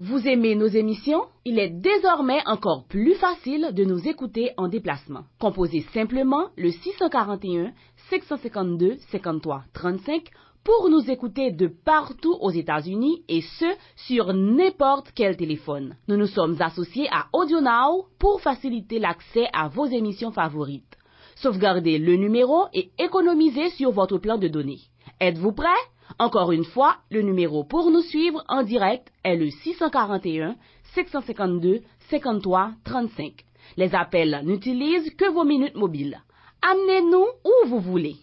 Vous aimez nos émissions Il est désormais encore plus facile de nous écouter en déplacement. Composez simplement le 641 652 53 35 pour nous écouter de partout aux États-Unis et ce, sur n'importe quel téléphone. Nous nous sommes associés à AudioNow pour faciliter l'accès à vos émissions favorites. Sauvegardez le numéro et économisez sur votre plan de données. Êtes-vous prêt? Encore une fois, le numéro pour nous suivre en direct est le 641 652 53 35. Les appels n'utilisent que vos minutes mobiles. Amenez-nous où vous voulez.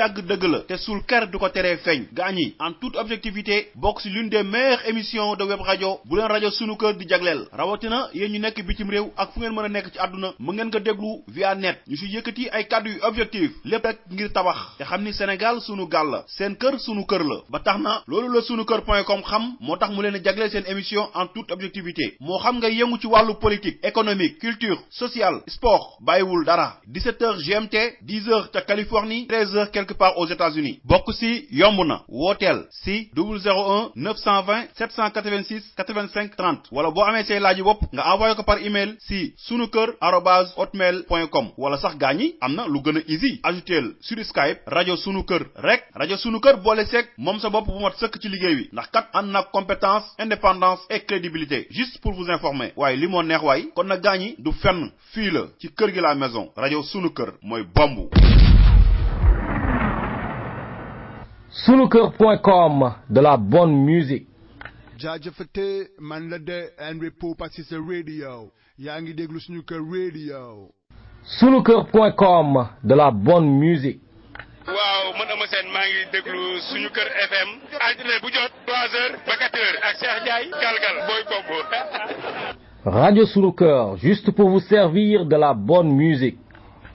yàgg dëgg la te sul ker du ko teree feeñ en toute objectivité bokk l'une des meilleures émissions de web radio, bu leen rajo sunu kër di jagleel rawatina yéen ñu nekk bitim réew ak fu ngeen mën a nekk ci àdduna mu ngeen nga déglu via net ñu ci yëkkati ay kàddu yu objectif lépp rek ngir tabax te xam ni Sénégal sunu gàll la seen kër sunu kër la ba tax na loolu la sunu kër point com xam moo tax mu leen a jagleel seen émission en toute objectivité moo xam nga yëngu ci wàllu politique économique culture social, sport bàyyiwul dara 17h GMT 10h ca Californie 13h quelque par aux États-Unis Beaucoup si Hotel, si 001 920 786 85 30 wala bo amee say laaji bopp nga envoyé par email si sunuker Voilà, ça hotmail point com wala sax easy ajouteel sur Skype Radio Sunuker, REC, Radio Sunuker, sunu sec, boole sa bop bu mat sëkk ci liggéey bi ndax kat compétence indépendance et crédibilité juste pour vous informer oui, limon oui, qu'on a gagné, na ferme du fenn la maison Radio Sunuker. Moi, bambou. Sunuker.com de la bonne musique. Jaja Fete, man Manlade and Repo Patisse Radio. Yangi déglu Snooker Radio. Sunuker.com de la bonne musique. waaw man Eumeu Sène maa ngi déglu suñu kër FM. altine bu jot 3h ba 4h ak Cheikh Ndiaye galgal Boy kombo. radio suñu kër juste pour vous servir de la bonne musique.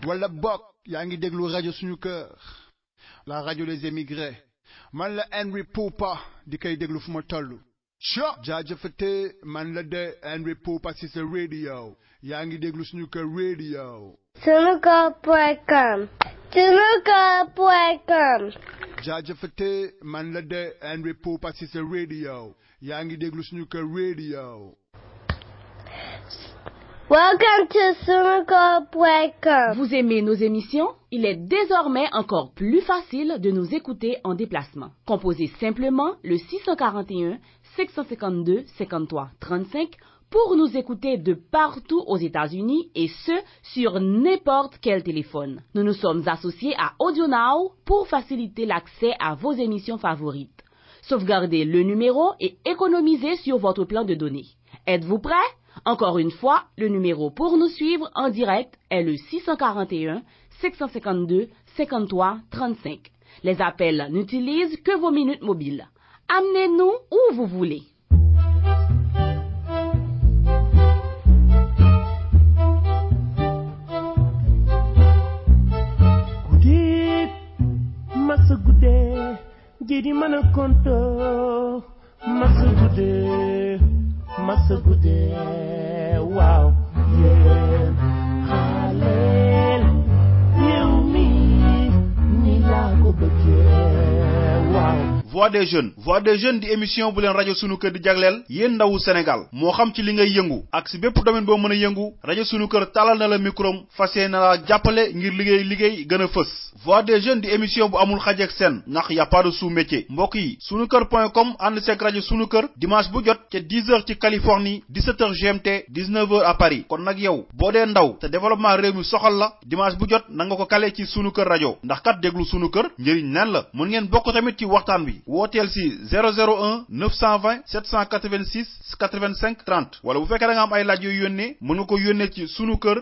wala Bok, yaa ngi déglu rajo suñu kër la radio des émigrés. man la Henry Poupa di koy déglu fu ma toll sio jaajëfate man la de Henry Poupa si sa radio yaa ngi déglu suñu kër radio sunuker point man la de Henry Poupa yaa ngi déglu suñu kër radio Welcome to Vous aimez nos émissions Il est désormais encore plus facile de nous écouter en déplacement. Composez simplement le 641 652 5335 pour nous écouter de partout aux États-Unis et ce, sur n'importe quel téléphone. Nous nous sommes associés à AudioNow pour faciliter l'accès à vos émissions favorites. Sauvegardez le numéro et économisez sur votre plan de données. Êtes-vous prêt encore une fois, le numéro pour nous suivre en direct est le 641 652 53 35. Les appels n'utilisent que vos minutes mobiles. Amenez-nous où vous voulez. masa guddee waaw voix des jeunes voix des jeunes di émission bu len radio sunu keur di jaglel yeen ndawu sénégal mo xam ci li ngay yëngu ak ci bépp domaine bo mën yëngu sunu keur talal na la microm fassé na la jappalé ngir liggéey liggéey gëna a voix des jeunes di émission bu amul xaj sen seen ya pas de sous métier mbokk yi sunu kër point com ànd sunu keur dimanche bu jot ci 10 h ci californie 17 h gmt 19 h à paris kon nak yow bo dé ndaw té développement réew mi soxal la dimanche bu jot na nga ko kale ci sunu keur radio ndax kat déglu sunu keur njëriñ nan la mën ngeen bokk tamit ci waxtaan bi wooteel 001 920 786 85 30 wala bu fekkee da nga am ay laaj yooyu yónnee mën ko yónnee ci sunu kër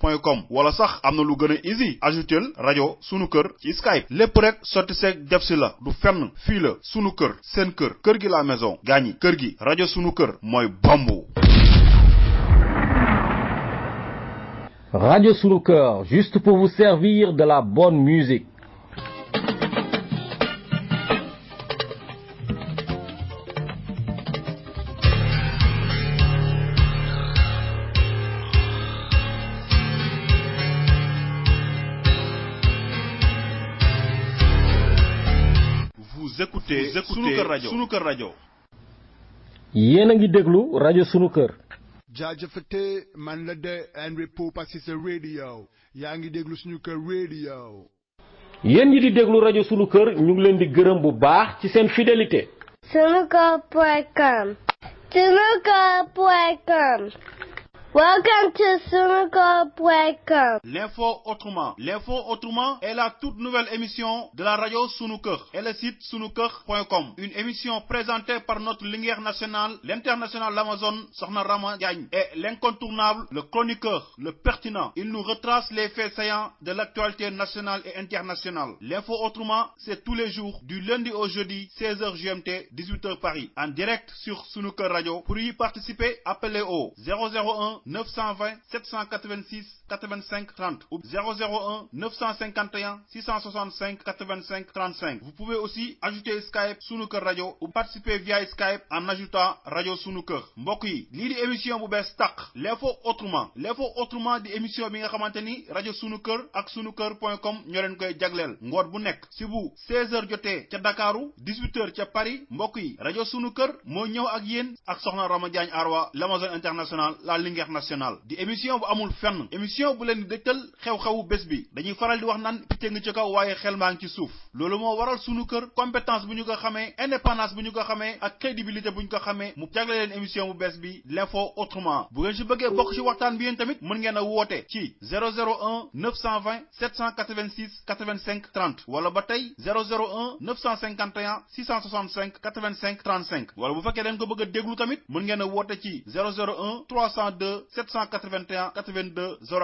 point wala sax am easy ajoutel radio sunu kër ci skype lépp rek sotti seeg def si la du fenn fii la sunu la maison gaañi kër gi Sunuker sunu kër Radio Sunuker Cœur, juste pour vous servir de la bonne musique. écoutez rajo sunu kër rajo. yéen a ngi déglu rajo sunu kër. jaajëfate man la de Henry Pou Passis radio yaa ngi déglu suñu kër radio. yéen ñi di déglu rajo sunu kër ñu ngi leen di gërëm bu baax ci seen fidélité. Welcome to L'info autrement. L'info autrement est la toute nouvelle émission de la radio Sunukur et le site sunukur.com. Une émission présentée par notre lumière nationale, l'international Amazon Sorna Gagne et l'incontournable, le chroniqueur, le pertinent. Il nous retrace les faits saillants de l'actualité nationale et internationale. L'info autrement, c'est tous les jours du lundi au jeudi, 16h GMT, 18h Paris, en direct sur Sunukur Radio. Pour y participer, appelez au 001 920 786 85 30 ou 001 951 665 85 35. Vous pouvez aussi ajouter Skype Sunuker Radio ou participer via Skype en ajoutant Radio Sunuker. mbokk yi lii di émission bu bees l'info autrement l'info autrement di émission bi radio Sunuker ak sunuker.com ñoo koy Ngor bu nekk si vous 16h jotee ca Dakarou, 18h ca Paris mbokk Radio Sunuker mo ñëw ak yéen ak soxna Arwa l'Amazon international la Linguère nationale di émission bu amul fenn émission émission bu leen di dëkkal xew-xewu bés bi dañuy faral di wax naan picc ngi ci kaw waaye xel maa ngi ci suuf loolu moo waral sunu kër compétence bu ñu ko xamee indépendance bu ñu ko xamee ak crédibilité bu ñu ko xamee mu jagle leen émission bu bees bi l'info autrement bu ngeen si bëggee bokk ci waxtaan bi yéen tamit mën ngeen a woote ci 001 920 786 85 30 wala ba tey 001 951 665 85 35 wala bu fekkee dañ ko bëgg a déglu tamit mën ngeen a woote ci 001 302 781 82 0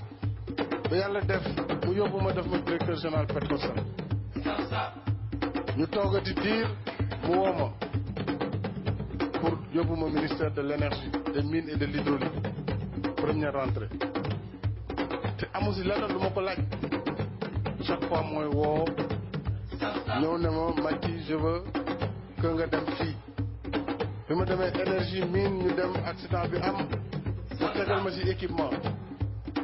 ba yàlla def bu yobuma def ma directeur général Petrosen ñu toogati diir mu woo ma pour yóbbu ma ministère de l'énergie de mine et de l'hydraulique première rentrée te amu si leneen lu ma ko laaj chaque fois mooy woo ñëw ne ma Macky je veux que nga dem fii bi ma demee énergie mine ñu dem accident bi am mu tegal ma si équipement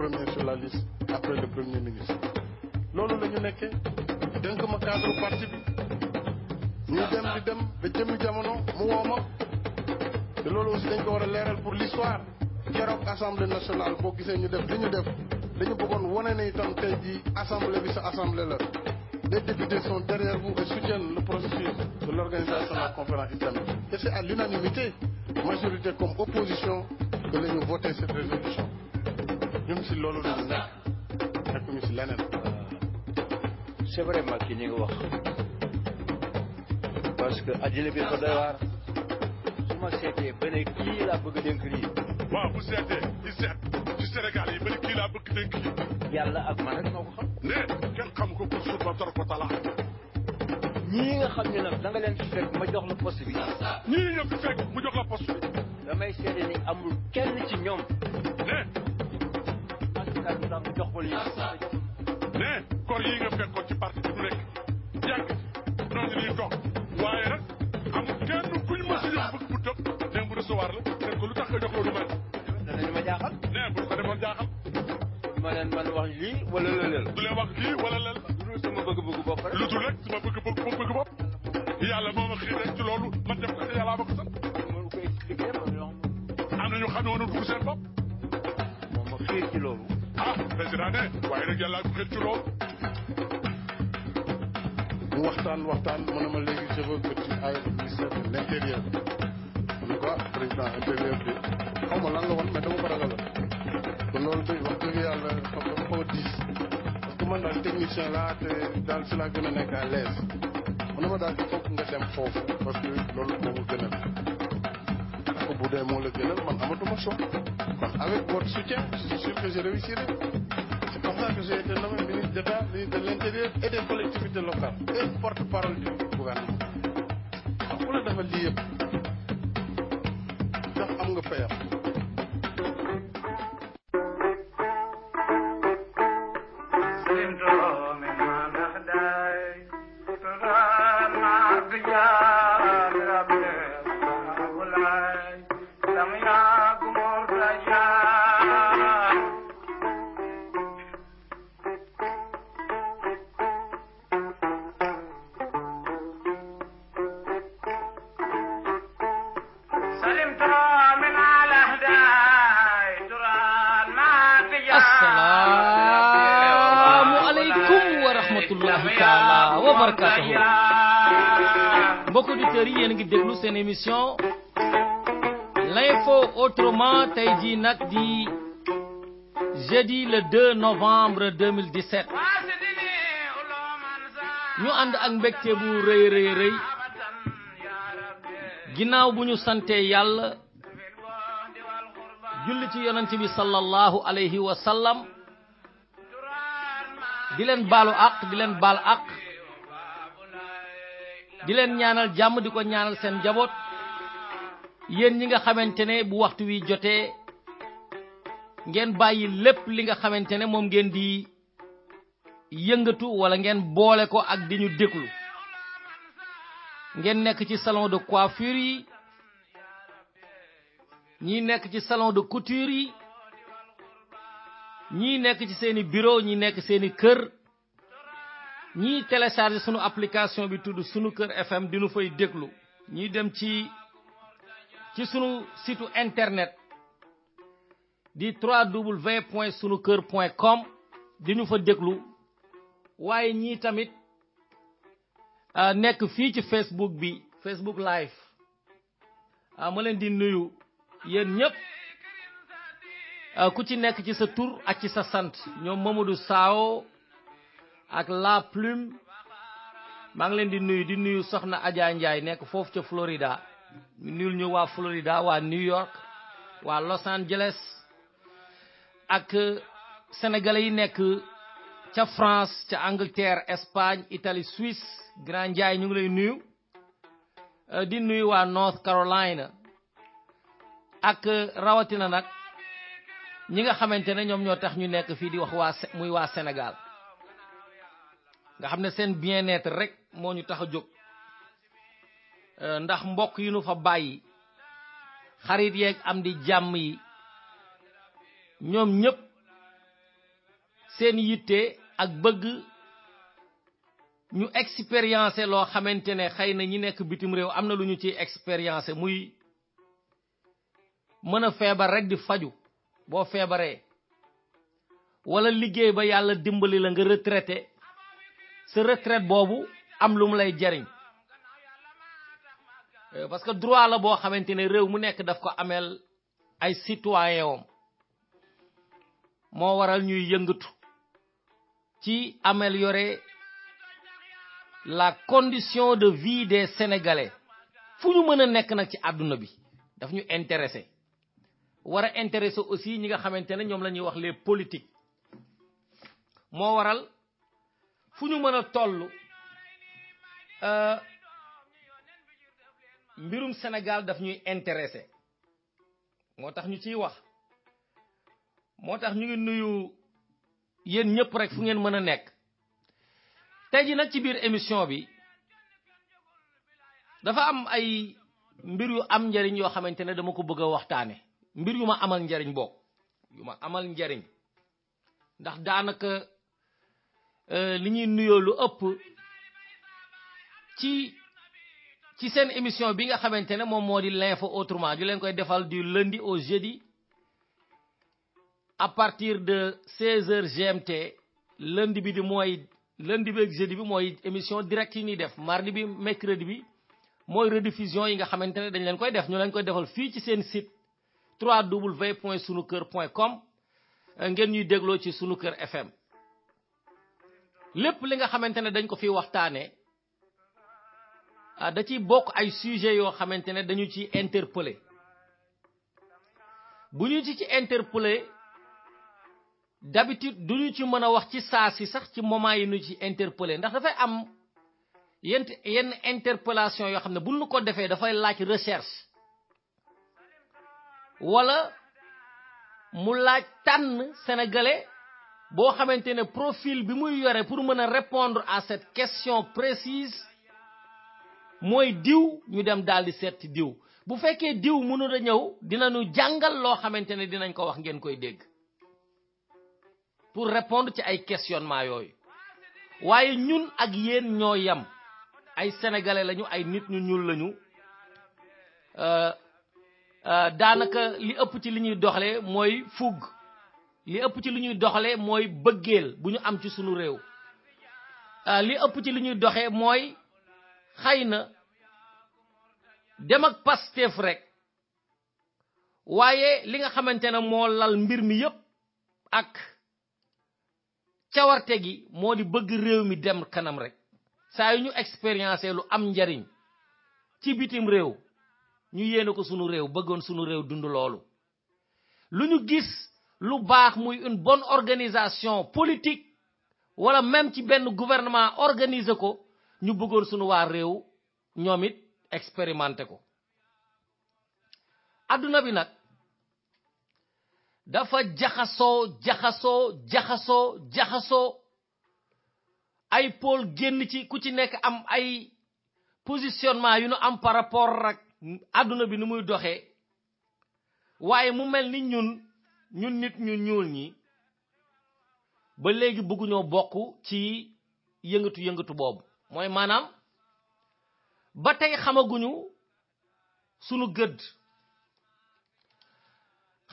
premier sur la liste après le premier ministre Lolo le ñu nekkee ma cadre parti bi ñu dem di dem ba jamono mu woma. aussi dañ ko wara pour l'histoire Kérok assemblée nationale pour qui ñu def liñu def dañu bëggon wane ne assemblée bi sa assemblée la les députés sont derrière vous et soutiennent le processus de l'organisation de la conférence islamique et c'est à l'unanimité majorité comme opposition que nous votons cette résolution ñun si loolu lañu nekk nekkuñu si leneen. Euh, c'est vraiment ki ñu ngi wax parce que àddina bi fa doy waar su ma seetee ba ne kii laa bëgg a dénk lii. waaw bu seetee di seet ci Sénégal yi ba ne kii laa bëgg dénk lii. yàlla ak man rek noo ko xam. ne kenn xam ko pour suuf ba tor ko talaa. ñii nga xam ne nag da nga leen fi fekk ma jox la poste bi. ñii nga fi fekk mu jox la poste bi. damay seede ni amul kenn ci ñoom. xool yi mais kor yi nga fekkoon ci parti bi mu nekk yàgg noo ngi nii toog waaye nag amul kenn kuñ mos a jox bëgg bu tëb dem bu recevoir la dañ ko lu tax nga jox loolu man danañu ma jaaxal ne bu ko defoon jaaxal ma leen man am ñu xamee woon présidente waaye nag yàlla ko xëccu loo ñu waxtaan waxtaan mu ne ma léegi je veux que tu ailles au ministère de l'intérieur ko président intérieur bi xaw ma lan la woon mais dama ko ragal la loolu day wax dëgg yàlla xam nga a diis parce man daal technicien laa te daal si laa gën a nekk à l'aise mu ma daal il nga dem foofu parce que loolu moo gën a avec votre soutien je suis sûr que j'ai réussi. c'est pour ça que j'ai été nommé ministre d'État ministre de l'Intérieur et des collectivités locales et porte-parole du gouvernement Je voulais dire, l'info autrement tey dit di jeudi le 2 novembre 2017 ñu and ak mbégte bu Ré reuy reuy ginnaaw buñu santé yalla julli ci yonent bi sallallahu alayhi wa sallam di len balu àq di len bal di len ñaanal jamm di ñaanal sen yen ñi nga xamantene bu waxtu wi joté ngeen bayyi lepp li nga xamantene mom ngeen di yëngatu wala ngeen boole ko ak diñu ñu déglu ngeen nekk ci salon de coiffure yi ñi nekk ci salon de couture yi ñi nekk ci seeni bureau ñi nekk seeni kër ñi télécharger sunu application bi tudd sunu kër fm nu fay déglu ñi dem ci ci sunu situ internet di 3w point sunu kër point com di ñu fa déglu waaye ñii tamit ah, nekk fii ci Facebook bi Facebook live ah, ma leen di nuyu yéen ñëpp ah, ku ci nekk ci sa tur ak ci sa sant ñoom Mamadou Sao ak La Plume maa ngi leen di nuyu di nuyu Soxna Adja Ndiaye nekk foofu ca Florida nul ñu wa Florida wa New York wa Los Angeles ak sénégalais yi nekk ca France ca Angleterre Espagne Italie Suisse Grand jaay ñu ngi lay nuyu euh, di nuyu wa North Carolina ak rawatina nak ñi nga xamantene ñom ñoo tax ñu nekk Senegal, di wax wa muy wa Sénégal nga xamne sen bien-être rek ñu Eh, ndax mbokk yi nu fa bàyyi xarit yeeg am di jàmm yi ñoom ñëpp seen yitte ak bëgg ñu expérience loo xamante ne xëy na ñi nekk bitim réew am na lu ñu ci expérience muy mën a feebar rek di faju boo feebaree walla liggéey ba yàlla dimbali la nga retraité sa retraite boobu am lu mu lay jariñ Euh, parce que droit la bo xamantene rew mu nek daf ko amel ay citoyen mo waral ñuy yëngatu ci améliorer la condition de vie des sénégalais fuñu mëna nek nak ci aduna bi daf ñu intéressé wara intéressé aussi ñi nga xamantene ñom lañuy wax les politiques mo waral fuñu mëna tollu euh mbirum Sénégal daf ñuy intéressé moo tax ñu ciy wax moo tax ñu ngi nuyu yéen ñëpp rek fu ngeen mën a nekk tey ji nag ci biir émission bi dafa am ay mbir yu am njariñ yoo xamante ne dama ko bëgg a waxtaane mbir yu ma amal njariñ bokk yu ma amal njariñ ndax daanaka euh, li ñuy nuyoo lu ëpp ci ci seen émission bi nga xamante ne moom moo di l'info autrement ñu leen koy defal du lundi o jeudi à partir de 16h GMT lundi bi di mooy lundi bi ak jeudi bi mooy émission direct yi ñuy def mardi bi mercredi bi mooy rediffusion yi nga xamante ne dañ leen koy def ñu leen koy defal fii ci seen point sunu site www.sunuker.com ngeen ñuy dégloo ci kër FM lépp li nga xamante ne dañ ko fi waxtaanee. Ah, da ci bok ay sujet yo xamantene dañu ci interpeller buñu ci ci interpeller d'habitude duñu ci mëna wax ci saasi sax ci moment yi ñu ci interpeller ndax dafay am yenn yenn interpellation yo xamne buñu ko ñu da fay laaj recherche wala mu laaj tànn sénégalais bo xamantene profil bi muy yoré pour mëna répondre à cette question précise mooy diw ñu dem daal di seet diw bu fekkee diw mënul a ñëw dinañu jàngal loo xamante ne dinañ ko wax ngeen koy dégg pour répondre ci ay questionnement yooyu waaye ñun ak yéen ñoo yem ay sénégalais lañu ay nit ñu ñuul lañu euh, euh, daanaka li ëpp ci li ñuy doxalee mooy fugg li ëpp ci li ñuy doxalee mooy bëggeel bu ñu am ci sunu réew euh, li ëpp ci li ñuy doxee mooy xëy na dem ak Pastef rek waaye li nga xamante ne moo lal mbir mi yépp ak cawarte gi moo di bëgg réew mi dem kanam rek saa yu ñu expérience lu am njariñ ci bitim réew ñu yéene ko sunu réew bëggoon sunu réew dund loolu lu ñu gis lu baax muy une bonne organisation politique wala même ci benn gouvernement organiser ko ñu bëggoon sunu waa réew ñoom it expérimenté ko adduna bi nag dafa jaxasoo jaxasoo jaxasoo jaxasoo ay pôle génn ci ku ci nekk am ay positionnement yu nu am par rapport ak adduna bi nu muy doxee waaye mu mel ni ñun ñun nit ñu ñuul ñi ba léegi bëgguñoo bokk ci yëngatu-yëngatu boobu mooy maanaam ba tey xamaguñu sunu gëdd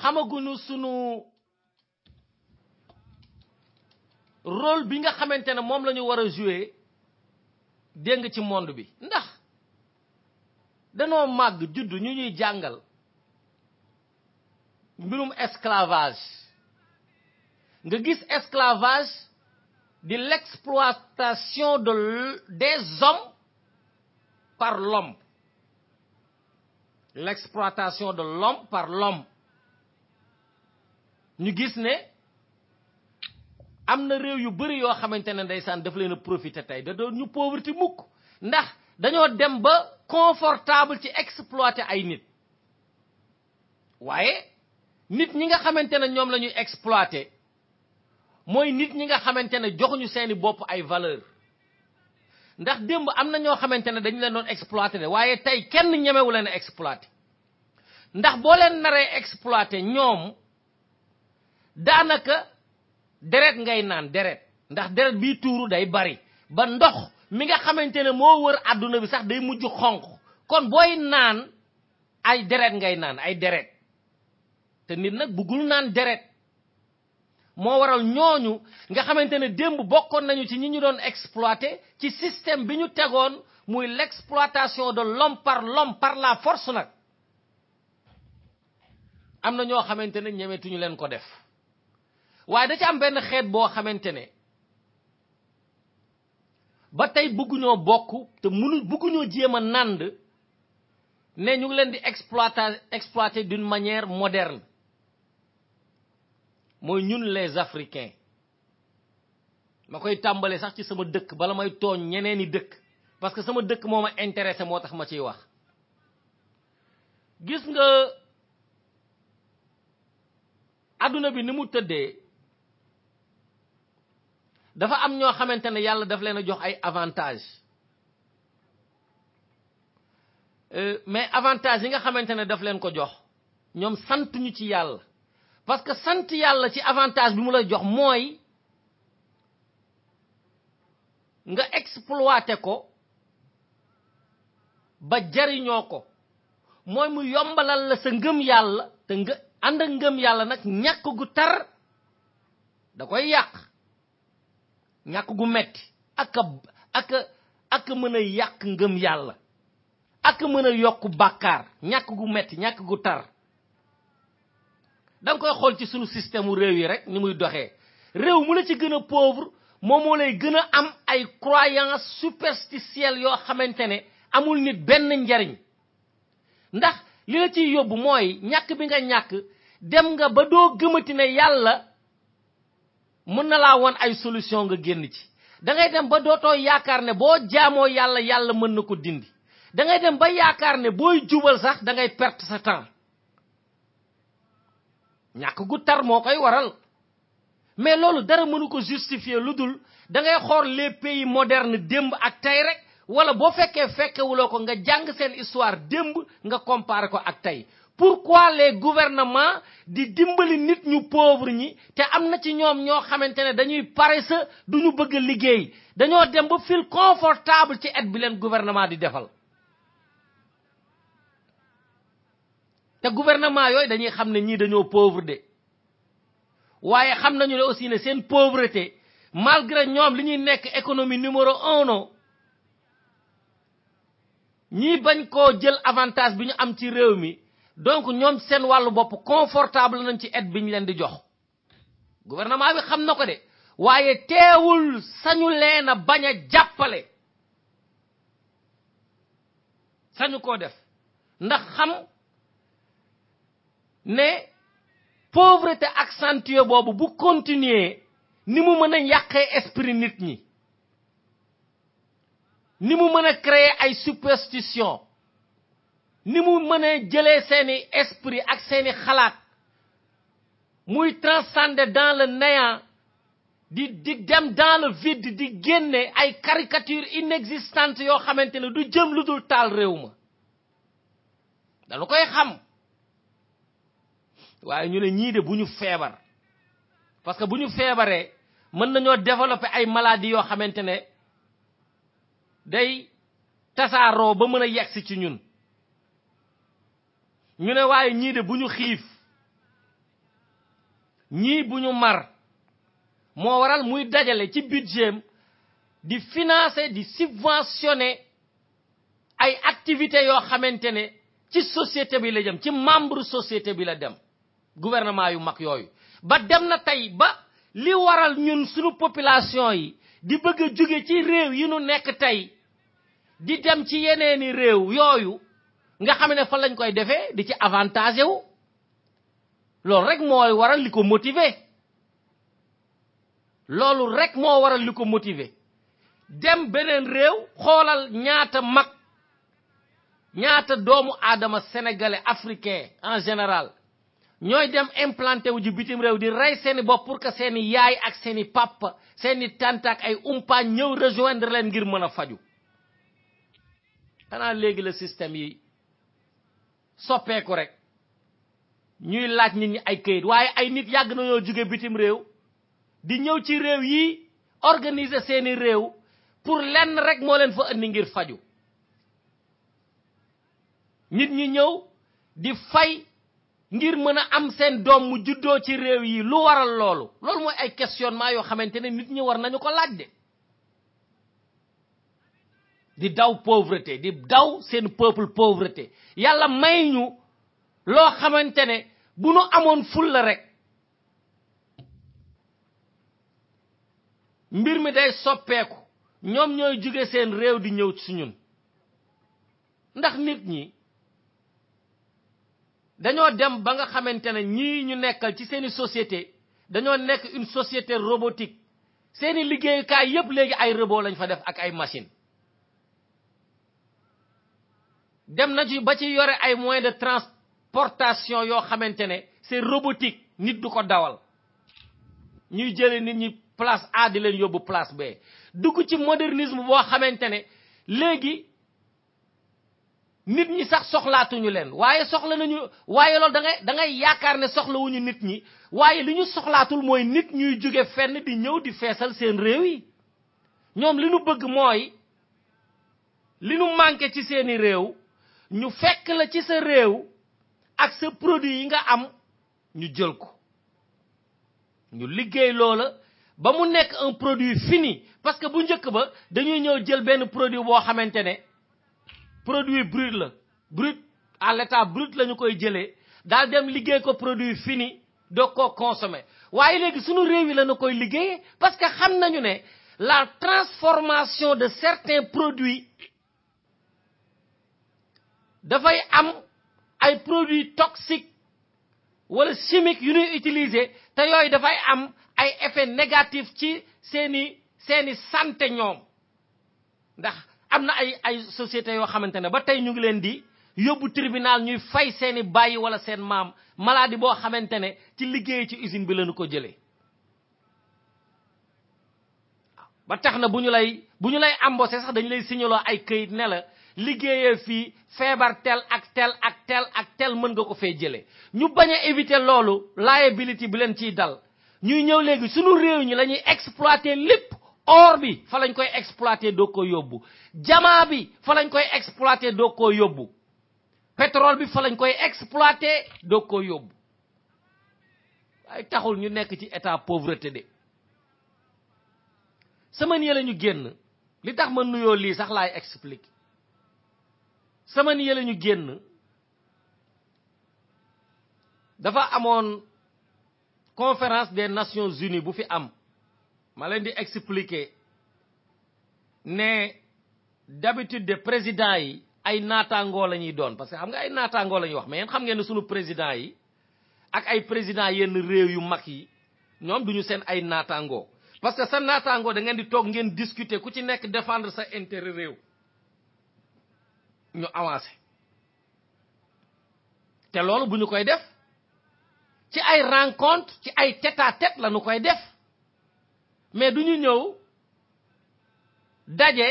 xamaguñu sunu rôle bi nga xamante ne moom lañu ñu war a jouer dégg ci monde bi ndax danoo màgg judd ñu ñuy jàngal mbirum esclavage nga gis esclavage de l'exploitation de, des hommes par l'homme. L'exploitation de l'homme par l'homme. ñu gis ne am na réew yu bëri yo xamante ndaysan daf leen profiter tay da do ñu pauvreté mukk ndax dañoo dem ba confortable ci exploiter ay nit waaye nit ñi nga xamante ñom ñoom exploiter moy nit ñi nga xamantene ne joxuñu seeni bop ay valeur ndax demb amna ño xamantene dañ leen doon exploiter waye tay kenn ñemewu leen exploiter ndax bo leen naré exploiter ñom danaka deret ngay naan deret ndax deret bi touru day bari ba ndox mi nga xamantene mo wër aduna bi sax day mujj xonk kon boy naan ay deret ngay naan ay deret te nit nak bugul naan deret moo waral ñooñu nga xamante ne démb bokkoon nañu ci ñi ñu doon exploité ci système bi ñu tegoon muy l'exploitation de l'homme par l'homme par la force nag am na ñoo xamante ne ñemetuñu leen ko def waaye da ci am benn xeet boo xamante ne ba tey bëgguñoo bokk te munu bëgguñoo jéem a nànd ne ñu ngi leen di exploiter exploité d'une manière moderne moy ñun les africains makoy tambalé sax ci sama dëkk bala may togn ñeneeni dëkk parce que sama dëkk moma ma intéressé motax ma ci wax gis nga aduna bi ni mu tëddé dafa am ño xamantene yalla daf leena jox ay avantage euh, mais avantage yi nga xamantene daf leen ko jox ñom sant ñu ci yalla parce que sant yàlla ci avantage bi mu lay jox mooy nga exploité ko ba jariñoo ko mooy mu yombalal la sa ngëm yàlla te nga ànd ak ngëm yàlla nag ñàkk gu tar da koy yàq ñàkk gu metti ak a ak ak mën a yàq ngëm yàlla ak mën a yokk bàkkaar ñàkk gu metti ñàkk gu tar dang koy xol ci suñu système réew yi rek ni muy doxé réew mu la ci gëna pauvre mom mo lay gëna am ay croyance superstitielle yo xamantene amul nit ben njariñ ndax li la ci yobbu moy ñak bi nga ñak dem nga ba do gëmati ne yalla mën na la won ay solution nga genn ci da ngay dem ba to yaakar ne bo yalla yalla yalla mën na dindi da ngay dem ba yaakar ne boy jubal sax da ngay perte sa temps ñàkk gu tar moo koy waral mais loolu dara mënu ko justifier lu dul dangay ngay xool les pays modernes démb ak tey rek wala boo fekkee fekkewuloo ko nga jàng seen histoire démb nga comparer ko ak tey pourquoi les gouvernement di dimbali nit ñu pauvre ñi te am na ci ñoom ñoo xamante ne dañuy pare sa du ñu bëgg liggéey dañoo dem ba fil confortable ci aide bi leen gouvernement di defal te gouvernement yooyu dañuy xam ne ñii dañoo pauvre de waaye xam nañu ne aussi ne seen pauvreté malgré ñoom li ñuy nekk économie numéro un ñii bañ koo jël avantage bi ñu am ci réew mi donc ñoom seen wàllu bopp confortable nañ ci aide bi ñu leen di jox gouvernement bi xam na ko de waaye teewul sañu leen a bañ a jàppale sañu koo def ndax xam ne pauvreté accentuée bobu bu continuer ni mu mën esprit nit ñi ni mu mën créer ay superstition ni mu mën a seeni esprit ak seeni xalaat muy transcender dans le néant di di dem dans le vide di génne ay caricatures inexistantes yoo xamante ne du jëm lu dul taal réew ma dañu koy xam waaye ñu ne ñii de parce que bu nous mën développer ay maladies yoo xamante day ba ci ñun ñu de mar moo waral muy ci budget di financer di subventionner ay activités yoo xamante ci société la jëm ci membre société gouvernement yu mag yooyu ba dem na tey ba li waral ñun suñu population yi di bëgg a jóge ci réew yi nu nekk tey di dem ci yeneeni réew yooyu nga xam ne fan lañ koy defee di ci avantage wu loolu rek mooy waral li ko motiver loolu rek moo waral li ko motiver dem beneen réew xoolal ñaata mag ñaata doomu aadama sénégalais africain en général ñooy dem implanté wu ji bitim réew di rey seeni bopp pour que seeni yaay ak seeni papa seeni tante ak ay umpaañ ñëw rejoindre leen ngir mën a faju xanaa léegi la système yi soppeeku rek ñuy laaj nit ñi ay kayit waaye ay nit yàgg nañoo jóge bitim réew di ñëw ci réew yi organise seeni réew pour lenn rek moo leen fa indi ngir faju nit ñi ñëw di fay ngir mën a am seen doom mu juddoo ci réew yi lu waral loolu loolu mooy ay questionnement yoo xamante ne nit ñi war nañu ko laaj de di daw pauvreté di daw seen peuple pauvreté yàlla may ñu loo xamante ne bu nu amoon fulla rek mbir mi day soppeeku ñoom ñooy jóge seen réew di ñëw ci ñun ndax nit ñi dañoo dem ba nga xamante ne ñii ñu nekkal ci seeni société dañoo nekk une société robotique seeni liggéeyukaay yépp léegi ay robot lañu fa def ak ay machine dem na ci ba ci yore ay moyens de transportation yoo xamante ne c'est robotique nit du ko dawal ñuy jële nit ñi place A di leen yóbbu place B dugg ci modernisme boo xamante ne léegi nit ñi sax soxlaatuñu leen waaye soxla nañu waaye loolu da ngay da ngay yaakaar ne soxlawuñu nit ñi waaye li ñu soxlaatul mooy nit ñuy jóge fenn di ñëw di feesal seen réew yi ñoom li nu bëgg mooy li nu manqué ci seeni réew ñu fekk la ci sa réew ak sa produit yi nga am ñu jël ko ñu liggéey loola ba mu nekk un produit fini parce que bu njëkk ba dañuy ñëw jël benn produit boo xamante produit brut la brut à l'état brut la ñu koy jëlee daal dem liggéey ko produit fini doo ko consommer waaye légui suñu réew yi la ñukoy koy parce que xam nañu la transformation de certains produits fay am ay produits toxiques wala chimiques yu ñuy utiliser yoy da fay am ay effets négatifs ci seeni seeni santé ñom ndax am na ay ay sociétés yoo xamante ne ba tey ñu ngi leen di yóbbu tribunal ñuy fay seeni bàyyi wala seen maam maladie boo xamante ne ci liggéey ci usine bi lañu ko jëlee ba tax na bu ñu lay bu ñu lay embauché sax dañu lay signaloo ay kayit ne la liggéeyee fii feebar tel ak tel ak tel ak tel mën nga ko fee jëlee ñu bañ a éviter loolu liability bi leen ciy dal ñuy ñëw léegi suñu réew ñi lañuy ñuy exploité lépp or bi fa lañ koy exploité doo ko yóbbu jamaa bi fa lañ koy exploité doo ko yóbbu pétrole bi fa lañ koy exploité doo ko yóbbu ay taxul ñu nekk ci état pauvreté de semaine yële ñu génn li tax ma nuyoo lii sax laay explique semaine yële ñu génn dafa amoon conférence de nations unies bu fi am malen di expliquer ne d'habitude de président yi ay naataangoo la ñuy doon parce que xam nga ay nata la ñuy wax mais yéen xam ngeen suñu président yi ak ay président yenn réew yu mag yi ñoom duñu seen ay naataangoo parce que sa naataangoo da ngeen di tok ngeen discuter ku ci nekk défendre sa intérêt réew ñu avancer té loolu buñu koy def ci ay rencontre ci ay tête à tête la koy def mais du ñu ñëw daje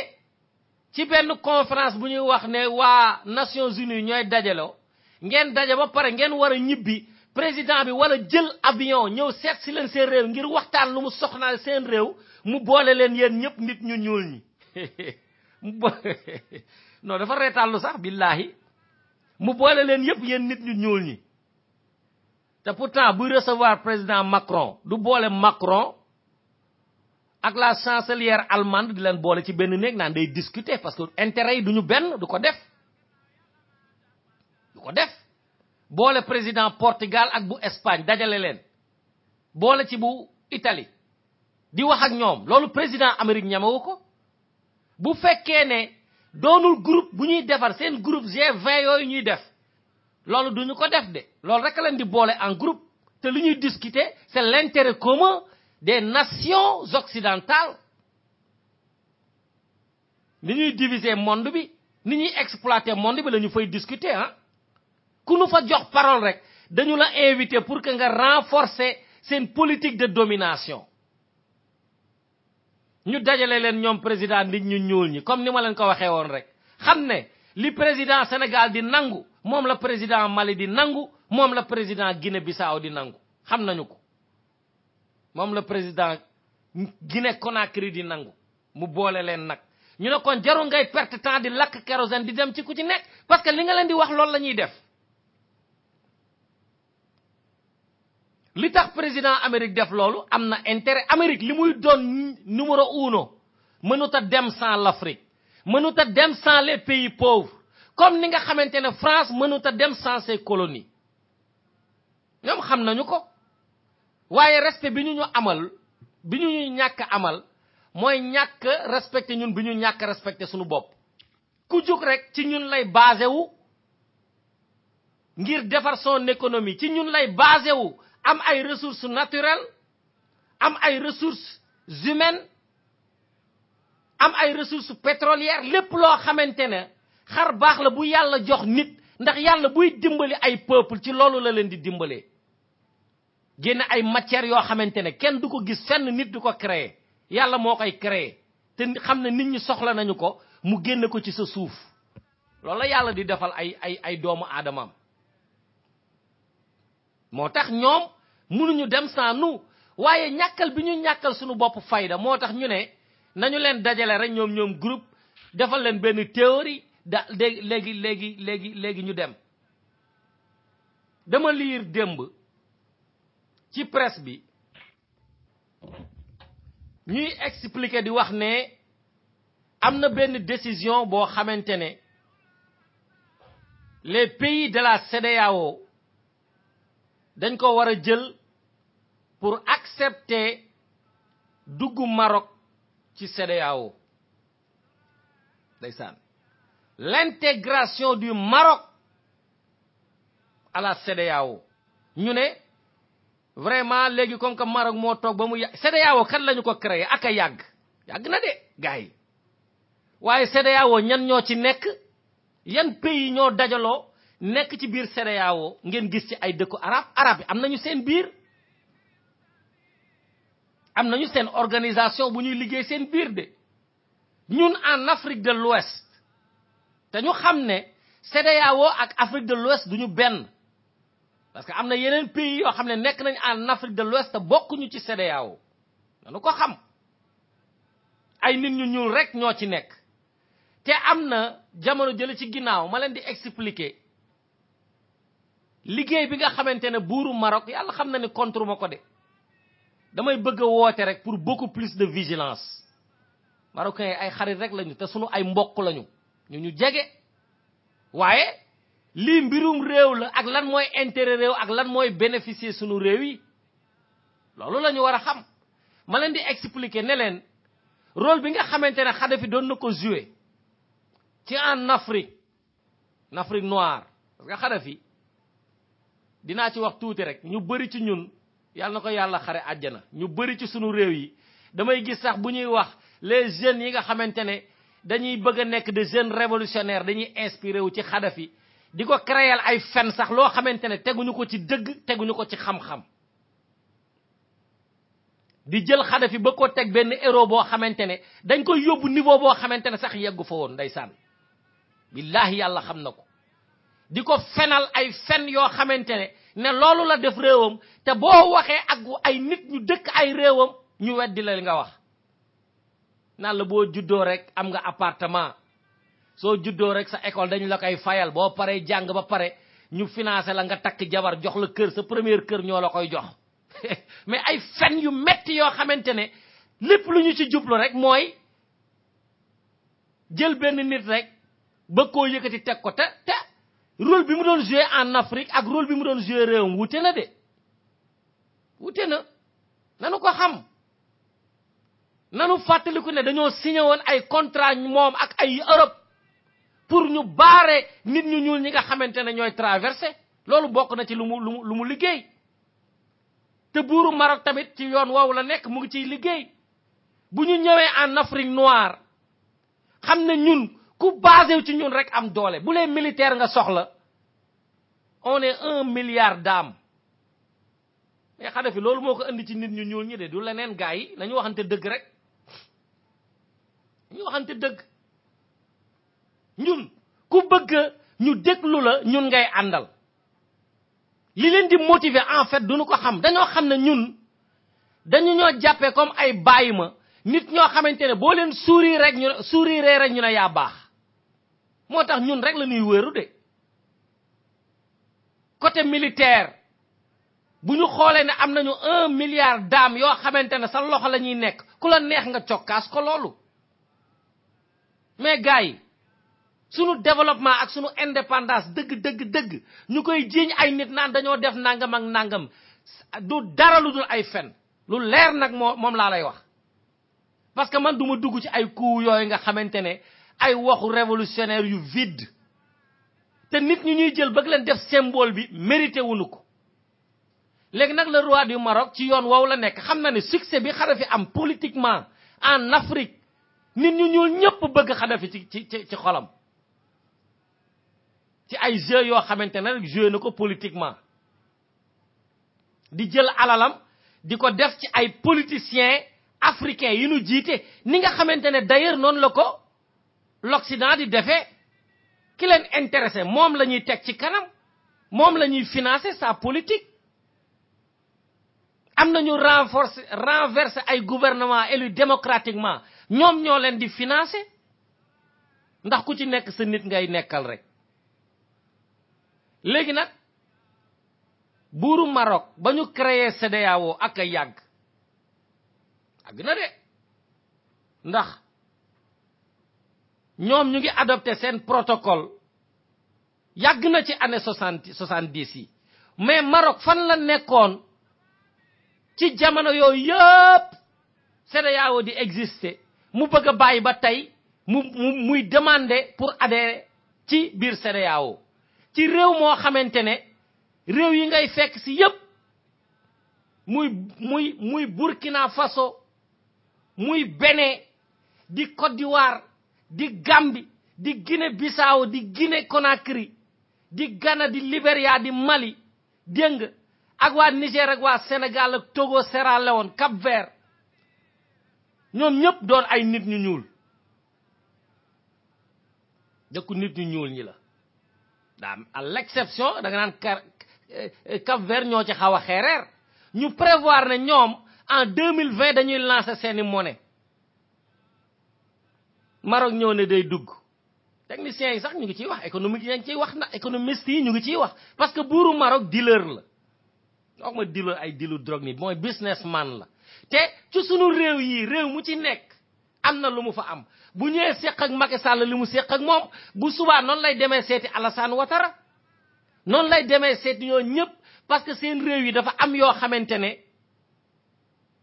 ci benn conférence bu ñuy wax ne waa Nations Unies ñooy dajaloo ngeen daje ba pare ngeen war a ñibbi président bi wala jël avion ñëw seet si leen seen réew ngir waxtaan lu mu soxnaal seen réew mu boole leen yéen ñëpp nit ñu ñuul ñi non dafa reetaanlu sax billaahi mu boole leen yëpp yéen nit ñu ñuul ñi te pourtant buy recevoir président Macron du boole Macron ak la chancelière allemande di ci ben nek discuter parce que intérêt du du def du def bolé président Portugal ak bu Espagne dajalé len bolé ci bu Italie di wax ak ñom lolu président Amérique qui bu fekké né doonul groupe bu ñuy groupe G20 ñuy def lolu duñu ko def de lolu rek lañ di en groupe té discuter c'est l'intérêt commun des nations occidentales ni ni diviser monde nous ni le exploiter monde nous nous discuter hein. nous nous fa jox parole nous dañu la pour que nga renforcer cette politique de domination Nous dajale les ñoom président nit ñu ñi comme nous ma leen ko waxee Sénégal rek xam président Sénégal di nangu Moi, le président Mali di nangu moi, la président Guinée Bissau di nangu xam nañu moom la président Guinée Conakry di nangu mu boole leen nag ñu ne kon jarul ngay perte temps di lakk kérosène di dem ci ku ci nekk parce que li nga leen di wax loolu la def li tax président Amérique def loolu am na intérêt Amérique li muy doon numéro uno mënut a dem sans l'Afrique mënut a dem sans les pays pauvres comme ni nga xamante ne France mënut a dem sans ses colonies ñoom xam nañu ko waaye respect bi ñu ñu amal bi ñu ñuy ñàkk amal mooy ñàkk respecté ñun bi ñu ñàkk respecté suñu bopp ku jóg rek ci ñun lay basé wu ngir defar son économie ci ñun lay basé wu am ay ressources naturelles am ay ressources humaines am ay ressources pétrolières lépp loo xamante ne xar baax la bu yàlla jox nit ndax yàlla buy dimbali ay peuple ci loolu la leen di dimbalee génn ay matière yoo xamante ne kenn du ko gis fenn nit du ko créer yàlla moo koy créer te xam ne nit ñi soxla nañu ko mu génn ko ci sa suuf loolu la yàlla di defal ay ay ay doomu aadamaam moo tax ñoom mënuñu dem sans nu waaye ñàkkal bi ñu ñàkkal suñu bopp fayda moo tax ñu ne nañu leen dajale rek ñoom ñoom groupe defal leen benn théorie da legi léegi léegi léegi léegi ñu dem dama liir démb Qui presse bi ñuy expliquer di wax ne amna décision pour les pays de la CEDEAO pour accepter le Maroc ci CEDEAO l'intégration du Maroc à la CEDEAO ñu sommes vraiment léegi comme que Maroc moo toog ba mu yà CEDEAO kan lañu ko créé ak a yàgg yàgg na de gars yi waaye CEDEAO ñan ñoo ci nekk yan pays ñoo dajaloo nekk ci biir CEDEAO ngeen gis ci ay dëkku arab arab yi am nañu seen biir am nañu seen organisation bu ñuy liggéey seen biir de ñun en Afrique de l'Ouest te ñu xam ne CEDEAO ak Afrique de l'Ouest duñu benn parce que am na yeneen pays yoo xam ne nekk nañ en Afrique de l'Ouest te bokkuñu ci CEDEAO dañu ko xam ay nit ñu ñuul rek ñoo ci nekk te am na jamono jële ci ginnaaw ma leen di expliquer liggéey bi nga xamante ne buuru Maroc yàlla xam na ne contre ma ko de damay bëgg a woote rek pour beaucoup plus de vigilance marocains yi ay xarit rek lañu te sunu ay mbokk lañu ñu ñu jege waaye li mbirum réew la ak lan mooy intérêt réew ak lan mooy bénéficier sunu réew yi loolu la ñu war xam ma leen di expliquer ne leen rôle bi nga xamante ne xadafi doon na ko joué ci en afrique en afrique noire parce que xadafi dinaa ci wax tuuti rek ñu bëri ci ñun yàlla na ko yàlla xare àjjana ñu bëri ci sunu réew yi damay gis sax bu ñuy wax les jeunes yi nga xamante ne dañuy bëgg a nekk jeunes révolutionnaires dañuy inspiré wu ci di ko créer ay fen sax loo xamante ne teguñu ko ci dëgg teguñu ko ci xam-xam di jël Xadafi ba ko teg benn héros boo xamante ne dañ koy yóbbu niveau boo xamante ne sax yeggu fa woon ndeysaan billaahi yàlla xam na ko di ko fenal ay fen yoo xamante ne ne loolu la def réewam te boo waxee ak ay nit ñu dëkk ay réewam ñu weddi la li nga wax nan la boo juddoo rek am nga appartement soo juddoo rek sa école dañu la koy fayal boo paree jàng ba pare ñu financé la nga takk jabar jox la kër sa première kër ñoo la koy jox mais ay fen yu metti yoo xamante ne lépp lu ñu ci jublu rek mooy jël benn nit rek ba koo yëkkati teg ko te te rôle bi mu doon joué en Afrique ak rôle bi mu doon joué réewam wute na de wute na nanu ko xam nanu fàttaliku ne dañoo signé woon ay contrat moom ak ay Europe pour ñu baare nit ñu ñuul ñi nga xamante ne ñooy traverser loolu bokk na ci lu mu lu mu lu mu liggéey te buuru marok tamit ci yoon woowu la nekk mu ngi ciy liggéey bu ñu ñëwee en afrique noire xam ne ñun ku basé ci ñun rek am doole bu lee militaire nga soxla on est un milliard d'âmes mais xadafi loolu moo ko andi ci nit ñu ñuul ñi de du leneen gars yi nañu waxante dëgg rek ñu waxante dëgg ñun ku bëgg ñu déglu la ñun ngay àndal li leen di motiver en fait duñu ko xam dañoo xam ne ñun dañu ñoo jàppee comme ay bàyyi ma nit ñoo xamante ne boo leen sourire rek ñu sourire rek ñu ne yaa baax moo tax ñun rek la ñuy wéeru de côté militaire bu ñu xoolee ne am nañu un milliard d'âme yoo xamante ne sa loxo la ñuy nekk ku la neex nga cokkaas ko loolu mais gars sunu développement ak sunu indépendance dëgg dëgg dëgg ñu koy jiiñ ay nit naan dañoo def nangam ak nangam du dara lu dul ay fen lu leer nag moo moom laa lay wax parce que man duma dugg ci ay coup yooyu nga xamante ne ay waxu révolutionnaire yu vide te nit ñu ñuy jël bëgg leen def symbole bi mérité wuñu ko léegi nag le roi du Maroc ci yoon woowu la nekk xam na ne succès bi Kadhafi am politiquement en Afrique nit ñu ñuul ñëpp bëgg Kadhafi ci ci ci xolom ci ay jeu yoo xamante ne rek joué na ko politiquement di jël alalam di ko def ci ay politiciens africains yi nu jiite ni nga xamante ne d'ailleurs noonu la ko l'Occident di defee ki leen intéressé moom la ñuy teg ci kanam moom la ñuy financer sa politique am nañu renforcer renverser ay gouvernement élu démocratiquement ñoom ñoo leen di financer ndax ku ci nekk sa nit ngay nekkal rek léegi nak buru Maroc bañu créer créé CEDEAO ak yag agna àgg de ndax ñom ñu ngi adopté sen protocole yag na ci année 60 70 dix yi mais Maroc fan la ci jamono CEDEAO di exister mu bëgg a ba tay mu muy demander pour adhérer ci bir CEDEAO ci réew moo xamante ne réew yi ngay fekk ci yépp muy muy muy Burkina Faso muy Bénin di Côte d'Ivoire di Gambie di Guinée Bissau di Guinée Conakry di gana di Libéria di Mali dégg nga ak waa Niger ak waa Sénégal ak Togo Sierra Leone Cap-Vert ñoom ñëpp doon ay nit ñu ñuul dëkku nit ñu ñuul ñi la daa à l'exception da nga naan Cap Vert ñoo ci xaw a ñu prévoir na ñom en 2020 dañuy lancer seeni monnaie Maroc ñëw ne day dugg technicien yi sax ñu ngi ciy wax économique yi ñu ciy wax na économiste yi ñu ngi ciy wax parce que buuru Maroc dealer la wax ma dealer ay dealu drogue ni moy businessman la té ci suñu réew yi réew mu ci nekk amna na lu mu fa am bu ñëwee seq ak Macky Sall li mu seq ak moom bu suba noonu lay demee seeti Alassane Ouattara noonu lay demee seeti ñoo ñëpp parce que seen réew yi dafa am yoo xamante ne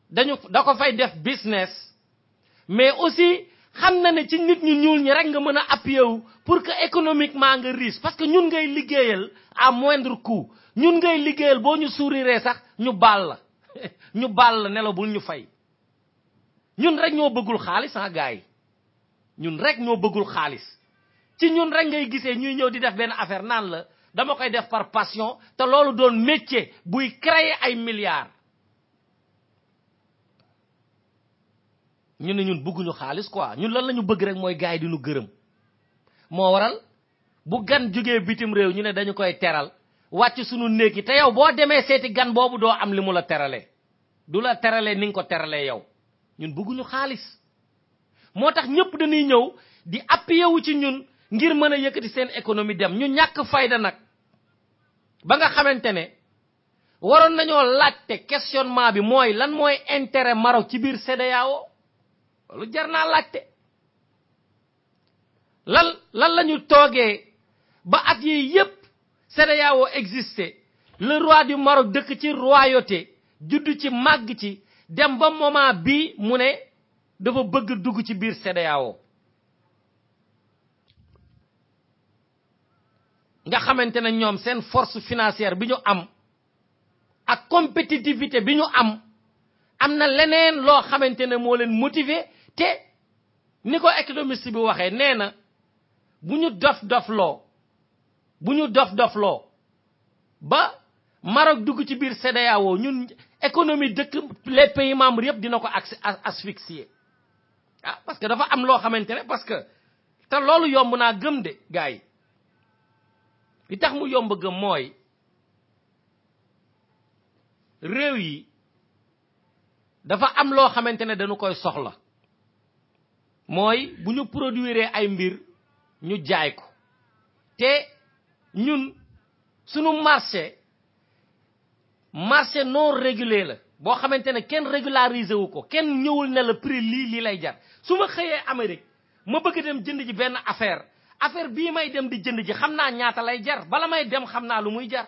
dañu da ko fay def business mais aussi xam na ne ci nit ñu ñuul ñi rek nga mën a appuyé wu pour que économiquement nga riche parce que ñun ngay liggéeyal à moindre coût ñun ngay liggéeyal boo ñu sourire sax ñu baal la ñu baal la ne la bul ñu fay ñun rek ñoo bëggul xaalis ah gars yi ñun rek ñoo bëggul xaalis ci ñun rek ngay gisee ñuy ñëw di def benn affaire naan la dama koy def par passion te loolu doon métier buy créer ay milliards ñu ne ñun bëgguñu xaalis quoi ñun lan lañu bëgg rek mooy gaay di nu gërëm moo waral bu gan bitim réew ñu ne dañu koy teral wàcc sunu néeg yi te yow boo demee seeti gan boobu doo am li mu la terale du la terale ni nga ko terale yow ñun bëgguñu xaalis moo tax ñëpp dañuy ñëw di appuyé wu ci ñun ngir mën a yëkkati seen économie dem ñu ñàkk fayda nag ba nga xamante ne waroon nañoo laajte questionnement bi mooy lan mooy intérêt Maroc ci biir CEDEAO loolu jar naa laajte lan lan la toogee ba at yii yépp CEDEAO existé le roi du dëkk ci royauté judd ci màgg ci dem ba moment bii mu ne dafa bëgg dugg ci biir CEDEAO nga xamante ne ñoom seen force financière bi ñu am ak compétitivité bi ñu am am na leneen loo xamante ne moo leen motiver te ni ko économiste bi waxee nee na bu ñu dof dof bu ñu dof dofloo ba Maroc dugg ci biir CEDEAO ñun économie dëkk les pays membres yëpp dina ko asphyxier ah parce que dafa am lo xamantene parce que te lolu yomb na gëm de gaay li tax mu yomb gëm moy réew yi dafa am lo xamantene dañu koy soxla moy buñu produire ay mbir ñu jaay ko té ñun sunu marché marché non régulé la boo xamante ne kenn régularisé wu ko kenn ñëwul ne la prix lii lii lay jar su ma xëyee Amérique ma bëgg dem jënd ji benn affaire affaire bii may dem di jënd ji xam naa ñaata lay jar bala may dem xam naa lu muy jar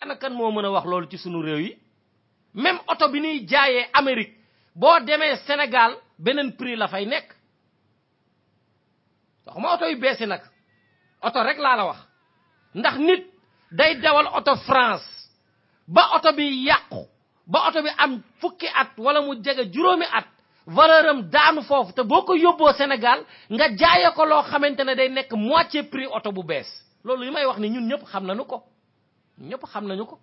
kana moo mën a wax loolu ci sunu réew yi même oto bi nuy jaayee Amérique boo demee Sénégal beneen prix la fay nekk waxuma oto yu bees nag oto rek laa la wax ndax nit day dawal oto France ba oto bi yàqu ba auto bi am fukki at wala mu jege juromi at valeuram daanu fofu te boko yobbo senegal nga jaaye ko lo xamantene day nek moitié prix auto bu bes lolou li wax ni ñun ñep xam nañu ko ñep xam nañu ko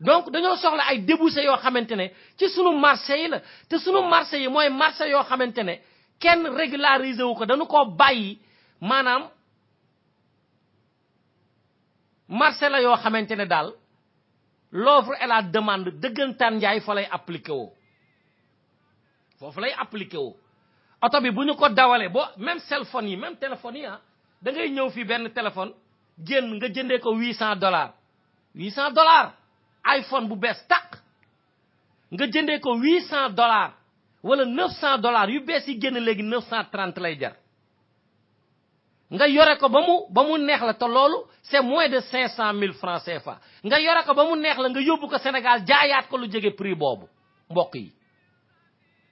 donc dañoo soxla ay débouché yo xamantene ci sunu marché la te sunu marché yi moy marché yo xamantene kenn régulariser wu ko dañu ko bayyi manam marché la yo xamantene dal l'offre et la demande deugentane ndjay fa lay appliquer wo fof lay appliquer wo auto bi buñu ko dawalé bo même cellphone même téléphone ah, fi ben téléphone jenn nga jëndé ko 800 dollars 800 dollars iphone bu bess tak nga jëndé ko 800 dollars wala 900 dollars yu bess yi génn 930 lay nga yore ko bamou mu neex la te loolu c'est moins de cinq cent francs CFA nga yore ko ba neex la nga yobou ko Sénégal jaayat ko lu jege prix bobu mbokk yi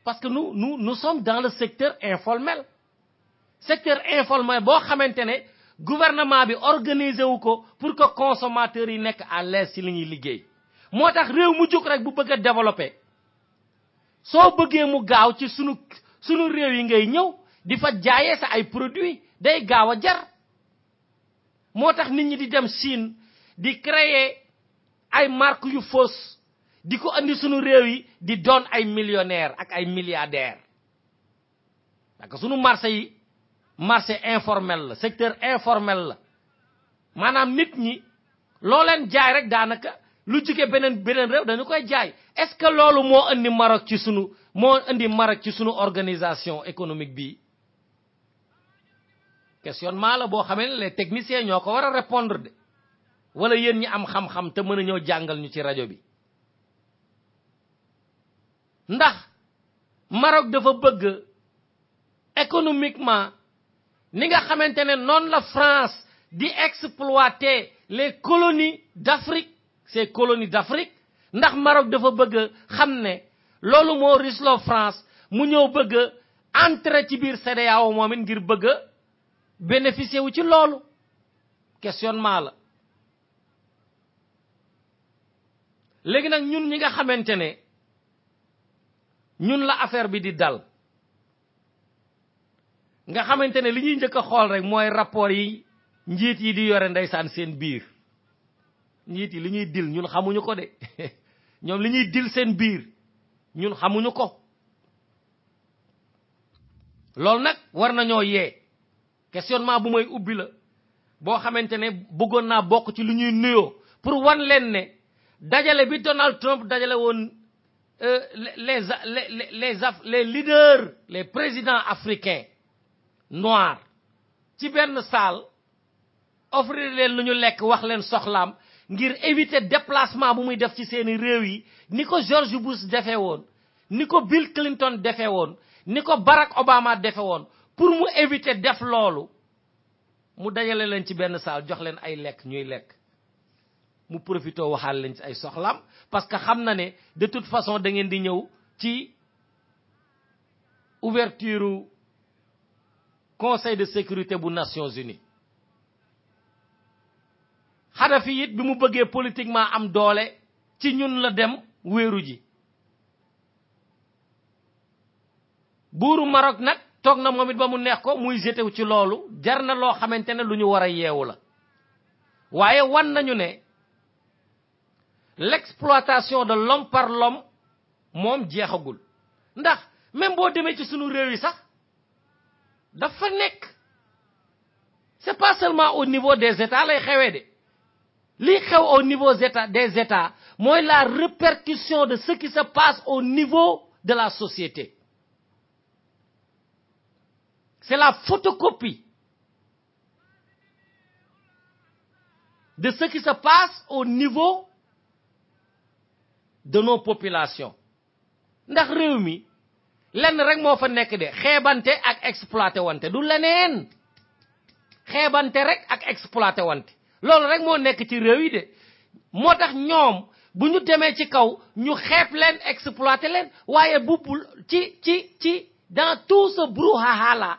parce que nous nous nous sommes dans le secteur informel secteur informel bo xamantene gouvernement bi organiser wu ko pour que consommateurs yi nek à l'aise ci li ñuy liggéey motax rew mu juk rek bu bëgg développer so bëggee mu gaaw ci sunu sunu rew yi ngay ñëw di fa jaayé sa ay produits day gaaw a jar moo tax nit ñi di dem sin, di créer ay marque yu fausse di ko andi sunu réew yi di doon ay millionnaire ak ay milliardaire parce que sunu marché yi marché informel la secteur informel la maanaam nit ñi loo leen jaay rek daanaka lu jóge beneen beneen réew dañu koy jaay est ce que loolu moo andi maroc ci sunu moo andi maroc ci sunu organisation économique bii questionnement la boo xamee ne les techniciens ñoo ko war a répondre de wala yéen ñi am xam-xam te mën a ñëw jàngal ñu ci rajo bi ndax Maroc dafa bëgg économiquement ni nga xamante ne noonu la France di exploiter les colonies d'Afrique ces colonies d'Afrique ndax Maroc dafa bëgg xam ne loolu moo risloo France mu ñëw bëgg entrer ci biir CEDEAO moom ngir bëgg bénéficier wu ci loolu questionnement la léegi nag ñun ñi nga xamante ne ñun la affaire bi di dal nga xamante ne li ñuy njëkk a xool rek mooy rapport yi njiit yi di yore ndeysaan seen biir njiit yi li ñuy dil ñun xamuñu ko de ñoom li ñuy dil seen biir ñun xamuñu ko loolu nag war nañoo yee questionnement bu may ubbi la bo xamantene ne na bok ci lu ñuy pour wan len ne dajale bi Donald Trump dajale euh, les les les les leaders les présidents africains noirs ci ben salle offrir leen lu ñu lekk wax leen soxlam ngir éviter déplacement bu muy def ci seen réew yi niko George Bush défé won niko Bill Clinton défé won niko Barack Obama défé won pour mu éviter def loolu mu dajale len ci ben saal jox len ay lek ñuy lek mu profito waxal len ci ay soxlam parce que xam na ne de toute façon da ngeen di ñew ci ouverture conseil de sécurité bu Nations Unies Xadafi it bi mu bëggee politiquement am doole ci ñun la dem wéeru ji buuru Maroc nag toog na moom it ba mu neex ko muy jetewu ci loolu jar na loo xamante ne lu ñu war a yeewu la waaye wan nañu ne l'exploitation de l'homme par l'homme moom jeexagul ndax même boo demee ci sunu réew yi sax dafa nekk c'est pas seulement au niveau des états lay xewee de li xew au niveau états des états mooy la répercussion de ce qui se passe au niveau de la société c'est la photocopie de ce qui se passe au niveau de nos populations ndax réew mi lenn rek moo fa nekk de xeebante ak exploité wante du leneen xeebante rek ak exploité wante loolu rek moo nekk ci réew yi de moo tax ñoom bu ñu demee ci kaw ñu xeeb leen exploité leen waaye bubbul ci ci ci dans tout ce brouhaha là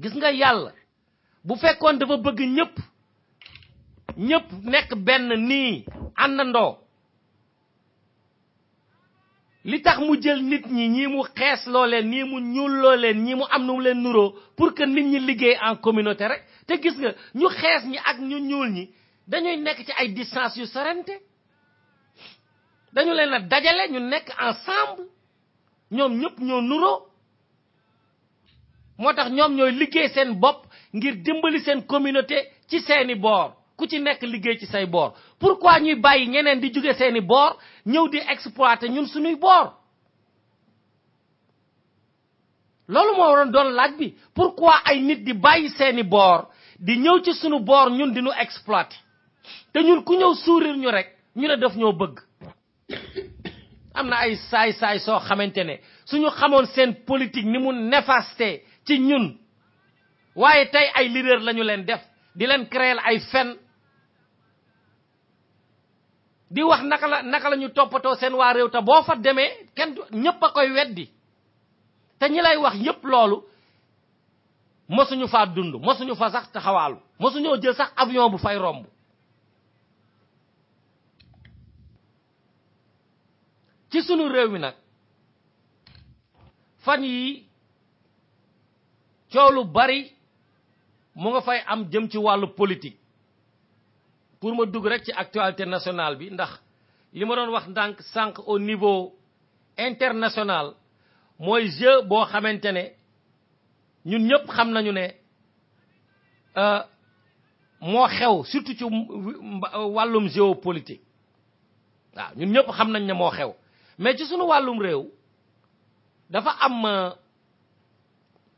gis nga yàlla bu fekkoon dafa bëgg ñëpp ñépp nekk benn nii àndandoo li tax mu jël nit ñi ñii mu xees loo leen ñii mu ñuul loo ñii mu am nu mu leen nuroo pour que nit ñi liggéey en communauté rek te gis nga ñu xees ñi ak ñu ñuul ñi dañuy nekk ci ay distance yu sorente dañu leen a dajale ñu nekk ensemble ñoom ñëpp ñoo nuroo moo tax ñoom ñooy liggéey seen bopp ngir dimbali seen communauté ci seeni boor ku ci nekk liggéey ci say boor pour quoi ñuy bàyyi ñeneen di jóge seeni boor ñëw di exploité ñun suñuy boor loolu moo doon laaj bi pourquoi ay nit di bàyyi seeni boor di ñëw ci suñu boor ñun di ñu te ñun ku ñëw sourire ñu rek ñu ne def ñoo bëgg am na ay saay-saay soo xamante ne suñu xamoon seen politique ni mu néfaste ci ñun waye tay ay leader lañu leen def di leen créer ay fen di wax naka la naka lañu topato toppatoo seen waa réew te fa démé kenn ñepp akoy wéddi weddi ñi lay wax yépp loolu mosuñu fa dund mosuñu fa sax taxawaalu mosuñoo jël sax avion bu fay romb ci sunu rew mi nak fan yi coow lu bari mu nga fay am jëm ci wàllu politique pour ma dugg rek ci actualité national bi ndax li ma doon wax ndànk sànq au niveau international mooy jeu boo xamante ne ñun ñëpp xam nañu ne euh, moo xew surtout ci wàllum géopolitique waaw ñun ñëpp xam nañ ne moo xew mais ci sunu wàllum réew dafa am euh,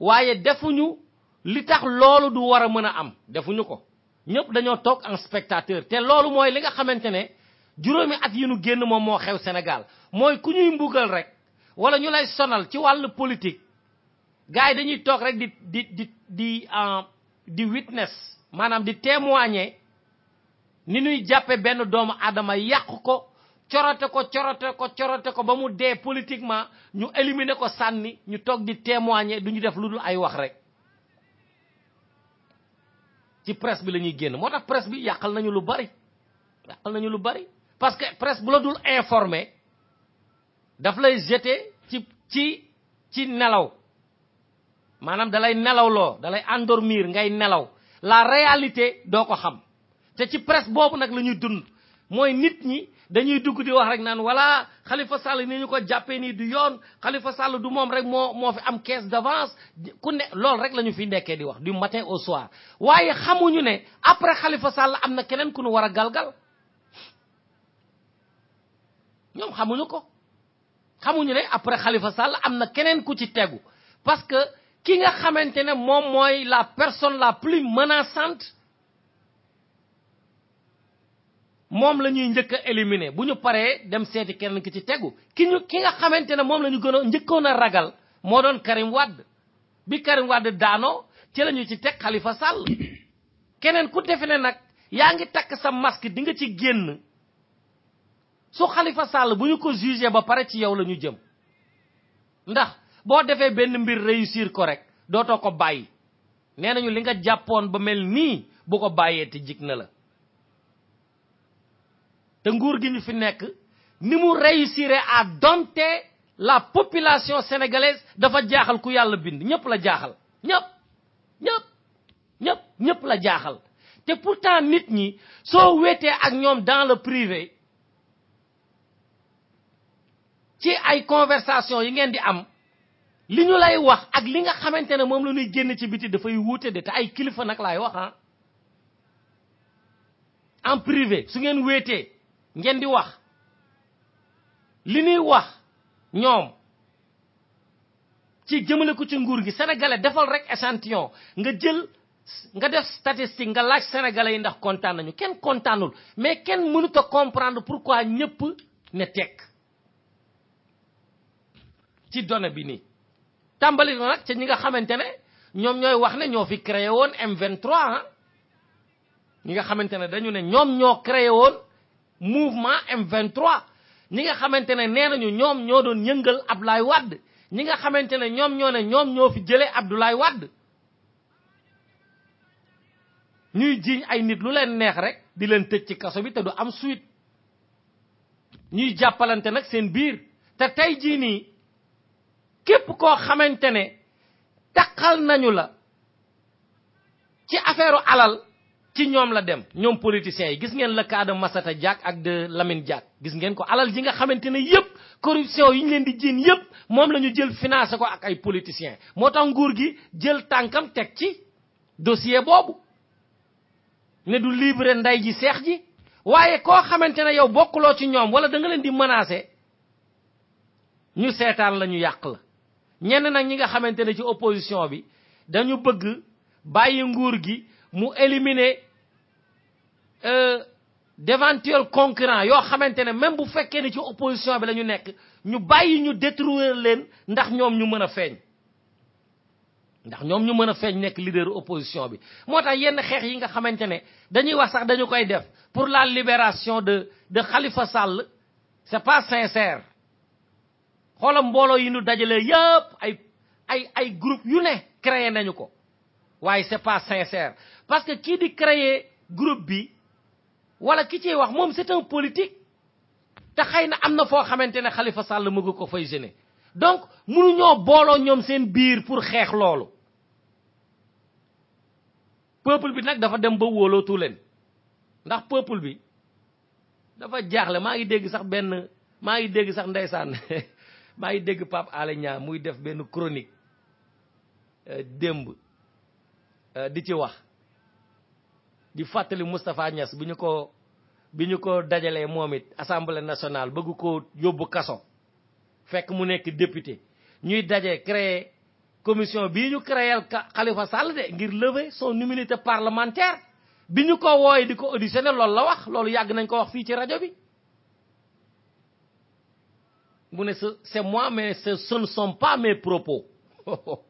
waaye defuñu li tax loolu du war a mën a am defuñu ko ñëpp dañoo toog en spectateur te loolu mooy li nga xamante ne juróomi at yi ñu génn moom moo xew Sénégal mooy ku ñuy mbugal rek wala ñu lay sonal ci wàllu politique gars dañuy toog rek di di di di euh, di witness maanaam di témoigner ni ñuy jàppe benn doomu adama yàq ko corote ko corote ko corote ko ba mu dee politiquement ñu éliminer ko sanni ñu tok di témoigner duñu def luddul ay wax rek ci presse bi lañuy génn presse bi yakal nañu lu bari yakal nañu lu bari parce que presse bu la dul informer daf lay jeter ci ci ci nelaw manam dalay lo dalay endormir ngay nelaw la réalité do ko xam té ci presse bobu nak lañuy dund moy nit ñi dañuy dugg di wax rek naan wala khalifa sall ni ñu ko jàppee nii du yoon khalifa sall du moom rek moo moo fi am caisse d' avance ku ne lool rek la ñu fi nekkee di wax du matin au soir waaye xamuñu ne après khalifa sall am na keneen ku nu war a galgal ñoom xamuñu ko xamuñu ne après khalifa sall am na keneen ku ci tegu parce que ki nga xamante ne moom mooy la personne la plus menaçante moom la ñuy njëkk a bu ñu paree dem seeti keneen ki ci tegu ki ñu ki nga xamante ne moom la ñu gën a njëkkoon a ragal moo doon Karim Wade bi Karim daanoo ci lañu ci teg Khalifa Sall keneen ku defe ne nag yaa ngi takk sa masque di nga ci génn su xalifa sàll bu ñu ko jugé ba pare ci yow la ñu jëm ndax boo defee benn mbir réussir ko rek dootoo ko bàyyi nee nañu li nga jàppoon ba mel nii bu ko bàyyee te jig na la te nguur gi ñu fi nekk ni mu réussir à dompter la population sénégalaise dafa jaaxal ku yàlla bind ñëpp la jaaxal ñëpp ñëpp ñëpp la jaaxal te pourtant nit ñi soo wéetee ak ñoom dans le privé ci ay conversation yi ngeen di am li ñu lay wax ak li nga xamante ne moom la ñuy génn ci biti dafay wuute de te ay kilifa nag laay wax ah en privé su ngeen wéetee ngeen di wax li ni wax ñoom ci jëmele ko ci nguur gi sénégalais defal rek échantillon nga jël nga def statistique nga laaj sénégalais yi ndax kontaan nañu kenn kontaanul mais kenn mënut comprendre pourquoi ñëpp ne tekk ci donné bi ni tambali na ci ca ñi nga xamante wax ne ñofi créé won M23 hein ah. ñi nga dañu ne ñom ñoo créé won mouvement M23 ñi nga xamantene nenañu ñom ñoo doon yëngal Abdoulaye Wade ñi nga xamantene ñom ñoo ne ñom ñoo fi jëlé Abdoulaye Wade ñuy jiñ ay nit lu leen neex rek di leen tecc ci kasso bi te du am suite ñuy jappalante nak seen biir te tay ji ni képp koo xamantene takal nañu la ci affaire alal ci ñoom la dem ñoom politiciens yi gis ngeen le cas de Massata Diack ak de Lamine Diack gis ngeen ko alal ji nga xamante ne yëpp corruption yi ñu leen di jiin yëpp moom la ñu jël financé ko ak ay politiciens moo tax nguur gi jël tànkam teg ci dossier boobu ne du libre ndey ji seex ji waaye koo xamante ne yow bokkuloo ci ñoom wala da leen di menacé ñu seetaan la ñu yàq la ñenn nag ñi nga xamante ne ci opposition bi dañu bëgg bàyyi nguur gi mu éliminer Euh, d'éventuels concurrents yo xamante ne même bu fekkee ni ci opposition bi lañu ñu nekk ñu bayyi ñu détruire leen ndax ñom ñu mëna a ndax ñom ñu mëna a nek leader opposition bi motax yenn xex yi nga xamantene dañuy wax sax dañu koy def pour la libération de de Khalifa Sall c'est pas sincère xolam mbooloo yi ñu dajale yépp ay ay ay groupe yu ne créé nañu ko waye c'est pas sincère parce que ki di créer groupe bi wala ki cey wax mom c'est un politique te xeyna amna fo xamantene khalifa sall mu ko fay gêné donc ñoo bolo ñom seen biir pour xex lolu peuple bi nak dafa dem ba tu len ndax peuple bi dafa jaxle ma ngi deg sax ben ma ngi deg sax ndeysaan ma ngi deg pap ale nya muy def ben chronique euh, euh di ci wax di fatali Mustapha Niass bi ko biñu ko dajalé momit assemblée nationale bëgg ko yóbbu kasso fekk mu nekk député ñuy dajé créer commission bii ñu créer Khalifa Sall de ngir lever son immunité parlementaire biñu ko woy diko ko auditionné loolu la wax loolu yag nañ ko wax fi ci radio bi mu ne c'est moi mais ce ne sont pas mes propos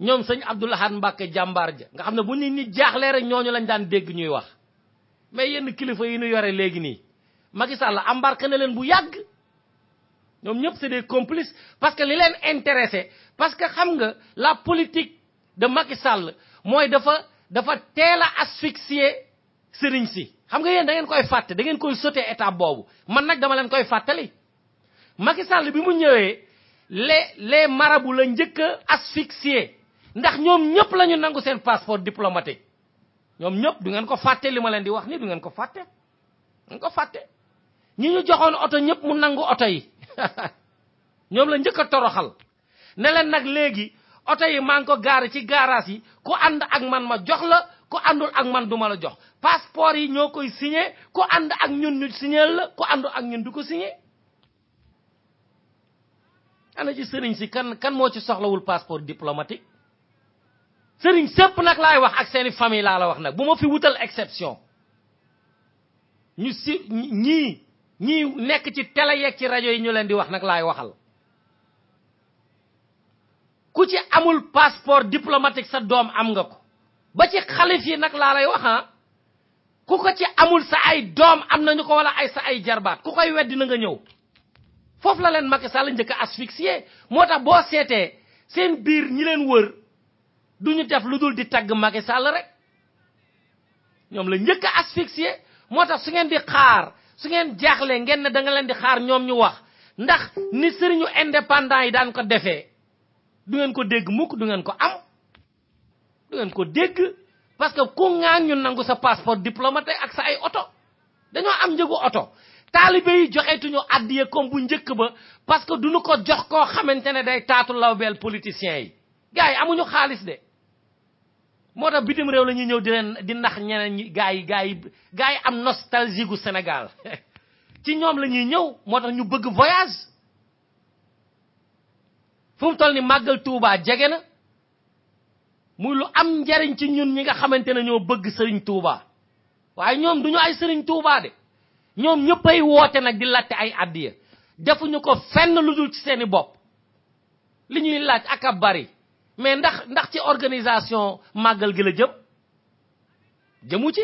ñoom sëñ han mbàkke jambar ja nga xamne ne bu nit ñi jaxlé rek ñoñu lañ daan dégg ñuy wax mais yenn kilifa yi ñu yoré légui ni Macky Sall embarqué na leen bu yagg ñom ñep c'est des complices parce que li leen intéressé parce que xam nga la politique de Macky Sall moy dafa dafa téla a asphyxier sëriñ si xam nga yeen da ngeen koy fàtte da ngeen koy sauté étape bobu man nak dama leen koy fatali Macky Sall bi mu ñëwé les les marabu la njëkk ndax ñoom ñëpp lañu nangu seen passeport diplomatique ñoom ñëpp du ngeen ko fàtte li ma leen di wax ni du ngeen ko fàtte ngeen ko fàtte ñi ñu joxoon oto ñëpp mu nangu oto yi ñoom la njëkk a toroxal ne leen nag léegi oto yi maa ngi ko gaare ci garage yi ku ànd ak man ma jox la ku andul ak man duma la jox passeport yi ñoo koy signé ku ànd ak ñun ñu signé la ku ak ñun du signé ana ci sëriñ si kan kan moo ci soxlawul passeport diplomatique sëriñ sépp nag laay wax ak seeni famille laa la wax nag bu fi wutal exception ñu si ñii ñii nekk ci télé yeeg ci rajo yi ñu leen di wax nag laay waxal ku ci amul passeport diplomatique sa doom am nga ko ba ci xalif yi la lay wax ah ku ko ci amul sa ay doom am nañu ko wala ay sa ay jarbaat ku koy weddi na nga ñëw foofu la leen Macky Sall njëkk asphyxié moo tax boo seen biir ñi leen wër duñu def lu di tag Macky Sall rek ñom la ñëk a asphyxier su ngeen di xaar su ngeen jaxlé ngeen da nga leen di xaar ñom ñu wax ndax ni sëriñu indépendant yi daan ko défé du ngeen ko dégg mukk du ngeen ko am du ngeen ko dégg parce que ku nga ñu nangu sa passeport diplomate ak sa ay auto dañoo am jëgu auto, talibé yi joxeetuñu addiyé comme bu njëkk ba parce que duñu ko jox ko xamantene day taatu lawbel politicien yi gaay amuñu xaaliss de motax bitim rew lañuy ñew di len di nax ñeneen ñi gaay gaay gaay am nostalgie gu Sénégal ci ñoom lañuy ñew motax ñu bëgg voyage fu mu toll ni màggal Touba jege na muy lu am njariñ ci ñun ñi nga xamante ne ñoo bëgg sëriñ Touba waaye ñoom duñu ay sëriñ Touba de ñoom ñëppay woote nag di latte ay addiya defuñu ko fenn lu dul ci seeni bopp li ñuy laaj mais ndax ndax ci organisation màggal gi la jëm jëmu ci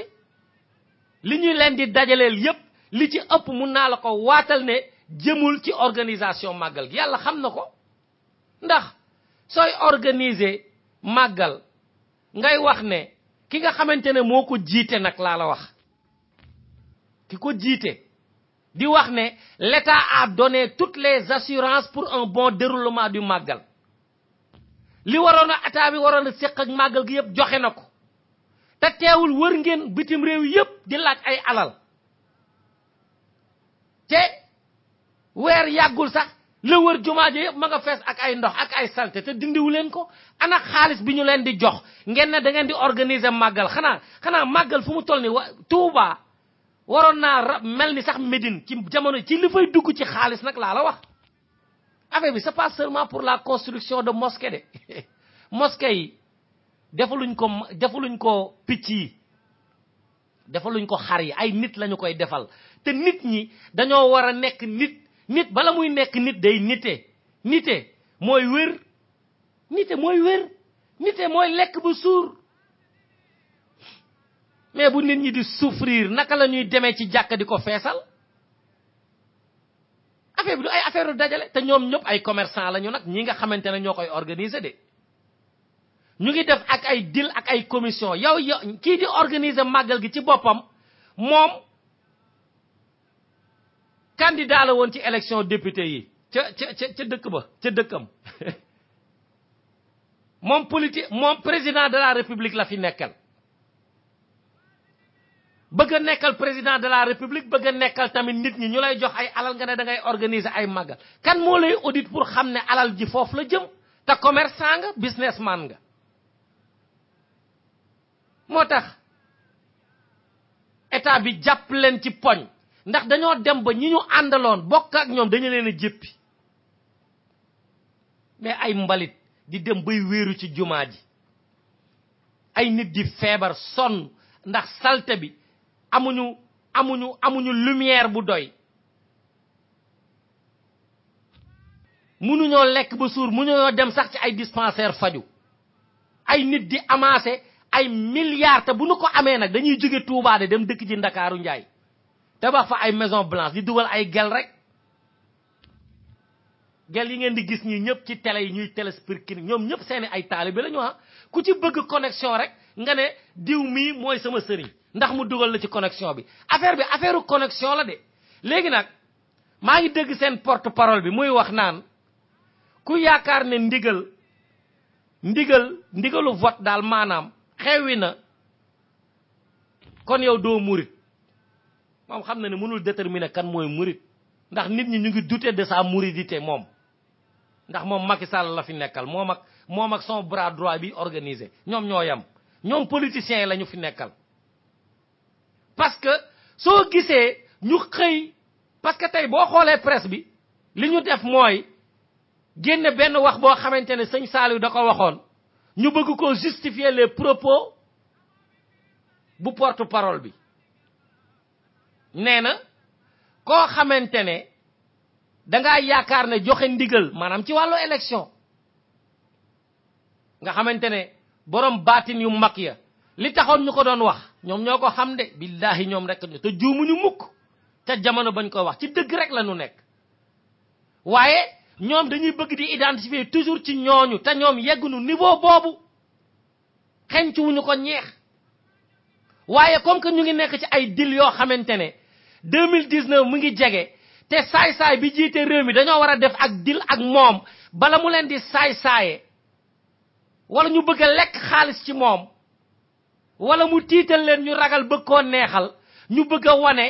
li ñuy leen di dajaleel yépp li ci ëpp mun naa la ko waatal ne jëmul ci organisation màggal gi yàlla xam na ko ndax sooy organiser màggal ngay wax ne ki nga xamante ne moo ko jiite nag laa la wax ki ko jiite di wax ne l'État a donné toutes les assurances pour un bon déroulement du màggal li waroon a ataa bi waroon a séq ak màggal gi yëpp joxe na ko te teewul wër ngeen bitim réew yépp di laaj ay alal te weer yàggul sax la wër jumaa ji yëpp ma nga fees ak ay ndox ak ay salte te dindiwu leen ko ana xaalis bi ñu leen di jox ngeen ne dangeen di organiser màggal xanaa xanaa màggal fu mu toll ni wa Tuuba waroon naa mel ni sax Médine ci jamono ci li fay dugg ci xaalis nag laa la wax affaire ah, ce c'est pas seulement pour la construction de mosquée de mosquée ko defaluñ ko ko xari ay nit lañu defal te nit ñi nekk nit nit bala muy nekk nit day lekk mais di souffrir naka la ko affaire bi du ay affaire dajale te ñoom ñëpp ay commerçant lañu nak ñi nga xamantene ne ñoo koy organiser de ñu ngi def ak ay deal ak ay commission yow ki di organiser magal gi ci bopam mom candidat la won ci élection député yi ci ci ci dëkk ba ci dëkkam mom politique mom président de la république la fi nekkal bëgg nekkal président de la république bëgg nekkal tamit nit ñi ñu lay jox ay alal nga ne da ngay organiser ay magal kan moo lay audit pour xam ne alal ji foofu la jëm te commerçant nga businessman nga moo tax état bi jàpp leen ci poñ ndax dañoo dem ba ñi ñu àndaloon bokk ak ñoom dañu leen a mais ay mbalit di dem bay wéeru ci jumaa ji ay nit di feebar sonn ndax salte bi amuñu amuñu amuñu lumière bu doy munuñoo lekk ba suur munuñoo dem sax ci ay dispensaire faju ay nit di amaase ay milliards te bu nu ko amee nag dañuy jóge Touba de dem dëkk ci Ndakaaru Njaay tabax fa ay maison blanche di dugal ay gel rek gel yi ngeen di gis ñi ñëpp ci télé yi ñuy téléspirkin ñoom ñëpp seeni ay taalibe la lañu ah ku ci bëgg connexion rek nga ne diw mii mooy sama sëriñ ndax mu dugal la ci connexion bi affaire bi affaireu connexion la de legui nak porto ngi deug sen porte parole bi muy wax nan ku yaakaar ne ndigal ndigal ndigalu vote dal manam xewwi na kon yow do mourid mom xamna ne mënul déterminer kan moy mourid ndax nit ñi ñu ngi douté de sa mouridité mom ndax mom Macky Sall la fi nekkal mom ak mom ak son bras droit bi organisé ñom ñoyam ñom politiciens lañu fi nekkal parce que so gisee ñu xey parce que tay bo xolé presse bi li ñu def moy génne benn wax bo xamante seigne sëñ da ko waxoon ñu bëgg ko justifier les propos bu porte parole bi nee ko koo da nga dangaa yaakaar ne joxe ndigal manam ci walu élection nga xamante borom baatin yu mag ya li taxone ñuko ko doon wax ñoom ñoo ko xam de billahi ñoom rek ñu te juumuñu mukk ca jamono bañ koy wax ci dëgg rek la ñu nekk waaye ñoom dañuy bëgg di identifier toujours ci ñooñu te ñoom yegguñu niveau boobu xenc wuñu ko ñeex waaye comme que ñu ngi nekk ci ay dil yoo xamante ne 2019 mu ngi jege te saay-saay bi jiite réew mi dañoo war a def ak dil ak moom bala mu leen di saay-saaye wala ñu bëgg a lekk xaalis ci moom wala mu tiital leen ñu ragal bëgg koo neexal ñu bëgg a wane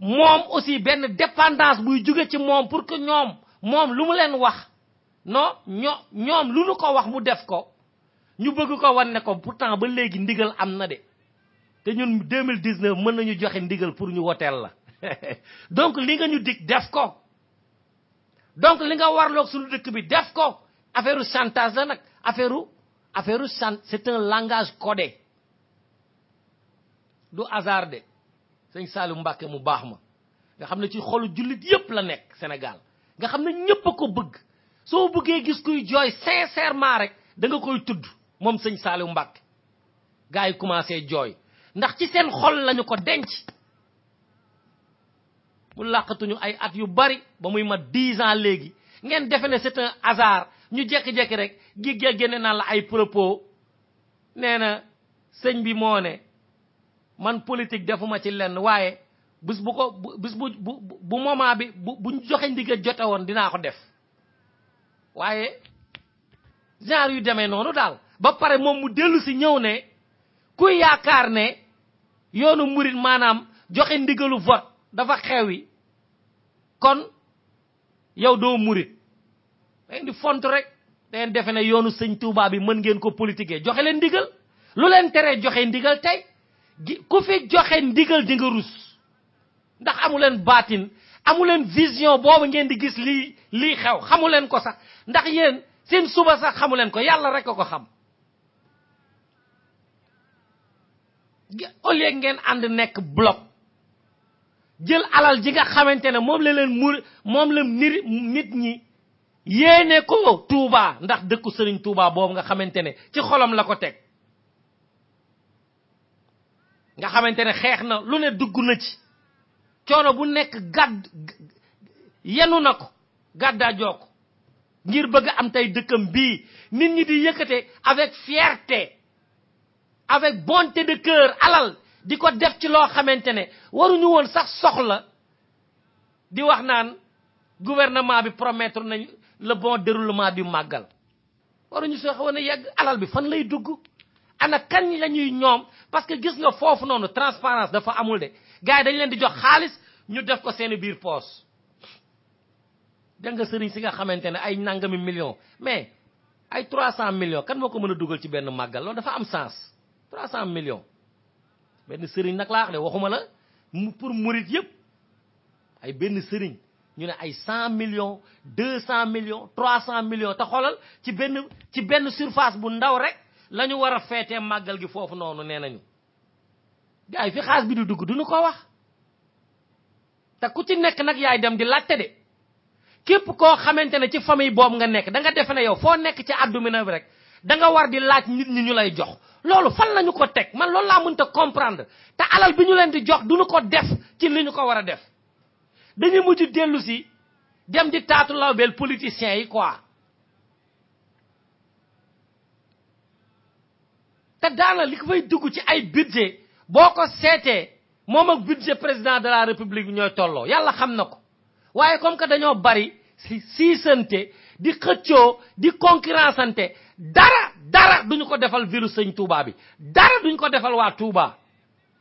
moom aussi benn dépendance buy jóge ci moom pour que ñoom moom lu mu leen wax non ñoo lu nu ko wax mu def ko ñu bëgg ko wan ko pourtant ba léegi ndigal am na de te ñun 2019 mën nañu joxe ndigal pour ñu woteel la donc li nga ñu dig def ko donc li nga warloog suñu dëkk bi def ko affaire chantage la nag affaire affaire sant c'est un langage codé du hasard de sëñ Saalu Mbàkke mu baax ma nga xam ne ci xolu jullit yépp la nekk Sénégal nga xam ne ñépp a ko bëgg soo bëggee gis kuy jooy sincèrement rek da nga koy tudd moom sëñ Saalu Mbàkke gars yi commencé jooy ndax ci seen xol lañu ko denc mu làqatuñu ay at yu bari ba muy mat dix ans léegi ngeen defe ne c'est un ñu jekki-jekki rek gi génne naa la ay propos nee na sëñ bi moo ne man politique defuma ci lenn waaye bis bu ko bu bu bu bi bu buñ joxe ndigal jote woon dinaa ko def waaye genre yu demee noonu daal ba pare moom mu dellu si ñëw ne kuy yaakaar ne yoonu murit maanaam joxe ndigalu vote dafa xewi kon yow doo murit ngeen eh, di font rek da ngeen defe yoonu sëñ Touba bi mën ngeen ko politiquer joxe len digal lu len téré joxe ndigal tay ku fi joxe ndigal di nga rus ndax amulen leen amulen vision bobu ngeen di gis li li xew xamulen ko sax ndax yeen seen suba sax xamulen ko yalla rek ko xam au ngeen and nek bloc jël alal ji nga xamantene mom la len mur moom la nit nit ñi yéene ko Touba ndax dëkku sëriñ Touba boobu nga xamante ne ci xolam la ko teg nga xamante ne xeex na lu ne dugg na ci coono bu nekk gàdd yenu na ko gàddaa ngir bëgg am tey dëkkam bi nit ñi di yëkkate avec fierté avec bonté de cœur alal di ko def ci loo xamante ne waruñu woon sax soxla di wax naan gouvernement bi promettre nañu le bon déroulement du magal waruñu sax wona yegg alal bi fan lay dugg ana kan lañuy ñom parce que gis nga fofu nonu transparence dafa amul de gaay dañ leen di jox xaaliss ñu def ko seen biir poos da nga sëriñ si nga xamantene ay nangami million mais ay 300 millions kan moko mëna duggal ci benn magal loolu dafa am sens 300 millions benn sëriñ nag laax de waxuma la pour murit yépp ay benn sëriñ ñu ne ay 100 millions 200 millions 300 millions te xolal ci benn ci benn surface bu ndaw rek lañu wara fété magal gi fofu nonu nañu gaay fi xaas bi du dugg duñu ko wax te ku ci nekk nag yaay dem di latte de képp koo xamante ne ci famille boobu nga nekk da nga defe ne yow foo nekk ci àddumina rek da nga war di laaj nit ñi ñu lay jox loolu fan lañu ko teg man loolu laa mënta comprendre te alal bi ñu leen di jox ko def ci li ñu ko war def dañu mujj dellu si dem di taatu lawbeel politiciens yi quoi te daana li ko fay dugg ci ay budget boo ko seetee moom ak budget président de la république bi ñooy tolloo yàlla xam na ko waaye comme que dañoo bari si siisante di xëccoo di concurrenceante dara dara duñu ko defal virus sëñ Touba bi dara duñ ko defal waa Touba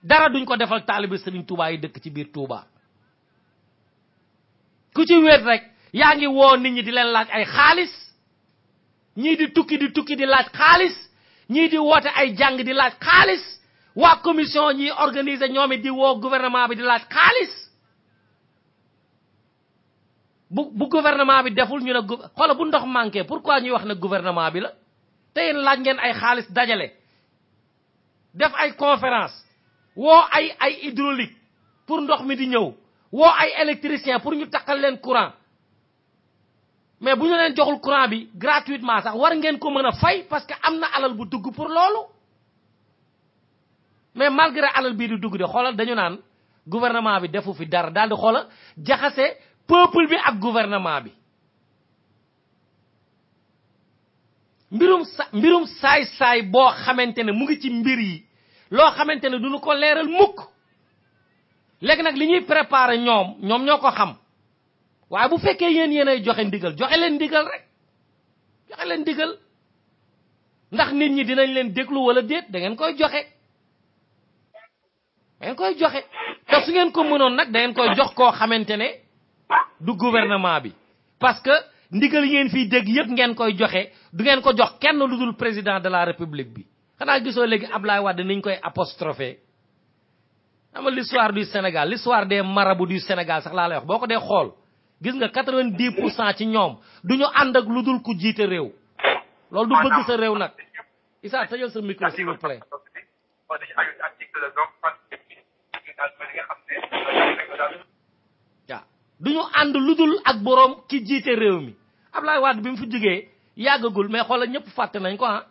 dara duñ ko defal taalibi sëriñ Touba yi dëkk ci biir Touba ku ci wéet rek yaa ngi woo nit ñi di leen laaj ay xaalis ñii di tukki di tukki di laaj xaalis ñii di woote ay jàng di laaj xaalis waa commission ñii organiser ñoom it di woo gouvernement bi di laaj xaalis bu bu gouvernement bi deful ñu ne xoola bu ndox manqué pourquoi ñuy wax ne gouvernement bi la te yéen laaj ngeen ay xaalis dajale def ay conférence woo ay ay hydraulique pour ndox mi di ñëw wo ay électricien pour ñu takal leen courant mais buñu ñu leen joxul courant bi gratuitement sax war ngeen ko mëna fay parce que amna alal bu dugg pour lolu mais malgré alal bi di dugg de xolal dañu naan gouvernement bi defu fi dara dal di xolal jaxase peuple bi ak gouvernement bi mbirum mbirum say say bo xamantene mu ngi ci mbir yi lo xamantene duñu ko leral mukk léegi nak li ñuy préparé ñom ñoom ñoo xam waaye bu fekkee yeen yeenay joxe ndigal joxe len ndigal rek joxe len ndigal ndax nit ñi dinañ len déglu wala déet da ngeen koy joxe da ngeen koy joxe te su ngeen ko mënon nak da ngeen koy jox ko xamantene ne du gouvernement bi parce que ndigal yi ngeen fiy dégg yépp ngeen koy joxe du ngeen ko jox kenn lu président de la république bi xana gisoo léegi ablaye wadd niñ koy apostropher ama l'histoire du Sénégal l'histoire des marabouts du Sénégal sax laa lay wax boo ko dee xool gis nga quatre-vingt-dix pour cent ci ñoom du ñu ànd ak lu dul ku jiite réew loolu du bëgg sa réew nag Issa sa micro s'il vous du ñu ànd lu dul ak boroom ki jiite réew mi Ablaye Wade bi mu fi jógee yàggagul mais xoolal ñëpp fàtte nañ ko ah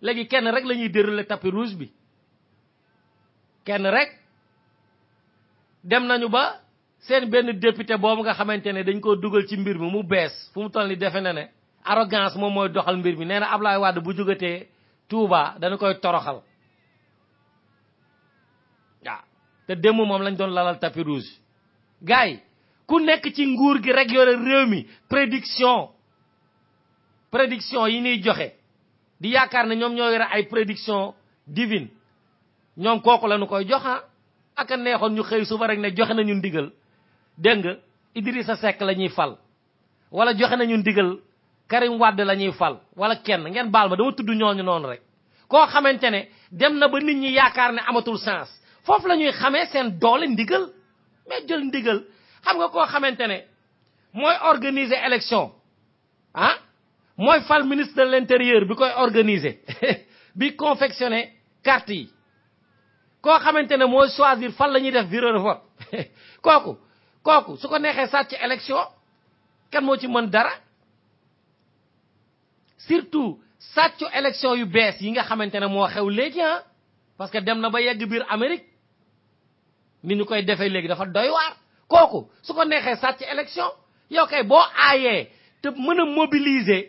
léegi kenn rek la ñuy déroulé tapis rouge bi kenn rek dem nañu ba seen benn député boobu nga xamante ne dañ koo dugal ci mbir mi mu bees fu mu toll ni defe na ne arrogance moom mooy doxal mbir mi nee na ablaay bu jógatee touba dana koy toroxal waaw te démb moom lañ doon lalal tapis rouge gaay ku nekk ci nguur gi rek yore réew mi prédiction prédiction yi ni joxe di yaakaar ne ñoom ñoo yore ay prédiction divine ñoom kooku la nu koy joxa ak a neexoon ñu suba rek ne joxe nañu ndigal dégg nga Idrissa Seck la ñuy fal wala joxe nañu ndigal Karim wadd la ñuy fal wala kenn ngeen baal ma dama tudd ñooñu noonu rek koo xamante ne dem na ba nit ñi yaakaar ne amatul sens foofu la ñuy xamee seen doole ndigal mais jël ndigal xam nga koo xamante ne mooy organiser élection ah mooy fal ministre de l'intérieur bi koy organiser bi confectionner carte yi koo xamante ne mooy choisir fan la ñuy def bureau de vote kooku kooku su ko neexee sàcc élection kenn moo ci mën dara surtout sàccu élection yu bees yi nga xamante ne moo xew léegi ah parce que dem na ba yegg biir Amérique ni ñu koy defee léegi dafa doy waar kooku su ko neexee sàcc élection yow kay boo aayee te mën a mobiliser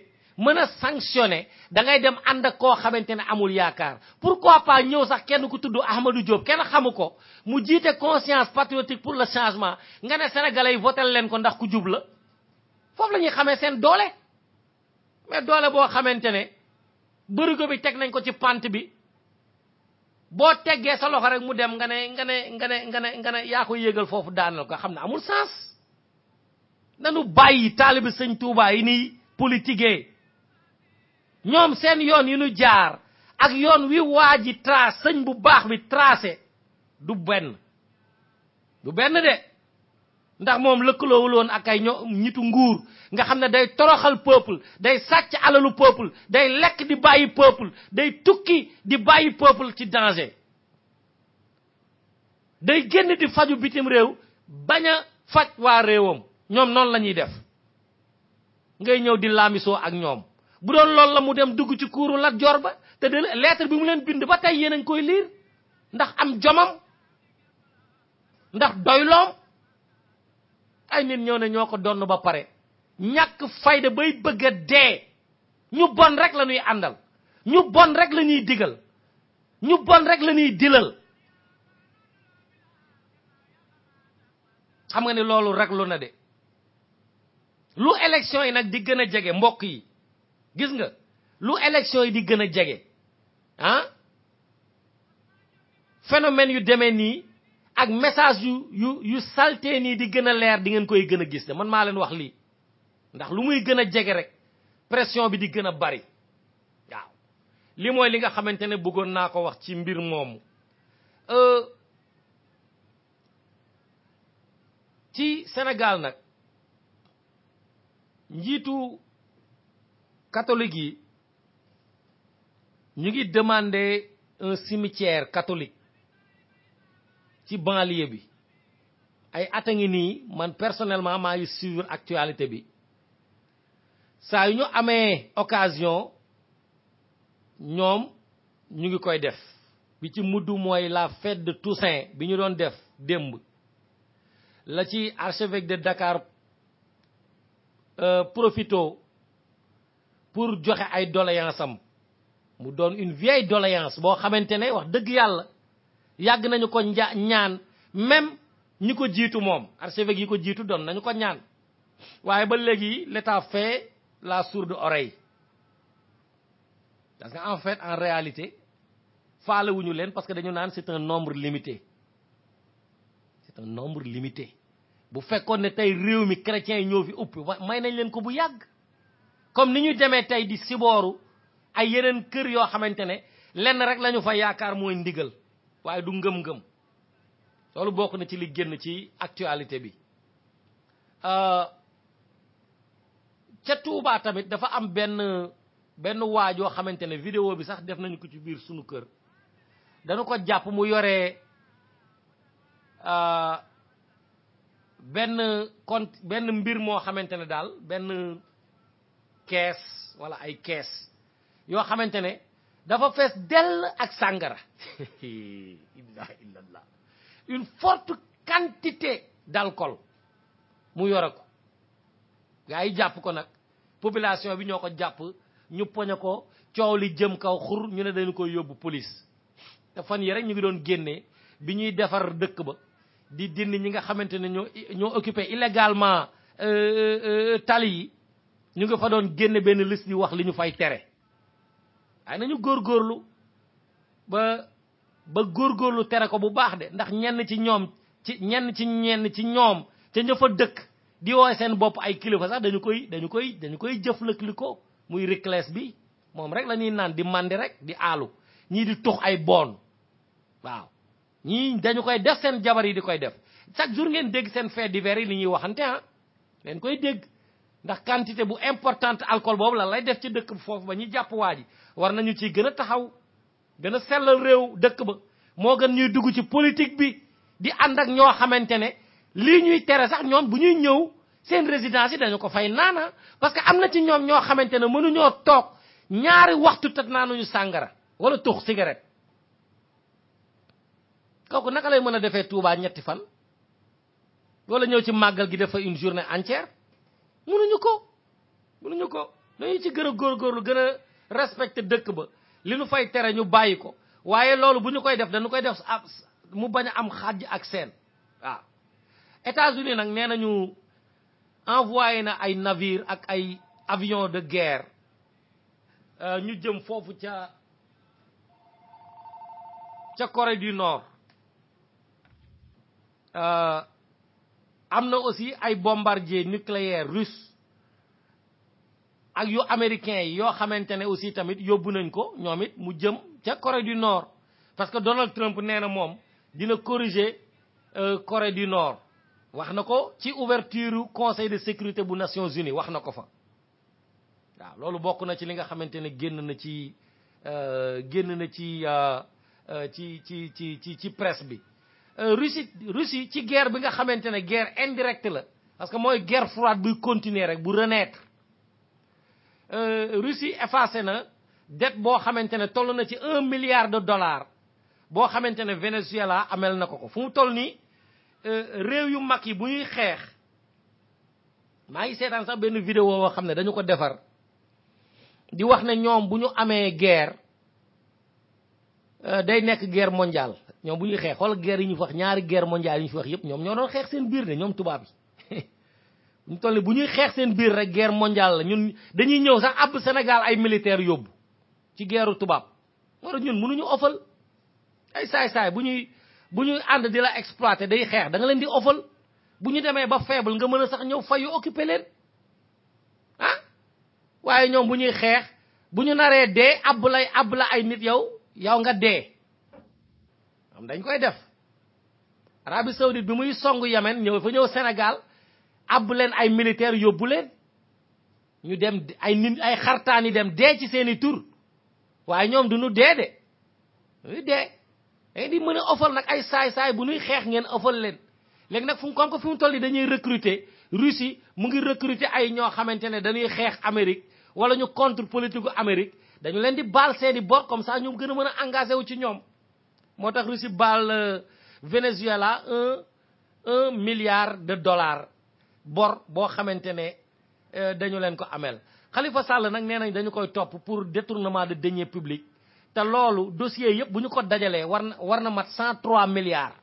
mën a sanctionné da ngay dem ànd ak koo xamante ne amul yaakaar pourquoi pas ñëw sax kenn ku tudd Ahmadou Diop kenn xamu ko mu jiite conscience patriotique pour la changement nga ne sénégalais yi votel leen ko ndax ku jub la foofu lañuy ñuy xamee seen doole mais doole boo xamante ne bërigo bi teg nañ ko ci pant bi boo teggee sa loxo rek mu dem nga ne nga ne nga ne nga ne nga ne yaa ko yéegal foofu daanal ko xam ne amul sens nanu bàyyi taalibi sëñ Tuubaa yi nii politiquer ñoom sen yoon yi nu jaar ak yoon wi waji tra trace sëñ bu baax bi tracé du benn du benn de ndax moom lëkkaloowul woon ak ay ñitu nguur nga xam ne day toroxal peuple day sàcc alalu peuple day lek di bàyyi peuple day tukki di bàyyi peuple ci danger day génn di faju bitim réew bañ a faj waa réewam ñoom noonu la ñuy def ngay ñëw di laamisoo ak ñoom bu doon loolu la mu dem dugg ci kuuru Lat ba te de lettre bi mu leen bind ba tey yéen a koy liir ndax am jomam ndax doyloom ay nit ñëw ne ñoo ko donn ba pare ñàkk fayda bay bëgg a dee ñu bon rek lañuy àndal ñu bon rek la ñuy digal ñu bon rek la ñuy dilal xam nga ne loolu rek lu na de lu election yi nag di gën a jege mbokk yi gis nga lu election yi di gëna jégé. jege ah phénomène yu démé ni ak message yu yu yu salté ni di gëna lèr di ngeen koy gëna gis de man ma leen wax li. ndax lu muy gëna jégé rek pression bi di gëna bari waaw li moy li nga xamante bëggon na ko wax ci mbir Senegal euh, ci sénégal nak njitu catholique catholiques ñu demander un cimetière catholique ci banlieue bi ay a personnellement actualité bi occasion ñom ñu ngi koy la fête de Toussaint bi ñu doon de Dakar euh, profito pour joxe ay doléance am mu doon une vieille doléance bo xamantene ne wax deug yalla yag nañu ko ñaan même ñiko jitu mom arsevé gi ko jitu don nañu ko ñaan waye ba légui l'état fait la sourde oreille parce que en fait en réalité faalé wuñu leen parce que dañu naan c'est un nombre limité c'est un nombre limité bu fekkone tay réew mi chrétien ñofi upp may nañ leen ko bu yàgg comme niñu démé tay di siboru ay yeneen kër yo xamantene ne lenn rek lañu fa yaakar moy ndigal waye du ngëm-ngëm loolu bokku na ci li génn ci actualité bi euh, ca touba tamit dafa am ben ben waajoo xamante ne vidéo bi sax def nañ ko ci biir suñu kër dañu ko japp mu euh ben compte ben mbir mo xamantene ne ben kees wala ay kees yoo xamante ne dafa fees dell ak sàngara illa illallah une forte quantité d'alcool mu yore ko gaa yi jàpp ko nag population bi ñoo ko jàpp ñu poñe ko coow li jëm kaw xur ñu ne dañu koy yóbbu police te fan yi rek ñu ngi doon génnee bi ñuy defar dëkk ba di dindi ñi nga xamante ne ñoo ñoo occupé illégalement euh, euh, euh, tali ñu nga fa doon génne benn liste di wax li ñu fay tere ay nañu góorlu ba ba góorgóorlu tere ko bu baax de ndax ñenn ci ñoom ci ñenn ci ñenn ci ñoom ca ña dëkk di woowe seen bopp ay kilifa sax dañu koy dañu koy dañu koy jëflëkli ko muy Reclès bi moom rek la naan di mandi rek di aalu ñii di tux ay boon waaw ñii dañu koy def seen jabar yi di koy def chaque jour ngeen dégg seen fait divers yi li ñuy waxante ah ngeen koy dégg ndax quantité bu importante alcool bobu la lay def ci dëkk fofu ba ñi japp waaji war nañu ci gëna taxaw gëna sellal réew dëkk ba moo gën ñuy dugg ci politique bi di ànd ak ñoo xamante ne lii ñuy tere sax ñoom bu ñuy ñëw seen résidence yi dañu ko fay naana parce que am na ci ñoom ñoo xamante ne mënuñoo toog ñaari waxtu te naanuñu sàngara wala tux cigarette kooku naka lay mën a defee tuubaa ñetti fan wala ñëw ci màggal gi defa une journée entière munuñu ko munuñu ko dañu ci gën a góorgóorlu gën a respecté dëkk ba li nu fay tere ñu bàyyi ko waaye loolu bu ñu koy def dañu koy def mu bañ a am xàjj ak seen waaw États-Unis nag nee nañu envoyé na ay navire ak ay avion de guerre euh, ñu jëm foofu ca ca Corée du Nord euh, amna aussi ay bombardier nucléaire russe ak yu américain yo xamantene aussi tamit yóbbu nañ ko ñomit mu jëm ca corée du nord parce que donald trump nee mom dina corriger euh, corée du nord waxnako ci ouverture conseil de sécurité bu nations unies waxnako ko fa wa lolu bokku na ci li nga xamantene genn na ci euh, genn na ci euh, ci ci ci ci ci presse bi Euh, Russie Russie ci guerre bi nga xamantene guerre indirecte la parce que moy guerre froide bu continuer rek bu renaître euh Russie effacer na dette bo xamantene tollu na ci 1 milliard de dollars bo xamantene Venezuela amel nako ko fu toll ni euh rew yu mak yi bu ñuy xex ma ngi sétan sax ben vidéo wo xamne dañu ko défar di wax ne ñom bu ñu amé guerre euh day nekk guerre mondiale ñom bu ñuy xeex xool guerre yi ñu wax ñaari guerre mondiale yi ñu wax yépp ñom ñoo doon xex seen biir de ñom tuba bi ñu toll bu ñuy xeex seen biir rek guerre mondiale la ñun dañuy ñëw sax ab sénégal ay militaire yóbbu ci guerre tuba moo ñun mënuñu ofal ay say say bu ñuy bu ñuy di la exploiter day xex da nga leen di ofal bu ñu demee ba faible nga mëna sax ñëw fayu occuper leen ah waye ñom bu ñuy xeex bu ñu naree dee ab lay ab la ay nit yow yow nga dé am dañ koy def Arabie Saoudite bi muy songu Yemen ñëw fa ñëw Sénégal àbb leen ay militaire yóbbu leen ñu dem ay nit ay xartaan yi dem dee ci seeni tur waaye ñoom du ñu dee de ñuy dee da di mën a nag ay saay-saay bu nuy xeex ngeen ofal leen léegi nag fu mu comme que fi mu toll nii dañuy recruter Russie mu ngi recruter ay ñoo xamante ne dañuy xeex Amérique wala ñu contre politique gu Amérique dañu leen di baal seeni bor comme ça ñu gën a mën a engagé wu ci ñoom motax russie bal euh, venezuela 1 miliar milliard de dollars bor bo xamantene ne euh, dañu len ko amel khalifa sall nak nenañ dañu koy top pour détournement de deniers publics té lolu dossier yépp buñu ko dajalé warna mat 103 milliards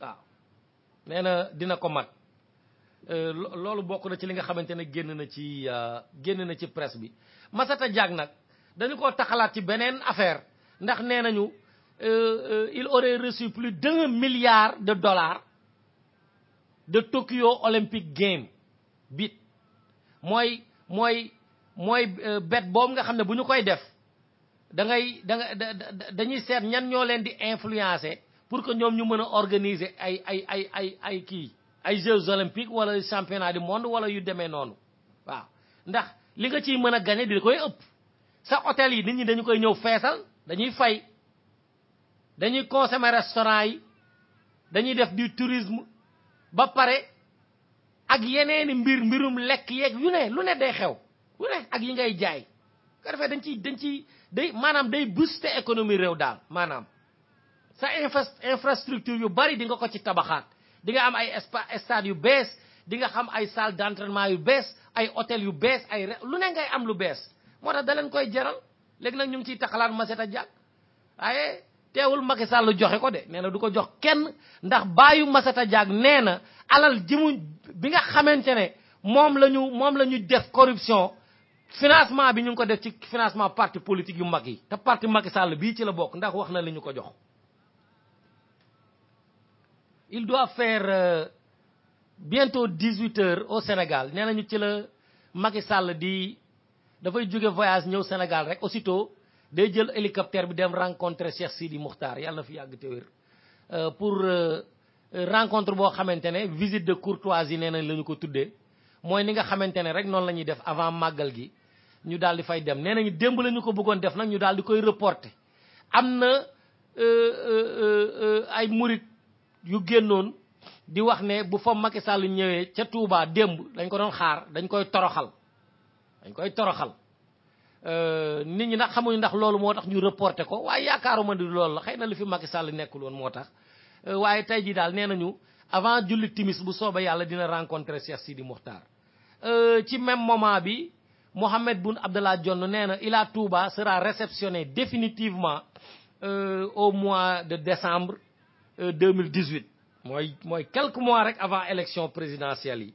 waaw néna dina ko mat euh, lolu bokku na ci li nga xamantene ne génn na ci génn na ci presse bi masata jagg nak dañu ko taxalaat ci benen affaire ndax nee nañu euh, euh, il aurait reçu plus d'un milliard de dollars de Tokyo Olympic Game bit mooy mooy mooy euh, bet boobu nga xam ne bu ñu koy def dangay danga da nga dañuy seet ñan ñoo leen di influencé pour que ñoom ñu mën a organiser ay ay ay ay ay kii ay Jeux olympiques wala championnat du monde wala yu demee noonu waaw ndax li nga ciy mën a gagné di koy ëpp sa hôtel yi nit ñi dañu koy ñëw feesal dañuy fay dañuy consommer restaurant yi dañuy def du tourisme ba pare ak yeneeni mbir mbirum lekk yeeg yu ne lu ne day xew lu ne ak yi ngay jaay ka dañ ci dañ ci day maanaam day booster économie réew daal maanaam sa infrastructure yu bari di nga ko ci tabaxaat di nga am ay stade yu bees di nga xam ay salle d'entraînement yu bees ay hôtel yu bees ay lu ne ngay am lu bees moo tax da leen koy jaral léegi nag ñu ngi ciy taxalaat maset a jàll waaye teewul Macky Sall joxe ko de nee na du ko jox kenn ndax baayu masata jaag nee na alal ji mu bi nga xamante ne moom la ñu moom la ñu def corruption financement bi ñu ngi ko def ci financement parti politique yu mag yi te parti Macky Sall bii ci la bokk ndax wax na li ñu ko jox il doit faire euh, bientôt dix-huit heures au Sénégal nee nañu ci la Macky Sall di fay jóge voyage ñëw sénégal rek aussitôt day jël hélicoptère bi dem rencontrer cheikh sidi mukhtar yalla fi yag te wér euh, pour euh, euh, rencontre bo xamantene ne visite de courtoisie néna lañu ko tuddé moy ni nga xamantene rek non lañuy def avant magal gi ñu dal di fay dem néna ñu demb lañu ko bëggon def nak ñu dal di koy reporter euh euh ay murit yu gennon di wax né bu fa Macky Sall ñëwé ca Touba demb dañ ko doon xaar dañ koy toroxal dañ koy toroxal euh nit ñi nag xamuñu ndax loolu motax ñu reporté ko waaye yaakaaruma ni loolu la xëy lu fi Macky Sall nekkul woon moo tax euh, waaye tey jii daal nee avant julli timis bu soba yalla dina rencontrer Cheikh Sidi Mokhtar euh, ci même moment bi Mohamed Boun Abdallah Dionne nena na Ila Touba sera réceptionné définitivement euh, au mois de décembre 2018 moy moy quelques mois rek avant élection présidentielle yi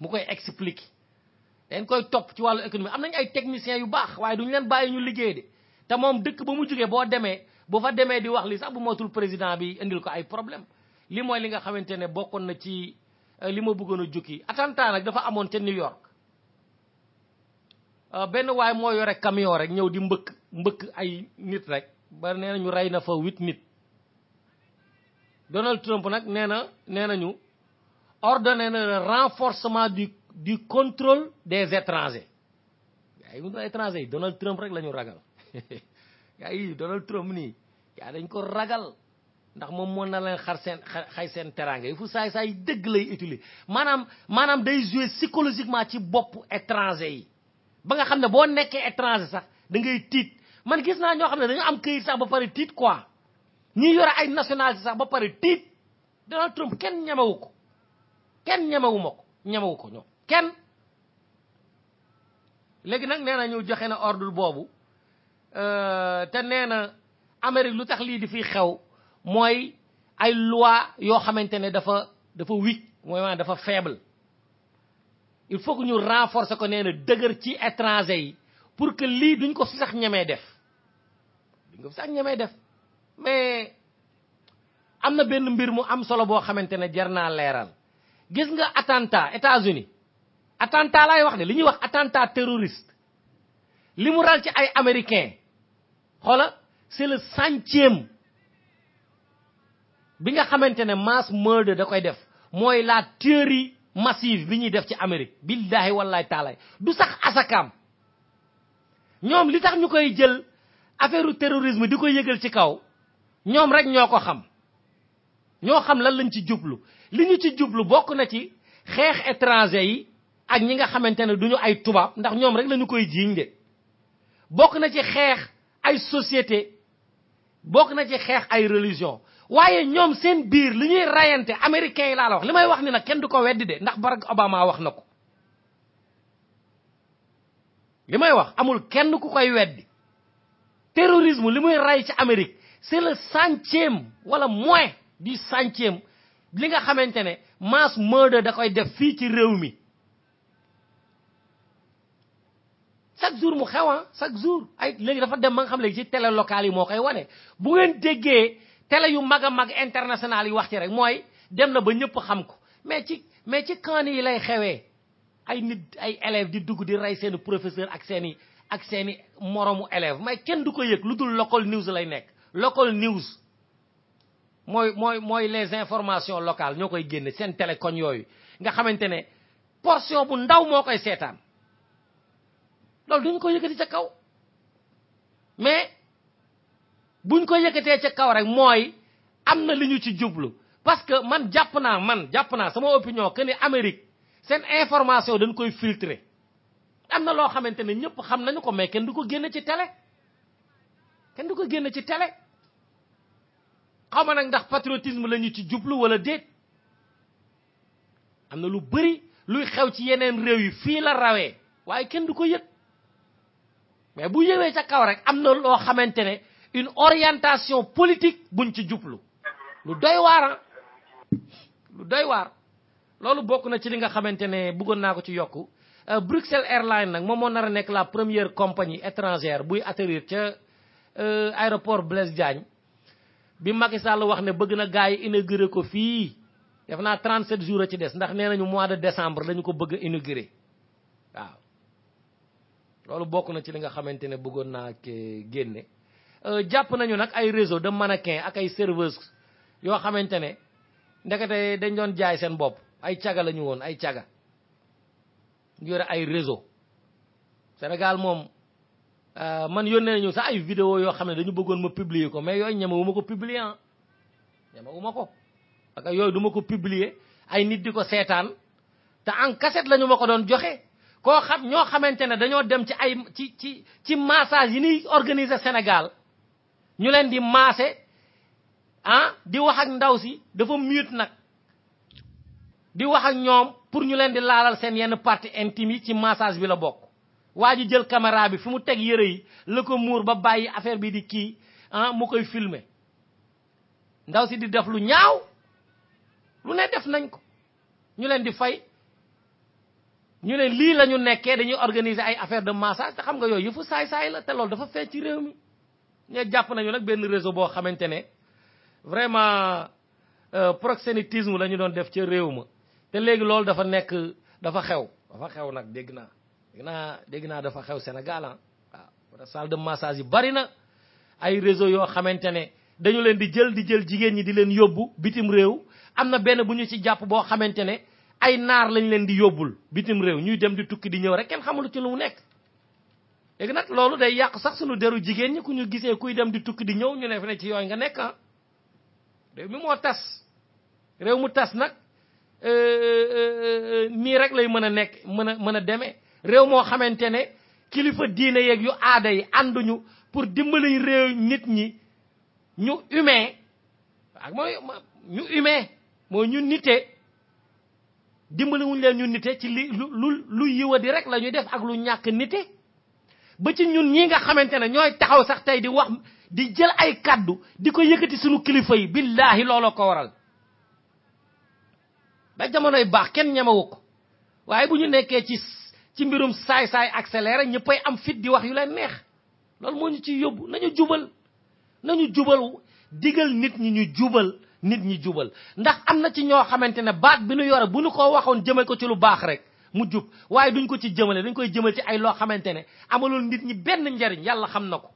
mu koy expliquer dañ koy top ci walu économie am nañ ay techniciens yu bax waye duñ leen bayyi ñu liggéey de te mom dëkk ba mu jugé bo démé bu fa démé di wax li sax bu motul président bi indil ko ay problème li moy li nga bokkon na ci euh, li ma bëggoon jukki attentat nak dafa amoon ca new york euh, benn waay moo yore camion rek ñëw di mbëkk mbëkk ay nit rek ba nee ñu rey na fa huit nit donald trump nag nee na nee na le renforcement du, du contrôle des étrangers. yaa yi Donald Trump rek lañu ragal yaa yi Donald Trump ni ya dañ ko ragal ndax mom mo na leen xar sen xay sen terangay fu say say deug lay utili Manam manam day jouer psychologiquement ci bop étranger yi ba nga xam bo boo étranger sax da ngay tit. man gis na ño xam dañu am keuy sax ba pare tit quoi ñi ay nationalité sax ba pare tit. Donald Trump ken ñamawuko. kenn ñemewu ma ko ñemewu ko ñoom kenn léegi nag nee na ñu joxe na ordre boobu euh, te nee na Amérique lu tax lii di fi xew mooy ay loi yoo xamante ne dafa dafa weak mooy maanaam dafa faible il faut que ñu renforcer ko nee na dëgër ci étranger yi pour que lii duñ ko sax ñemee def ko fi sax ñemee def mais am na benn mbir mu am solo boo xamante ne jar naa leeral gis nga attentat États-Unis attentat lay wax de liñu wax attentat terroriste limu ral ci ay américains xola c'est le centième bi nga xamantene mass murder da koy def moy la théorie massive bi ñuy def ci Amérique billahi wallahi taala du sax asakam ñom li tax ñukoy jël affaireu terrorisme di ko Nyom ci kaw ñom rek ñoko xam ñoo xam lan lañ ci jublu li ñu ci jublu bokk na ci xeex étranger yi ak ñi nga xamante ne duñu ay tubaab ndax ñoom rek lañu koy jiiñ de bokk na ci xeex ay société bokk na ci xeex ay religion waaye ñoom seen biir li ñuy rayante américains yi laa la wax li may wax ni na kenn du ko weddi de ndax Barack Obama wax na ko li may wax amul kenn ku koy weddi terrorisme li muy ray ci Amérique c'est le centième wala moins di santiem li nga xamante ne mass murder da koy def fii ci réew mi chaque jour mu xewan ah, chaque jour ay léegi dafa dem ma nga xam léegi ci télé locale yi moo koy wane bu ngeen déggee télé yu mag a mag international yi wax ci rek mooy dem na ba ñëpp xam ko mais ci mais ci kan yi lay xewee ay nit ay élèves di dugg di rey seeni professeur ak seeni ak seeni moromu élèves mais kenn du ko yëg lu dul local news lay nekk local news mooy mooy mooy les informations locales ñoo koy génne seen télécon yooyu nga xamante ne portion bu ndaw moo koy seetaan loolu duñ ko yëkkati ca kaw mais buñ ko yëkkatee ca kaw rek mooy am na li ñu ci jublu parce que man jàpp naa man jàpp naa sama opinion que ni Amérique seen information dañ koy filtrer am na loo xamante ne ñëpp xam nañu ko mais kenn du ko génn ci télé kenn du ko génn ci télé xaw nak ndax patriotisme la ñu ci djublu wala deet amna lu bari luy xew ci yeneen réew yi fii la rawee waaye kenn du ko yëg mais bu yëwee ca kaw rek amna loo xamante ne une orientation politique buñ ci djublu lu doy waar ah. lu doy waar loolu bokk na ci li nga xamante ne bëggoon naa ko ci euh, bruxelles airline nak moom moo nar la première compagnie étrangère buy atterrir ca euh, aéroport blaise diagne bi Macky Sall wax ne bëgg na gaay inauguré ko fii def naa 37 jours ci des ndax nee nañu mois de décembre dañu ko bëgg inauguré waaw loolu bokk na ci li nga xamante ne bëggoon naa génne euh, jàpp nañu nag ay réseau de mannequin ak ay serveuse yoo xamante ne ndekete dañ doon jaay seen bopp ay caga lañu ay caga yore ay réseau Sénégal moom Euh, man yónnee ñëw sax ay video yoo xam ne dañu bëggoon ma publier ko mais yooyu ñemewu ma ko publier ah ñemewu ko parce yooyu duma ko publier ay nit di ko seetaan te en cassette la ma ko doon joxe koo xam ñoo xamante ne dañoo dem ci ay ci ci ci massage yi ñuy organiser Sénégal ñu leen di maase ah di wax ak ndaw si dafa mute nag di wax ak ñoom pour ñu leen di laalal seen yenn partie intime yi ci massage bi la bokk waji jël caméra bi fu mu teg yëre yi la ko muur ba bàyyi affaire bi di kii ah mu koy filmer ndaw si di def lu ñaaw lu ne def nañ ko ñu leen di fay ñu ne lii la ñu nekkee dañuy organiser ay affaire de massage te xam nga yooyu yëfu saay-saay la te loolu dafa fee ci réew mi ñu jàpp nañu nag benn réseau boo xamante ne vraiment euh, proxénétisme la ñu doon def ca réew ma te léegi loolu dafa nekk dafa xew dafa xew nag dégg naa dégg naa dégg naa xew Sénégal ah waaw salle bari na ay réseau yoo xamante ne dañu leen di jël di jël jigéen ñi di leen yóbbu bitim réew am na benn bu ñu ci jàpp boo xamante ne ay naar lañ leen di yóbbul bitim réew ñuy dem di tukki di ñëw rek kenn xamul ci lu nekk. léegi nag loolu day yàq sax suñu deru jigéen ñi ku ñu gisee kuy dem di tukki di ñëw ñu ne fi ne ci yooyu nga nekk ah. mi moo tas réew mu tas nag euh, euh, euh, nii rek lay mën a nekk mën a mën a demee. réew moo xamante ne kilifa diine yeeg yu aada yi ànduñu pour dimbali réew nit ñi ñu humain ak mooy ñu humain mooy ñu nite dimbali wuñ leen ñu nite ci li lu lu yiwa di rek la ñuy def ak lu ñàkk nite ba ci ñun ñi nga xamante ne ñooy taxaw sax tey di wax di jël ay kàddu di ko yëkkati sunu kilifa yi billaahi looloo ko waral ba jamonoy baax kenn ñemewu ko waaye bu ñu nekkee ci ci mbirum saay-saay accéléré ñëppay am fit di wax yu leen neex loolu moo ñu ci yóbbu nañu jubal nañu jubal digal nit ñi ñu jubal nit ñi jubal ndax am na ci ñoo xamante ne baat bi nu yore bu ñu ko waxoon jëmee ko ci lu baax rek mu jub waaye duñ ko ci jëmale dañ koy jëmal ci ay loo xamante ne amalul nit ñi benn njariñ yàlla xam na ko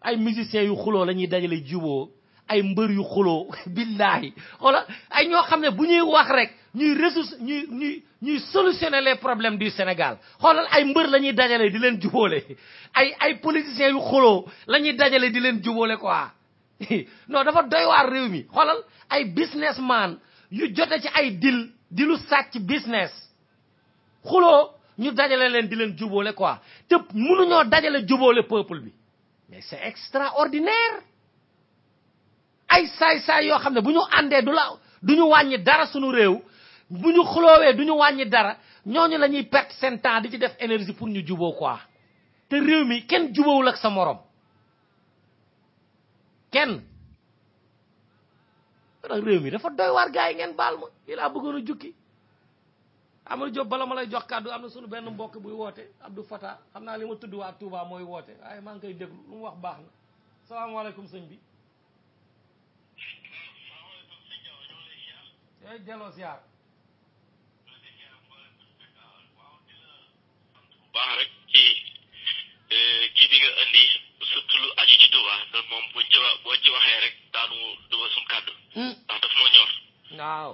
ay musiciens yu xuloo lañuy dajale juboo ay mbeur yu xulo billahi xola ay ño xamne bu ñuy wax rek ñuy ressource ñuy ñuy ñuy solutionner les problèmes du Sénégal xolal ay mbeur lañuy dajalé di leen djubolé ay ay politiciens yu xulo lañuy dajalé di leen djubolé quoi non dafa doy war réew mi xolal ay businessman yu jotté ci ay deal dilu sacc business xulo ñu dajalé leen di leen djubolé quoi té mënu ñoo dajalé djubolé peuple bi mais c'est extraordinaire ay say say yo xamne buñu andé dula àndee du la dara suñu réew buñu ñu duñu wañi dara ñoñu lañuy perte sen temps di ci def énergie pour ñu juboo quoi té réew mi kenn wul ak sa morom kenn da réew mi dafa doy war gaay ngeen balma ila jukki amul job bala malay jox kaddu amna suñu benn mbokk buy woote abdou fata xamna li ma tuddu wa touba moy woote ay ma ngi koy lu wax baxna alaykum bi tey delloo ziar. baax rek ci kii bi nga indi surtout lu aju ci Touba loolu moom buñ ci boo ci waxee rek daanu duma suñ kàddu. ndax daf moo ñor. waaw.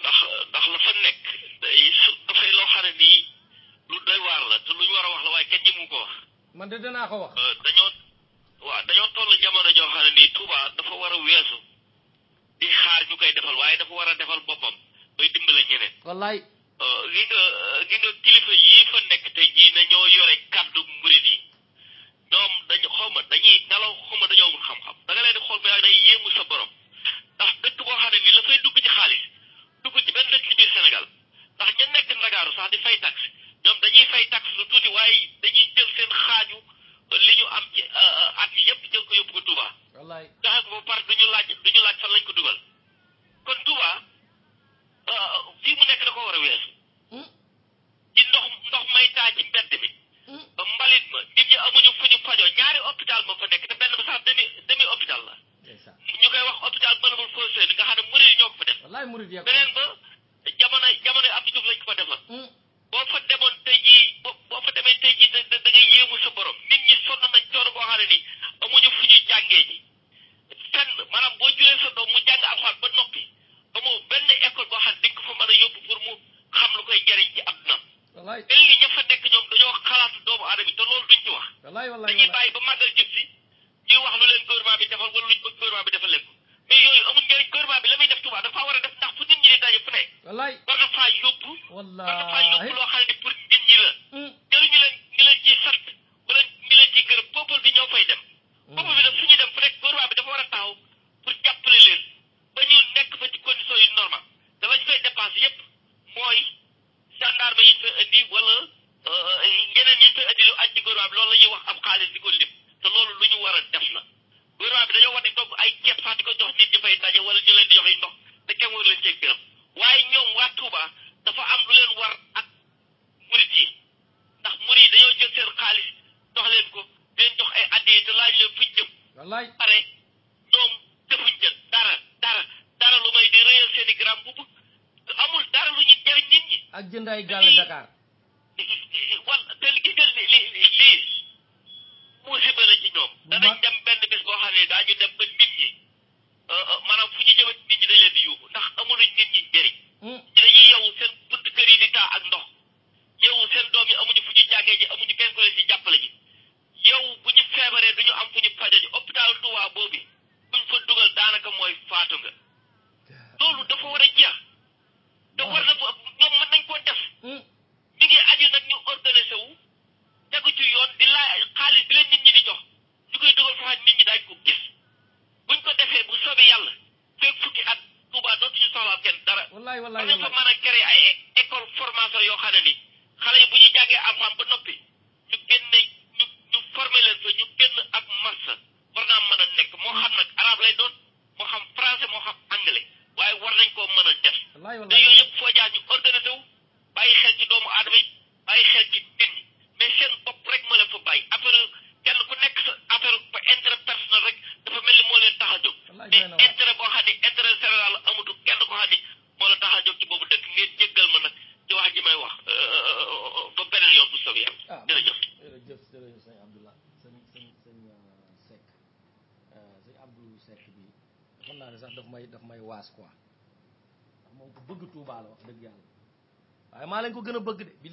ndax ndax la fa nekk day su dafay loo xam ne nii lu doy waar la te luñ war a wax la waaye kenn ñi mu ko wax. da de danaa ko wax. dañoo waaw dañoo toll jamono joo xam ne nii Touba dafa war a weesu. di xaar ñu koy defal waaye dafa war a defal boppam bay dimbale ñeneen. wallaay. Euh, gi nga euh, gi nga kilifa yii fa nekk te jii na ñoo yore kàddu murid yi ñoom dañu xaw dañuy nelaw xaw ma dañoo amul xam-xam da nga leen di xool ba yàgg day yéemu sa borom ndax dëkk ko xam ne nii la fay dugg ci xaalis dugg ci benn dëkk ci biir Sénégal ndax ña nekk Ndakaaru sax di fay tax ñoom dañuy fay tax lu tuuti waaye dañuy jël seen xaaju. li ñu am ci euh, euh, at yi yëpp jël ko yóbbu ko Touba. wallaay joxe ko ba pare laaj du ñu laaj lañ ko dugal. kon Touba euh, fii mu nekk da ko war a weesu. Hmm? ci ndox ndox may taa ci mbedd mi. Hmm? mbalit ma nit ñi amuñu fu ñu fajoo ñaari hôpital moo fa nekk te benn ba sax demi demi hôpital la. ñu koy wax hôpital Matlaboul Fawzayni nga xam ne murid yi ñoo ko fa def. wallaay murid beneen ba.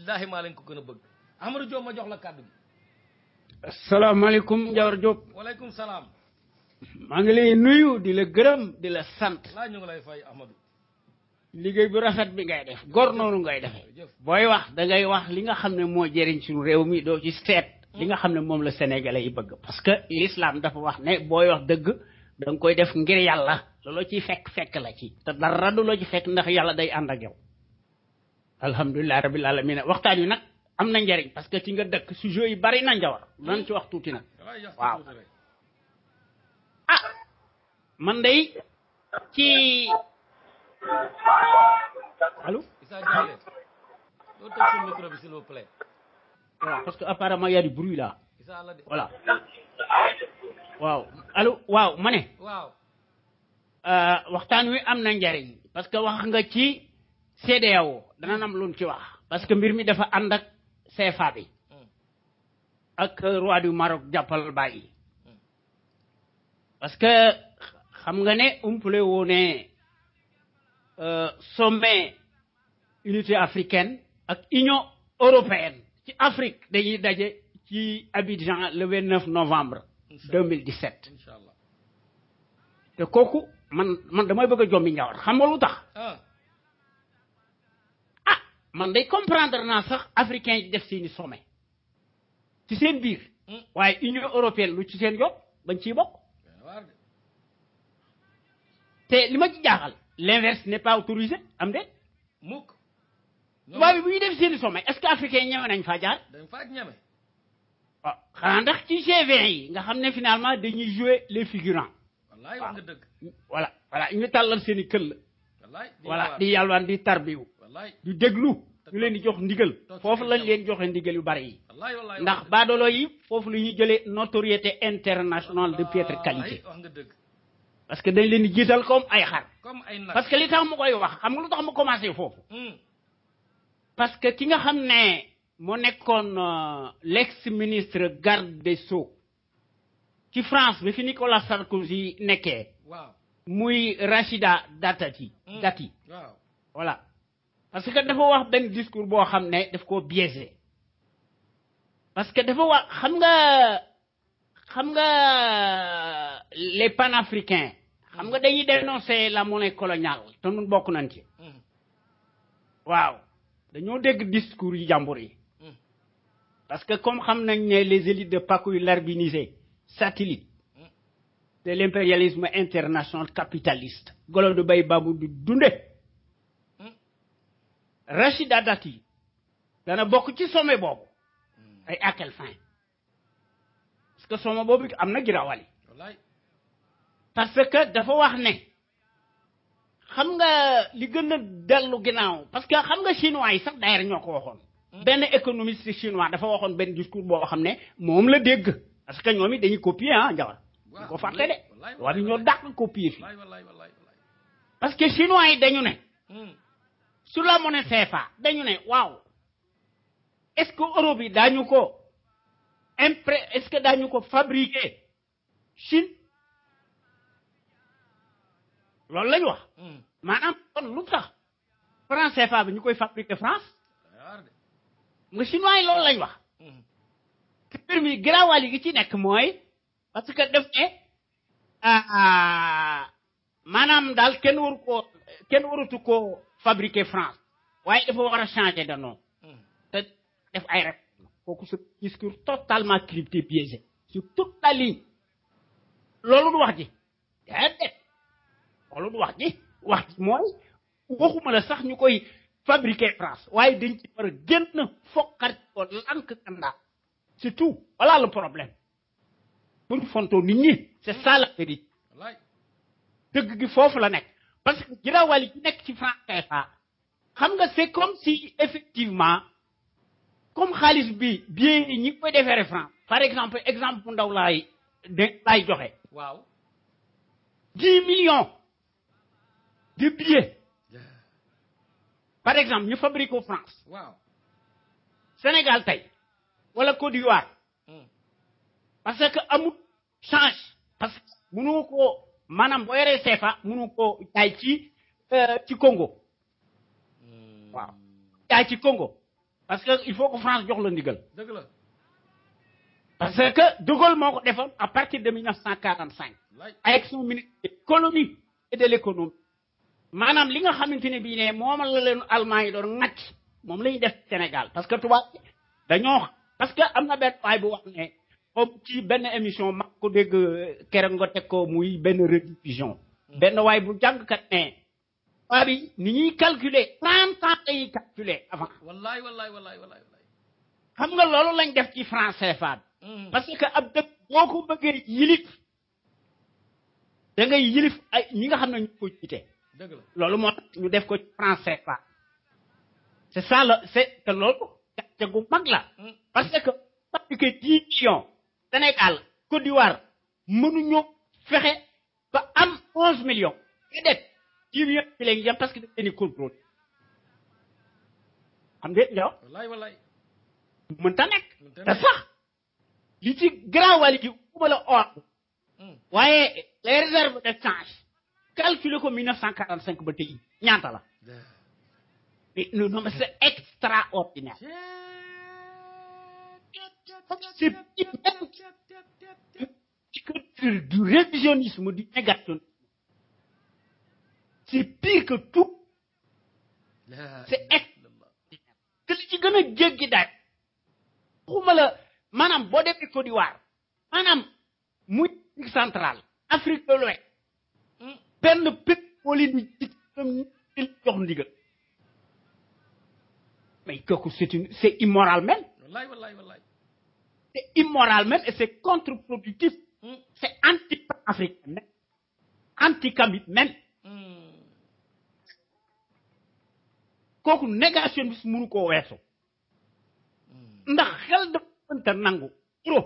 billahi ma len ko gëna bëgg amadou diom ma jox la kaddu assalamu alaykum jawar diop wa alaykum salam ma ngi lay nuyu di la gërëm di la sante la ñu lay fay amadou liggéey bu rafet bi ngay def gor nonu ngay def boy wax da ngay wax li nga xamne mo jëriñ ci réew mi do ci seet li nga xamne mom la sénégalais yi bëgg parce que l'islam dafa wax né boy wax dëgg da nga koy def ngir yalla lolo ci fekk fekk la ci te dara du lo ci fekk ndax yalla day ànd ak yow alhamdulillah rabbil alamin waxtan wi nak am na njariñ parce que ci nga dëkk sujet yi bari na njawar man ci waxtu tuuti nak waaw ah man day ci allo voilà parce que apparemment il y a du bruit là voilà waaw allo waaw ma euh waxtan wi am na njariñ parce que wax nga ci CEDEAO dana nam luñ ci wax parce que mbir mi dafa ànd ak CFA bi ak roi du Maroc jàppal bàyyi parce que xam nga ne umpale woo ne euh, unité africaine ak union européenne ci Afrique dañuy daje ci Abidjan le 29 novembre 2017 te kooku man man damay bëgg a njawar xam nga tax ah. man day comprendre naa sax africain yi def seeni sommet ci seen biir hmm. waaye union européenne lu ci seen yokk bañ ciy bokk te li ma ci jaaxal l'inverse n'est pas autorisé am de mukk tubaab bi bu ñu def seeni sommet est-ce que africain ñeme nañ faa jaar dañ faa ñeme waaw xanaa ndax ci G20 yi nga xam ne finalement dañuy jouer les figurants wallaay wax nga dëgg voilà voilà ñu tàllal seen i la voilà di yàlwaan di tarbiwu di déglu ñu leen jox ndigal joxe ndigal yu bari notoriété de piètre qualité parce que dañ leen di comme parce que li tax koy wax commencé hmm. parce que ki nga ne euh, l'ex ministre garde des Sceaux ci France bi fi Nicolas Sarkozy nekkee muy Rachida hmm. Dati voilà parce que dafa wax benn discours boo xam ne daf koo biaisé parce que dafa wax xam nga xam nga les panafricains xam nga dañuy dénoncer la monnaie coloniale te nun bokk nañ ci hmm. waaw dañoo dégg discours yi jàmbur yi hmm. parce que comme xam nañ les élites de Pakoui larbinisé satellite hmm. de l'impérialisme international capitaliste golo du bay babu du dunde Rachida Dati dana bokk ci sommet boobu hmm. ay à quelle fin parce que sommet boobu am na girawali parce que dafa wax ne xam nga li gën a dellu ginnaaw parce que xam nga chinois yi sax d'ailleurs ñoo ko waxoon hmm. benn économiste chinois dafa waxoon benn discours boo xam ne moom la dégg parce que ñoom it dañuy copier ah njawar ñu ko fàtte de war ñoo dàq copier fi parce que chinois yi dañu ne hmm. sur la monnaie CFA dañu ne waaw est-ce que euro bi daañu ko impré est-ce que daañu ko fabriquer Chine loolu lañu wax hmm. maanaam kon lu tax bi ñu koy fabriquer France nga chinois yi loolu lañ wax hmm. te mbir mi garaawal yi ci nekk mooy parce que def ne ah, ah, maanaam daal kenn waru koo kenn warutu koo fabriqué France Il faut changer de nom hmm. te def ay ce discours totalement crypté piégé. sur toute la ligne du dire. je dire. du que fabriqué France waaye dañ ci war a génn c'est tout voilà le problème c'est ça la vérité C'est gi la parce que qui n'est c'est comme si effectivement comme Khalis bi bien n'y peut franc par exemple exemple millions de billets par exemple nous fabriquons en France Sénégal Ou la Côte d'Ivoire hmm. parce que change parce que nous, manam bo yoree CFA mënu koo jaay ci ci eh, Congo hmm. waaw jaay ci Congo parce que il faut que France jox la ndigal. dëgg la parce que De Gaulle moo ko defoon à partir de 1945. avec son ministre des et de l'économie. maanaam li nga xamante ne bii ne moom la leen Allemagne yi doon ŋàcc moom la def Sénégal parce que tubaab dañoo parce que am na benn waay bu wax ne moom ci benn émission mag ko dégg keroog nga teg ko muy benn rediffusion mm. benn waay bu jàngkat ne waa bi ni ñuy calculer trente ans lañuy calculer avant wallaay wallaay wallaay wallaay xam nga loolu lañ def ci franc CFA mm. parce que ab dëkk boo ko bëggee yilif da ngay yilif ay ñi nga xam ne ñu ko jiite dëgg la loolu moo tax ñu def ko ci franc CFA c'est ça la c'est que loolu gàcce gu mag la mm. parce que parce que dix millions Sénégal Côte d'Ivoire mon fexe ba am 11 millions. nga 10 millions parce que c'est une courbe. contrôle am nga yow. wallaay wallaay. mënta nekk. te sax li ci grand wàll gi la hmm. waaye les réserves de change. calculé ko 1945 ba tey ñaata la. mais c'est extraordinaire c'est que du révisionnisme, du négationnisme. C'est pire que tout. C'est C'est Si ci gën a Madame Afrique centrale Afrique de l'Ouest ben mais c'est immoral même c'est immoral même et c'est contre-productif. Hmm. C'est anti-africain même, anti-kamit même. Hmm. kooku négation bi mënu koo weesu hmm. ndax xel dafa mënta nangu trop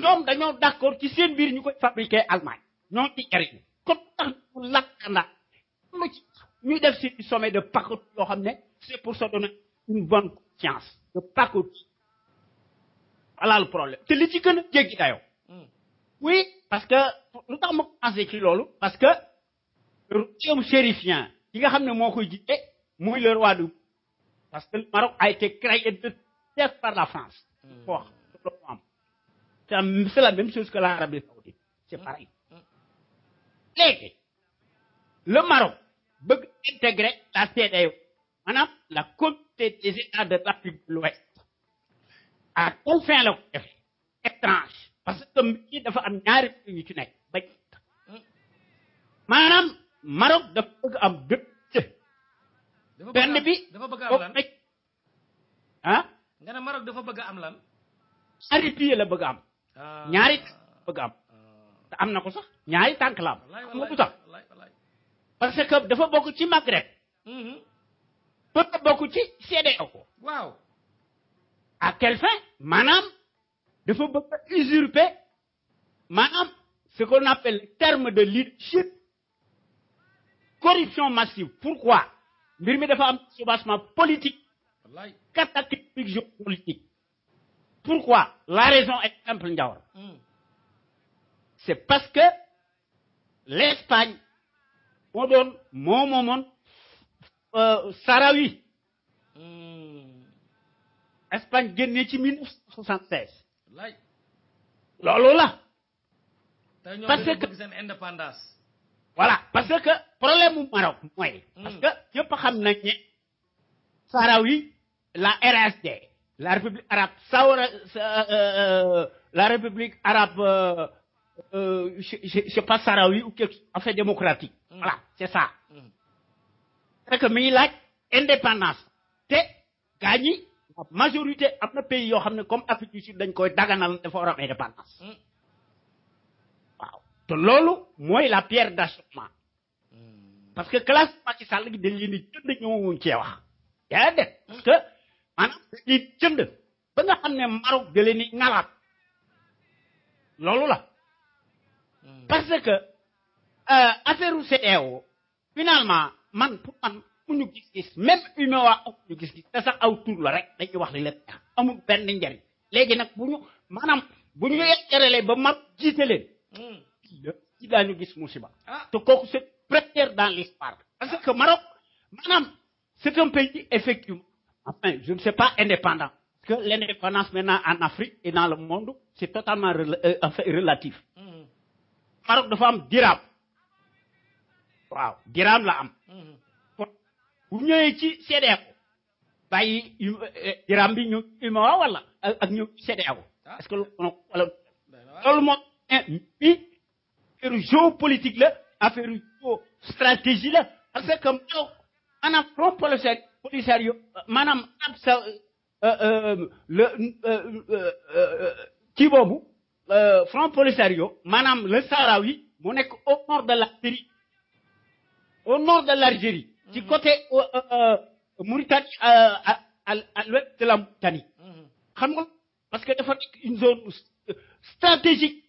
ñoom dañoo d'accord ci seen bir ñu koy fabriquer Allemagne ñoo ci jariñu kon tax ñu lakkana Nous, def ci sommet de parcours yo xam c'est pour se donner une bonne conscience de Paris voilà le problème C'est li ci gën a jéggi hmm. oui parce que nous tax ma écrit ci parce que royaume chérifien yi nga xam ne moo koy jiite le roi du parce que le Maroc a été créé de terre par la France. wax hmm. c'est la même chose que l'Arabie saoudite c'est hmm. pareil le Maroc veut intégrer la CEDEAO maanaam la communauté des états de l'Afrique de l'Ouest à quelle fin la étrange parce que mbir yi dafa am ñaari mbir yu ci nekk ba dafa bëgg am bépp benn bi dafa bëgg am lan ah. nga ne Maroc dafa bëgg am lan. ñaari pieds la bëgg am. Ah. ñaari bëgg am. Ah. te am na ko sax ñaari tànk la am. parce que dafa bokk ci Maghreb. Mm-hmm. dafa bokk ci CEDEAO. waaw. à quel fin madame, de faut usurper madame, ce qu'on appelle le terme de leadership corruption massive pourquoi de femmes dafa am politique cataclysmique pourquoi la raison est simple Ndiawar hmm. c'est parce que l'Espagne mon mon mon, euh Sarawi hmm. Espagne gagné ci 1976. C'est ça. parce que voilà parce que problème au Maroc moi, mm. parce que je pas sais pas Sahraoui la RSD. la république arabe euh, euh, euh, la république arabe je sais pas Sahraoui ou quelque chose, fait, démocratique. Mm. voilà C'est ça. Parce mm. que mi indépendance te gagné majorité am na pays yoo xam ne comme afrique du sud dañ koy daganal dafa war am indépendance hmm. waaw te loolu mooy la pierre d'achoppement hmm. parce que classe Macky Sall gi dañ leen di jënd ñëwuñ cee wax yaa det hmm. parce que maanaam dañuy jënd ba nga xam ne Maroc da leen di ngalaat loolu la parce que euh, affaire CDO e finalement man pour man bokkuñu gis-gis même humain waa amuñu gis-gis te sax aw tur la rek dañuy wax li leen neex amul benn njariñ léegi nag bu ñu maanaam bu ñu yeggalee ba mar jiite leen. ci hmm. daañu gis musiba. Ah. te kooku c'est première dans l'histoire parce que Maroc maanaam c'est un pays effectivement enfin je ne sais pas indépendant. que l'indépendance maintenant en Afrique et dans le monde c'est totalement euh, fait relatif. Hmm. Maroc dafa am dirham. waaw dirham la am. Hmm bu ñëwee ci CEDEAO ko bàyyi Iran bi ñu UEMOA wala ak ñu CEDEAO est-ce que wala loolu mo bi affaire géopolitique la affaire stratégie la parce que ben, maanaam maanaam euh, euh, euh, front polisario manam ab sa le kii boobu front polisario manam le Sahraoui mo nek au nord de l'Algérie au nord de l'Algérie du côté euh, euh, Mauritanie euh, à l'ouest de la Mauritanie. Mm-hmm. parce que dafa une zone stratégique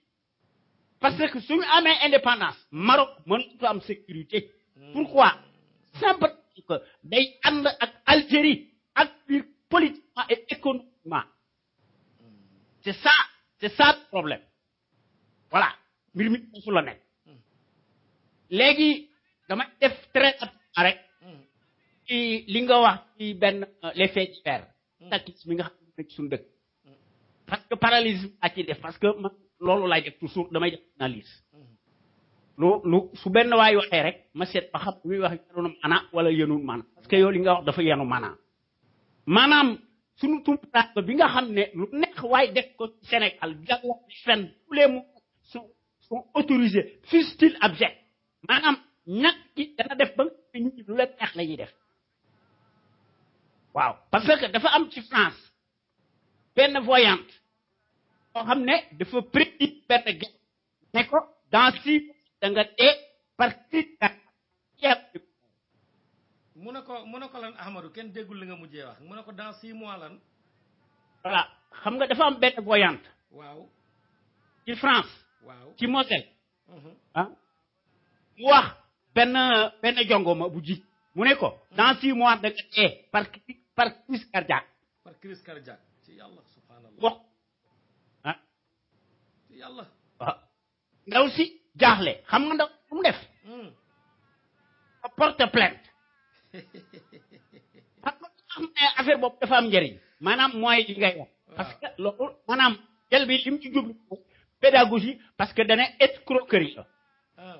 parce que suñu amee indépendance Maroc a am sécurité. Mm-hmm. pourquoi simple que day ànd ak Algérie ak politiquement et économiquement mm-hmm. c'est ça c'est ça le problème voilà mbir mi foofu la très rek ci li nga wax ci benn les faits divers takis bi nga xam ne suñu dëkk parce que paralysie a ci def parce que man loolu laay def toujours damay def analyse hmm. lu lu su benn waay waxee rek ma seet ba xam muy wax yenu maana wala yenul maana parce que yow li nga wax dafa yenu maana maanaam suñu tumuraanke bi nga xam ne lu def ko Sénégal jàlla fen tous les mots sont sont autorisés fusil ils abjects maanaam ñàkk gi dana def ba lu leen neex la def waaw parce que dafa am ci France benn voyante boo xam ne dafa prédire benn guerre ko dans six da mu ne ko mu ne ko lan Ahmadou kenn déggul li nga mujjee wax mu ne ko dans six mois lan voilà xam nga dafa am benn voyante waaw ci France ci Moselle mhm. ah benn benn jongoma bu ji mu ne ko dans six mois par par crise cardiaque ah ci yàlla ah. jaaxle xam nga ndaw mu def hmm. porte plainte affaire boobu dafa am njëriñ maanaam mooy li ngay parce que loolu maanaam jël bi li mu ci parce que dana escroquerie la ah.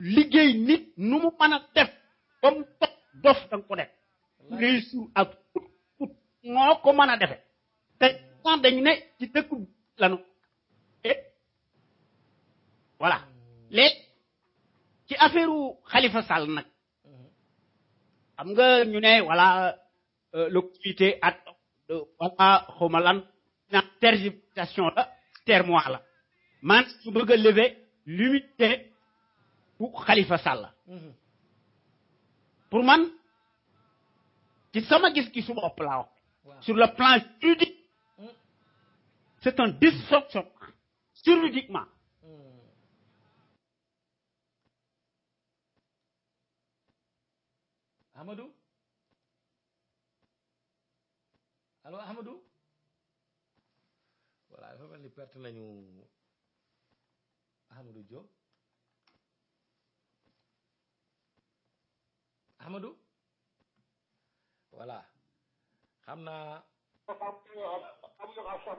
liggéey nit nu mu mën a def ba mu dox dof da nga ko def réussir ak put put moo ko mën a defe te sant dañu ne ci dëkku lanu e, voilà hmm. léegi ci affaire u Khalifa Sall nag hmm. xam nga ñu ne voilà euh, le comité at voilà xawma lan na tergitation la termoir la man su bëgg a lever l'immunité bu Khalifa sàll pour man ci sama gis-gisu bopp laa wax sur le plan juridique c'est un dysfonctionnement juridiquement hmm. Amadou allo Amadou voilà dafa mel ni perte nañu Amadou Joe. Amadou voilà xam naa. am na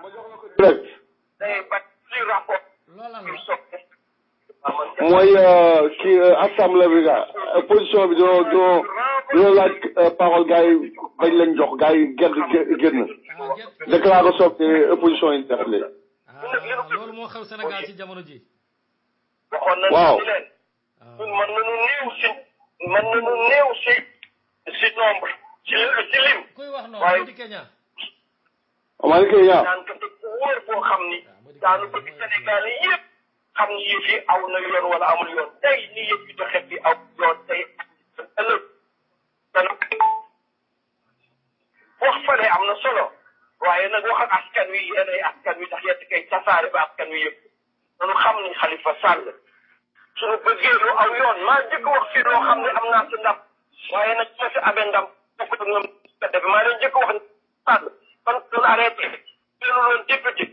waaw ma mooy kii euh, euh, assemblée bi ga euh, position bi doo doo doo laaj parole gars yi bañ leen jox gars yi gedd génn déclaration bi opposition yi def ah, ci jamono ji. xam ni yëf yi aw na yoon wala amul yoon tey ni yëf yi doxee bi aw yoon tey ëllëg dana wax fale am na solo waaye nag wax ak askan wi yéenay askan wi ndax yett kay tasaare ba askan wi yëpp dañu xam ni xalifa sàll suñu bëggee lu aw yoon maa jëkk wax fii loo xam ne am naa si ndam waaye nag ma si amee ndam bokk ak ñoom bi maa leen jëkk wax sàll kon doon arrêté loolu loon député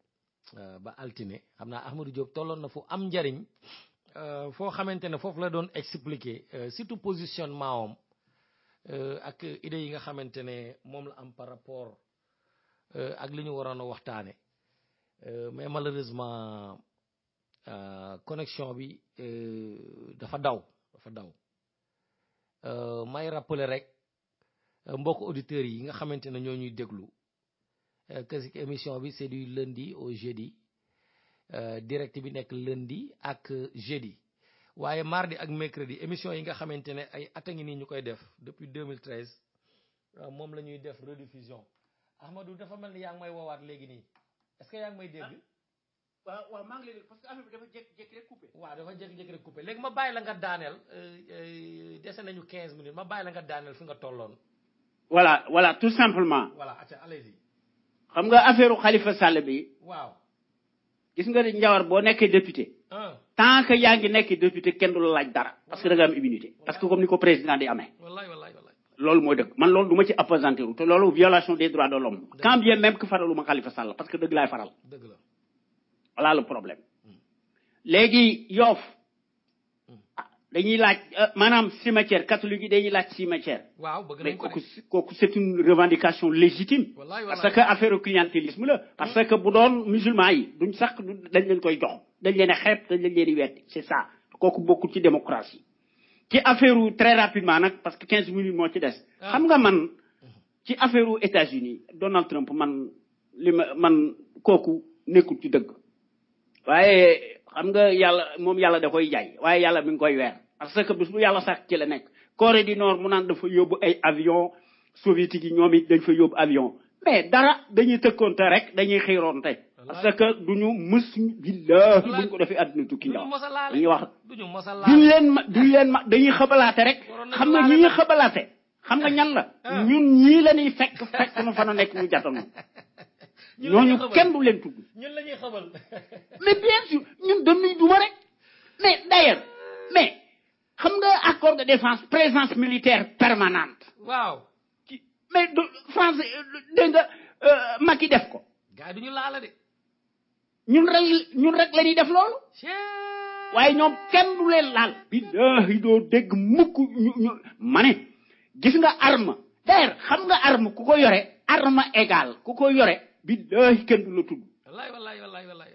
Euh, ba altine xam naa Ahmadou Diop tolloon na fu am njariñ euh, foo xamante ne foofu la doon expliquer euh, surtout positionnement am ak idées yi nga xamante ne moom la am par rapport ak li ñu waroon a waxtaane mais malheureusement connexion bi dafa daw dafa daw may rappeler rek mbokk auditeurs yi nga xamante ne ñoo ñuy déglu Euh, que ces émissions bi c'est du lundi au jeudi euh, direct bi nekk lundi ak jeudi waaye mardi ak mercredi Émissions, yi nga xamante ne ay at a ngi nii ñu koy def depuis 2013 euh, moom la ñuy def rediffusion Ahmadou dafa mel ni yaa ngi may woowaat est-ce que yaa ngi may dégg. Ah, waaw waaw ngi lay parce que affaire bi dafa jékki-jékki rek coupé. waaw dafa jékki-jékki rek coupé léegi ma bàyyi la nga daaneel dese nañu 15 minutes ma bàyyi la nga daaneel fi nga tolloon. voilà voilà tout simplement. voilà allez xam nga affaire Khalifa Sall bi. waaw gis nga ni Njawar boo nekkee député. Ah. tant que yaa ngi nekk député kenn du laaj dara. parce que da nga am immunité parce que comme ni ko président di amee. loolu mooy dëgg man loolu du ma ci appesantir te loolu violation des droits de l'homme quand bien même que faraluma Khalifa Sall parce que dëgg laay faral. dëgg la voilà problème. Hmm. léegi Yoff dañuy laaj euh, maanaam cimetière catholique yi dañuy laaj cimetière. waaw bëgg nañ ko kooku c' est une revendication légitime. parce que affaire clientélisme la. parce que bu doon musulman yi duñ sax dañ leen koy jox dañ leen a xeeb dañ leen di wetti c' est ça kooku bokkul ci démocratie. ci affaire très rapidement nag parce que 15 minutes moo ci des. Ah. xam nga man ci affaire États-Unis Donald Trump man li ma man kooku nekkul ci dëgg. waaye xam nga yàlla moom yàlla de koy jaay waaye yàlla mi ngi koy weer parce que bis bu yàlla sax ci la nekk Corée du Nord mu naan dafa yóbbu ay avion soviétique yi ñoom it dañ fa yóbbu avion mais dara dañuy tëkkoonte rek dañuy xiiroonte parce que duñu mës billaahi buñ ko defee àdduna tukki ndaw dañuy wax duñ leen ma duñ leen ma dañuy xabalaate rek xam nga ñi ñuy xam nga ñan la ah. ñun ñii la ñuy fekk fekk nu fa nu nekk ñu jatanu ñooñu kenn du mais bien sûr ñun rek mais d'ailleurs mais xam nga accord de défense présence militaire permanente. Wow. mais France dégg nga euh, Macky def ko. gars duñu de. ñun ñun rek la def kenn laal. ñu arme d'ailleurs xam nga arme arme égale billaahi kenn du la tudd wallaay wallaay wallaay wallaay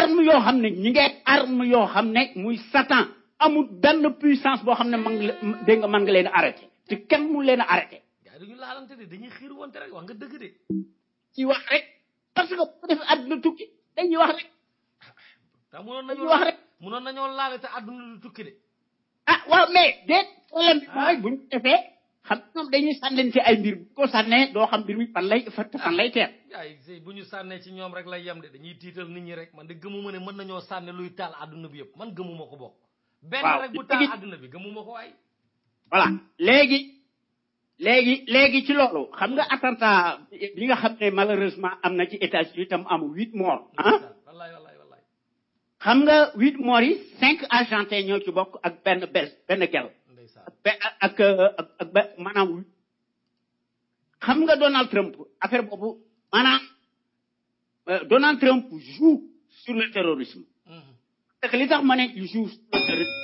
arme yoo xam ne ñi ngay arme yoo xam ne muy satan amul benn puissance boo xam ne man nga dégg nga mën nga leen a arrêté te mu leen a arrêté gaa dañu laalante de dañuy xiir wante rek wax ga dëgg de ci wax rek parce que bu ko defee àdduna tukki dañuy wax rek tax munoon nañu wax rek munoon nañoo laale te àdduna tukki de ah waaw mais déet problème bi ah. mooy buñ defee xam ñoom dañuy sànnante ay mbir bu sànnee doo xam mbir mi fan lay fan lay teer. ay bu ñu sànnee ci ñoom rek lay yem de dañuy tiital nit ñi rek man de gëmuma ne mën nañoo sànne luy taal àdduna bi yëpp man gëmuma ko bokk. benn rek bu taal àdduna bi gëmuma ko waay. wala léegi léegi léegi ci loolu xam nga attentat bi nga xam ne malheureusement am na ci États-Unis itam am huit morts ah. xam nga huit morts yi cinq argentins ñoo ci bokk ak benn bel benn gel ak ak ak ba xam nga Donald Trump affaire boobu maanaam euh, Donald Trump joue sur le terrorisme. Mhm. parce que li tax ma ne il joue sur le terrorisme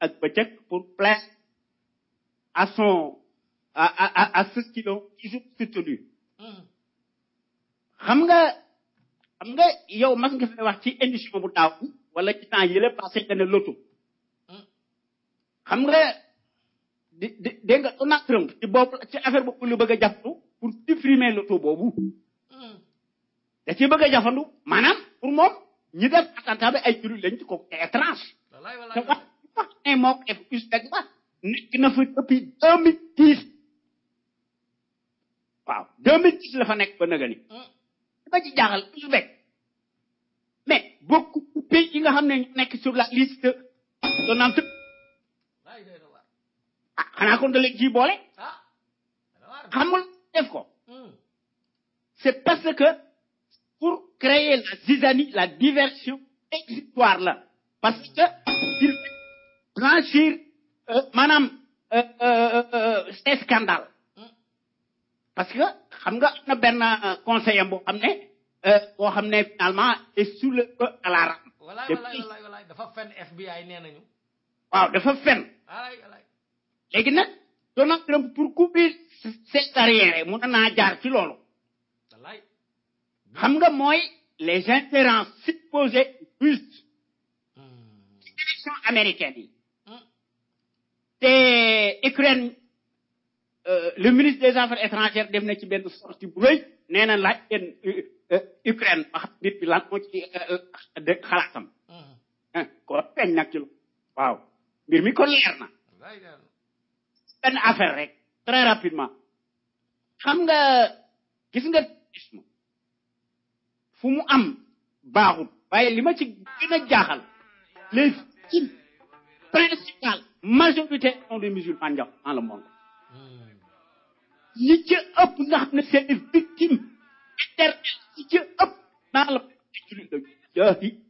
ak bëccëg pour plaire à son à à à ceux qui l'ont toujours soutenu. Mhm. xam nga xam nga yow mas nga fay wax ci émission bu daaw wala ci temps yële passé nga ne loto. xam nga di di dégg nga Donald Trump ci boobu ci affaire boobu lu bëgg a jafandu pour le taux boobu. Hmm. bëgg a jafandu maanaam pour moom ñi def attentat bi ay jullit lañ ci kooku étrange. wallaay wallaay te wax wax ne mook nekk na fa depuis 2010. waaw 2010 la fa nekk ba nëgëni. dafa hmm. ci jaaxal su bekk mais bokk pays yi nga xam ne nekk sur la liste xanaa kon da léegi ci boole xam nga def ko c'est parce que pour créer la zizanie la diversion exutoire la parce que il blanchir eh, maanaam eh, eh, ces scandales hmm. parce que xam nga am na benn conseiller boo xam ne boo xam ne finalement est sous le feu à la rampe. walaay walaay walaay dafa fen FBI nee nañu. waaw dafa fen. léegi nag Donald Trump pour couper ses arrières mun jaar ci loolu xam nga mooy les intérêts supposés justes hmm. ci élection américaine yi hmm. te Ukraine euh, le ministre des affaires étrangères def na ci benn sortie bu rëy nee euh, euh, Ukraine ba xam nit bi lan moo xalaatam hmm. ah, kon feeñ nag ci lu kon leer benn affaire rek très rapidement xam gis nga terrorisme fu mu am baaxut waaye li ma ci gën jaaxal les victimes principales majorité sont des musulmans dans le monde ñi ci ëpp nga xam ne c'est des victimes éternelles ñi ëpp dans le monde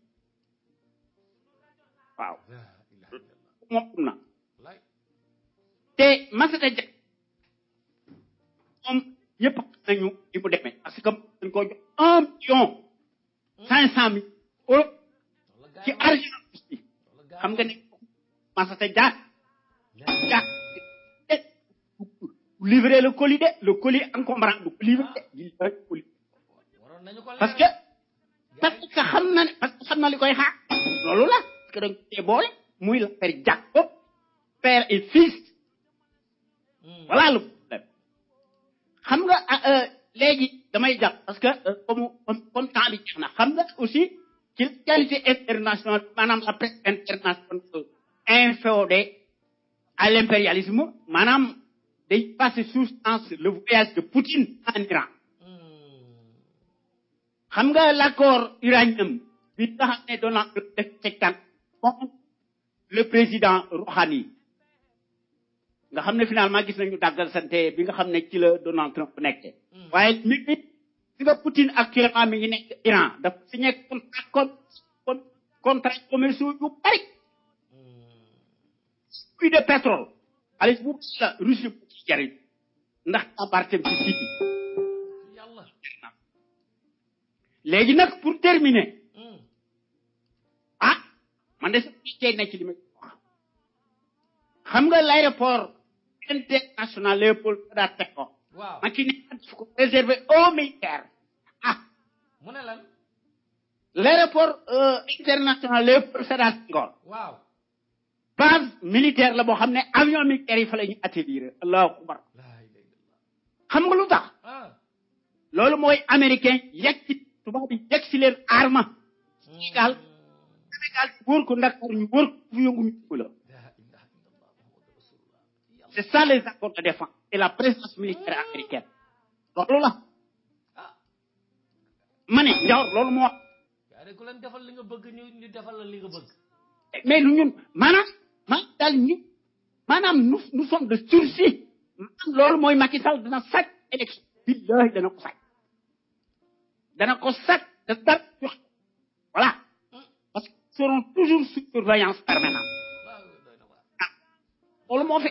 waaw moom na te masata ja moom ñëpp nañu li mu demee parce que dañ million cinq cent mille euro ci argent bi xam de le colis encombrant li koy xaar loolu la parce boole muy la père Jacob père et fils voilà le problème xam nga ah, euh, léegi damay jàpp parce que euh, comme comme temps bi jeex na xam nga aussi ci qualité internationale maanaam la presse internationale inféodée à l'impérialisme maanaam day passer sous silence le voyage de Poutine en Iran hmm. xam nga l'accord iranium bi nga xam ne doon na def le président Rouhani nga xam ne finalement gis nañu dàggal sante bi nga xam ne ci la Donald Trump nekkee. Mm. waaye nit ñi si nga Poutine actuellement mi ngi nekk Iran dafa signé contrat con contrat commerciaux yu bari. puits mm. de pétrole. xaalis bu la Russie bu ci jariñ ndax terminer. Mm. ah man de sax tey na ci li ma xam nga l'aéroport international Léopold Sédar teg ko. waaw Macky ko réservé aux militaires ah. mu ne lan. l'aéroport euh, international Léopold Sédar Senghor. base militaire la boo xam ne avion militaire yi fa la ñu atterrir allahu akbar xam lu tax. Ah. loolu mooy américain yegg ci tubaab bi yegg si leen arme. Hmm. Sénégal Sénégal ñu ñu wër ko ñu la. C'est ça les accords de défense. C'est la présence militaire américaine. Donc là. Mané, ne moi, loolu moo. yaa ne ku leen li nga bëgg ñu la li nga bëgg. mais lu ñun manam, man daal ñu nous nous sommes de sursis loolu moi Macky Sall dana sàcc élection billahi dans ko sac. dana ko sac, de dara voilà parce que seront toujours sous surveillance permanente ah loolu moo fi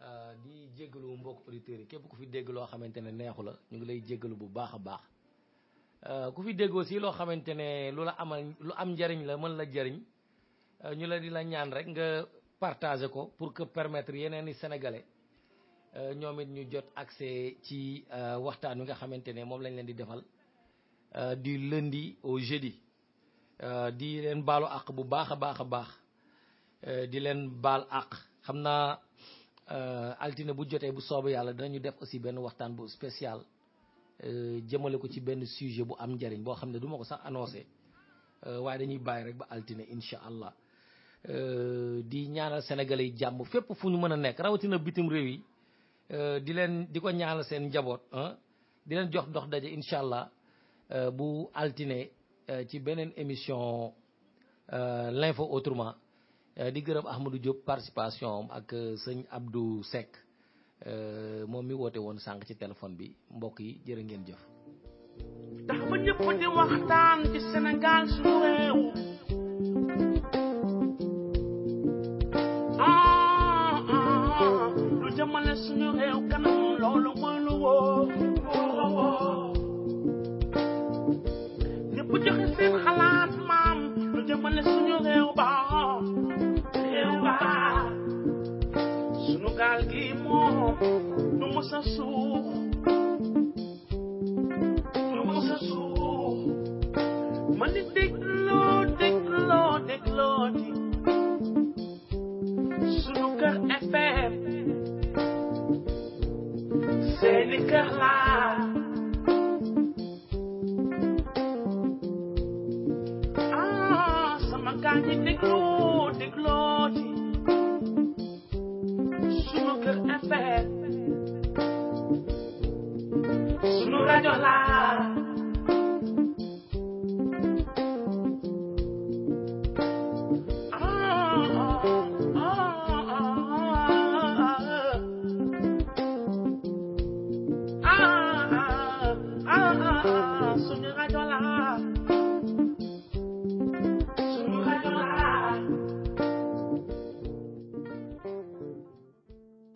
Euh, di jéggalu mbokk auditeurs yi képp ku fi dégg loo xamante ne neexu la ñu ngi lay jéggalu bu baax a baax euh, ku fi dégg aussi loo xamante ne lu la amal lu am njariñ la mën la jariñ euh, ñu la di la ñaan rek nga partager ko pour que permettre yeneen i sénégalais ñoom it ñu jot accès ci waxtaan wi nga xamante ne moom lañ leen di defal du lundi au jeudi di leen baalu àq bu baax a baax a baax di leen baal àq xam naa Euh, altine bu jotee bu soobee yàlla dinañu def aussi benn waxtaan bu spécial euh, jëmale ko ci benn sujet bu am njariñ boo xam ne duma ko sax annoncé euh, waaye dañuy bàyyi rek ba altine incha allah di ñaanal sénégalais yi jàmm fépp fu ñu mën a nekk rawatina bitim réew yi di leen di ko ñaanal seen njaboot di leen jox dox daje incha allah bu altine ci beneen émission l'info autrement Eh, di gërëm Ahmadou Diop participation ak seigne Abdou Seck eh, moom mi woote won sank ci téléphone bi mbokk yi jërë ngeen jëf tax ba ñëpp di waxtaan ci Sénégal suñu réew ah, ah, ah, lu jëmale suñu réew kanam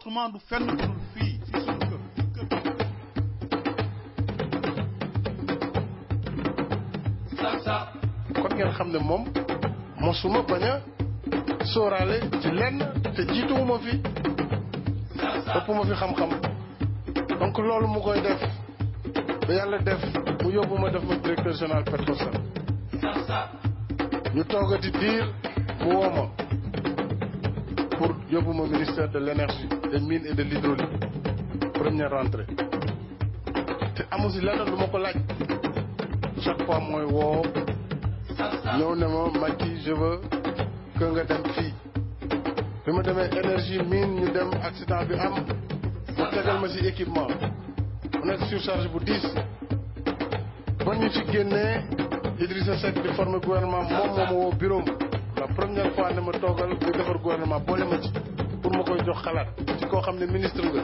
Comment nous faire nous ne moom mosuma bañ a sóoraale ci lenn te jiituwuma fi ëpp fi xam-xam donc loolu mu koy def ba yàlla def mu yóbbu ma def ma directeur général Petrosen ñu toogati diir mu woo ma pour yóbbu ma ministère de l'énergie de mine et de l'hydraulique première rentrée te amu si lenn lu ma ko laaj chaque fois mooy woo ñëw ne ma Macky je veux que nga dem fii bi ma demee énergie mine ñu dem accident bi am mu tegal ma ci équipement mu nekk surcharge bu 10 ba ñu ci génnee Idrissa Seck di former gouvernement moom moo ma woo bureau la première fois ne ma toogal ñu defar gouvernement boole ma ci pour ma koy jox xalaat ci koo xam ne ministre nga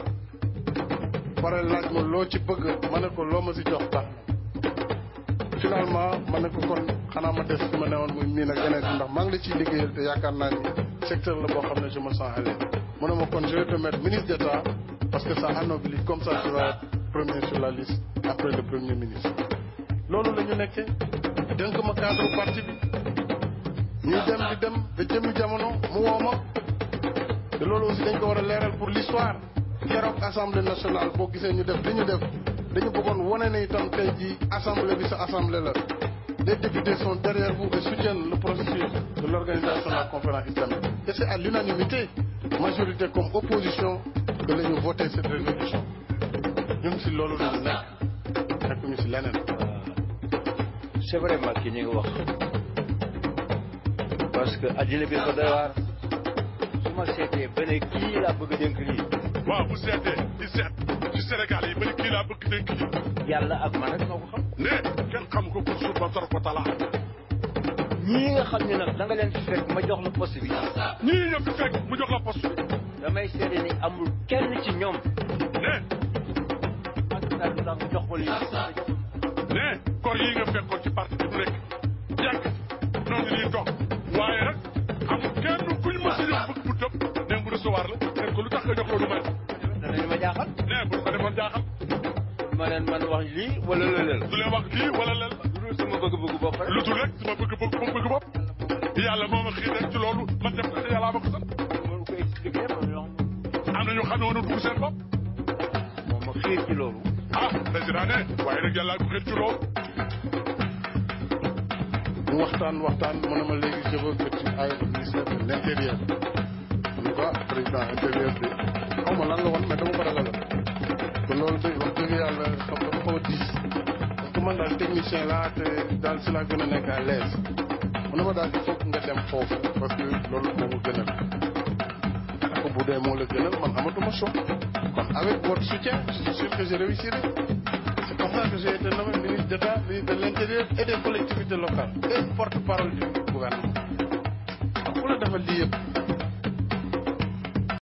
pare laaj ma loo ci bëgg ma ne ko loo ma ci jox tax finalement man ne ko kon xanaa ma des ma newoon muy miin ak yeneen ndax maa ngi la ciy liggéeyal te yaakaar naa ni secteur la boo xam ne je me sens à mu ne ma kon je vais te mettre ministre d'État parce que ça anoblit comme ça tu vas premier sur la liste après le premier ministre loolu la ñu nekkee dénk ma cadre parti bi ñuy dem di dem ba jëmi jamono mu woo ma te loolu aussi dañ ko war a leeral pour l'histoire keroog assemblée nationale boo gisee ñu def li ñu def dañu bëggoon wane ne itam tey jii assemblée bi sa assemblée la les députés sont derrière vous et soutiennent le processus de l'organisation de la conférence islamique et c'est à l'unanimité majorité comme opposition que la ñu cette résolution ñun si loolu lañu nekk nekkuñu si leneen euh, c'est vraiment ki ñu wax parce que àddina bi ko doy waar su ma seetee ba ne kii laa bëgg a vous êtes, waaw bu seetee di seet ci Sénégal kiki yàlla ak man ak noo ko xam ne kenn xam ko pour suba tor ko talaa ñii nga xam ne nag da nga leen fi fekk ma jox la poste bi ñii nga fi fekk mu jox la poste bi damay seede ni amul kenn ci ñoom ne ak daal du dang jox ko lii ne kor yi nga fekkoon ci parti bi bu nekk yàgg noo ngi nii toog waaye nag amul kenn kuñ ma si bëgg bu tëb ne mu recevoir la ne ko lu tax nga jox loolu may leen mën wax lii wala lëlël du leen wax lii wala lël lu dul sama bëgg-bëgg bopp rek lu dul rek sama bëgg-bëgg sama bëgg bopp yàlla moo ma xiir rek ci loolu man def ko yàlla ma ko sant mënu ko expliqué ma ñu am na ñu xam ne woon dugg seen bopp moo ma xiir ci loolu ah président ne waaye nag yàlla ko xiir ci loolu ñu waxtaan waxtaan mu ne ma léegi je veux que tu ailles au ministère de l'intérieur en tout cas président intérieur bi xaw ma lan la woon mais dama ko ragal loolu de wax dëgg yàlla xam dafa xaw a Tout le monde man daal technicien là, dans le si on est à l'aise On ne ma daal il faut nga un fort, parce que loolu moo ma gënal ko bu dee moo la gënal man amatuma choix avec votre soutien je suis sûr que j'ai réussi. c'est comme ça que j'ai été nommé ministre d'État ministre de l'Intérieur et des collectivités locales et porte-parole du gouvernement ku la defal